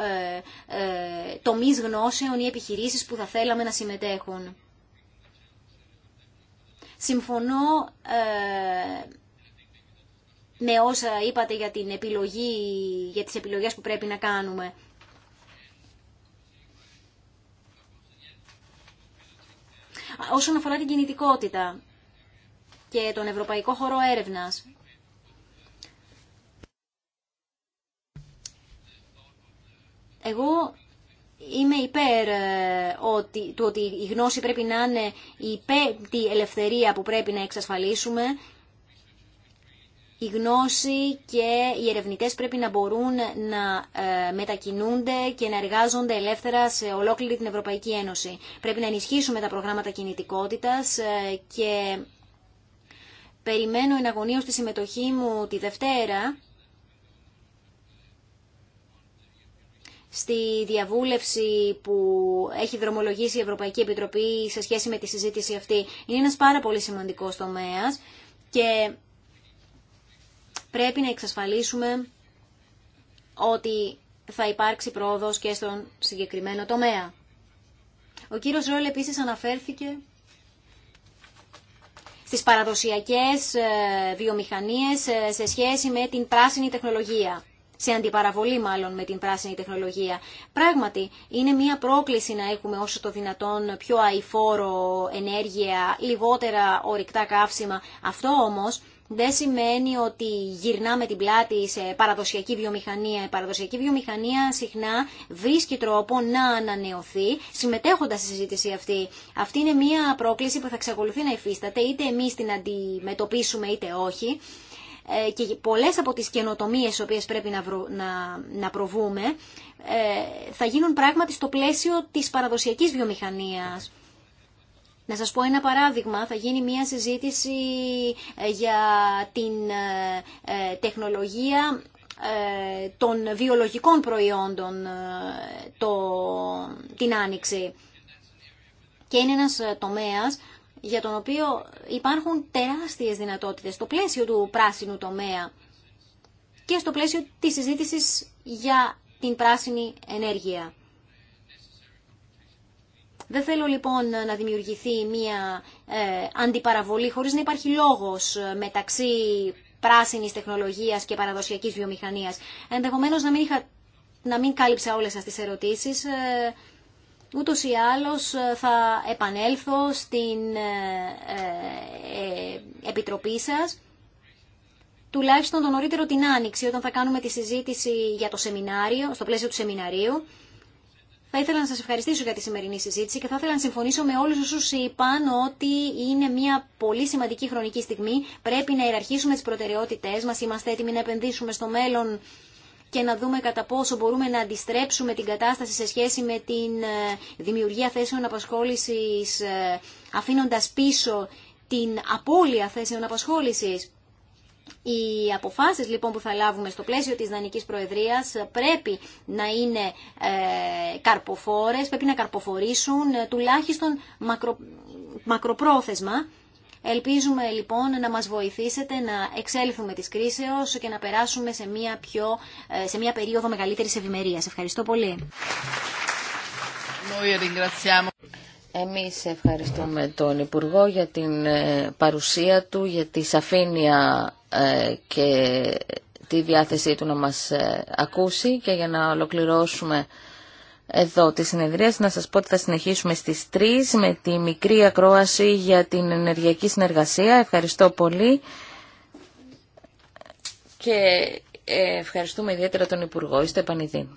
ε, ε, τομείς γνώσεων ή επιχειρήσεις που θα θέλαμε να συμμετέχουν. Συμφωνώ ε, με όσα είπατε για, την επιλογή, για τις επιλογές που πρέπει να κάνουμε. όσον αφορά την κινητικότητα και τον Ευρωπαϊκό Χώρο Έρευνας. Εγώ είμαι υπέρ ε, ότι, του ότι η γνώση πρέπει να είναι η πέμπτη ελευθερία που πρέπει να εξασφαλίσουμε η γνώση και οι ερευνητές πρέπει να μπορούν να ε, μετακινούνται και να εργάζονται ελεύθερα σε ολόκληρη την Ευρωπαϊκή Ένωση. Πρέπει να ενισχύσουμε τα προγράμματα κινητικότητας ε, και περιμένω εναγωνίως τη συμμετοχή μου τη Δευτέρα στη διαβούλευση που έχει δρομολογήσει η Ευρωπαϊκή Επιτροπή σε σχέση με τη συζήτηση αυτή. Είναι ένας πάρα πολύ σημαντικός τομέας και πρέπει να εξασφαλίσουμε ότι θα υπάρξει πρόοδος και στον συγκεκριμένο τομέα. Ο κύριος Ρόλ επίσης αναφέρθηκε στις παραδοσιακές ε, βιομηχανίες ε, σε σχέση με την πράσινη τεχνολογία. Σε αντιπαραβολή μάλλον με την πράσινη τεχνολογία. Πράγματι, είναι μια πρόκληση να έχουμε όσο το δυνατόν πιο αηφόρο ενέργεια, λιγότερα ορυκτά καύσιμα. Αυτό όμως δεν σημαίνει ότι γυρνάμε την πλάτη σε παραδοσιακή βιομηχανία. Η παραδοσιακή βιομηχανία συχνά βρίσκει τρόπο να ανανεωθεί συμμετέχοντας στη συζήτηση αυτή. Αυτή είναι μια πρόκληση που θα εξακολουθεί να υφίσταται είτε εμείς την αντιμετωπίσουμε είτε όχι ε, και πολλές από τις καινοτομίες οι οποίες πρέπει να, να, να προβούμε ε, θα γίνουν πράγματι στο πλαίσιο της παραδοσιακής βιομηχανίας. Να σας πω ένα παράδειγμα, θα γίνει μια συζήτηση ε, για την ε, ε, τεχνολογία των βιολογικών προϊόντων το, την Άνοιξη. Και είναι ένας τομέας για τον οποίο υπάρχουν τεράστιες δυνατότητες στο πλαίσιο του πράσινου τομέα και στο πλαίσιο της συζήτησης για την πράσινη ενέργεια. Δεν θέλω λοιπόν να δημιουργηθεί μία ε, αντιπαραβολή χωρίς να υπάρχει λόγος ε, μεταξύ πράσινης τεχνολογίας και παραδοσιακής βιομηχανίας. Ενδεχομένως να μην, είχα, να μην κάλυψα όλες αυτές τις ερωτήσεις. Ε, ούτως ή άλλως θα επανέλθω στην επιτροπή σας τουλάχιστον τον νωρίτερο την Άνοιξη, όταν θα κάνουμε τη συζήτηση για το σεμινάριο, στο πλαίσιο του σεμιναρίου, θα ήθελα να σας ευχαριστήσω για τη σημερινή συζήτηση και θα ήθελα να συμφωνήσω με όλους όσους είπαν ότι είναι μια πολύ σημαντική χρονική στιγμή. Πρέπει να ιεραρχήσουμε τις προτεραιότητές μας, είμαστε έτοιμοι να επενδύσουμε στο μέλλον και να δούμε κατά πόσο μπορούμε να αντιστρέψουμε την κατάσταση σε σχέση με την ε, δημιουργία θέσεων απασχόλησης, ε, αφήνοντας πίσω την απώλεια θέσεων απασχόλησης. Οι αποφάσεις λοιπόν που θα λάβουμε στο πλαίσιο της Δανικής Προεδρίας πρέπει να είναι ε, καρποφόρες, πρέπει να καρποφορήσουν ε, τουλάχιστον μακρο, μακροπρόθεσμα. Ελπίζουμε λοιπόν να μας βοηθήσετε να εξέλθουμε της κρίσεως και να περάσουμε σε μια, πιο, ε, σε μια περίοδο μεγαλύτερης ευημερίας. Ευχαριστώ πολύ. Εμείς ευχαριστούμε τον Υπουργό για την παρουσία του, για τη σαφήνεια ε, και τη διάθεσή του να μας ε, ακούσει και για να ολοκληρώσουμε εδώ τη συνεδρία να σας πω ότι θα συνεχίσουμε στις 3 με τη μικρή ακρόαση για την ενεργειακή συνεργασία. Ευχαριστώ πολύ και ε, ευχαριστούμε ιδιαίτερα τον Υπουργό. Είστε επανειδή.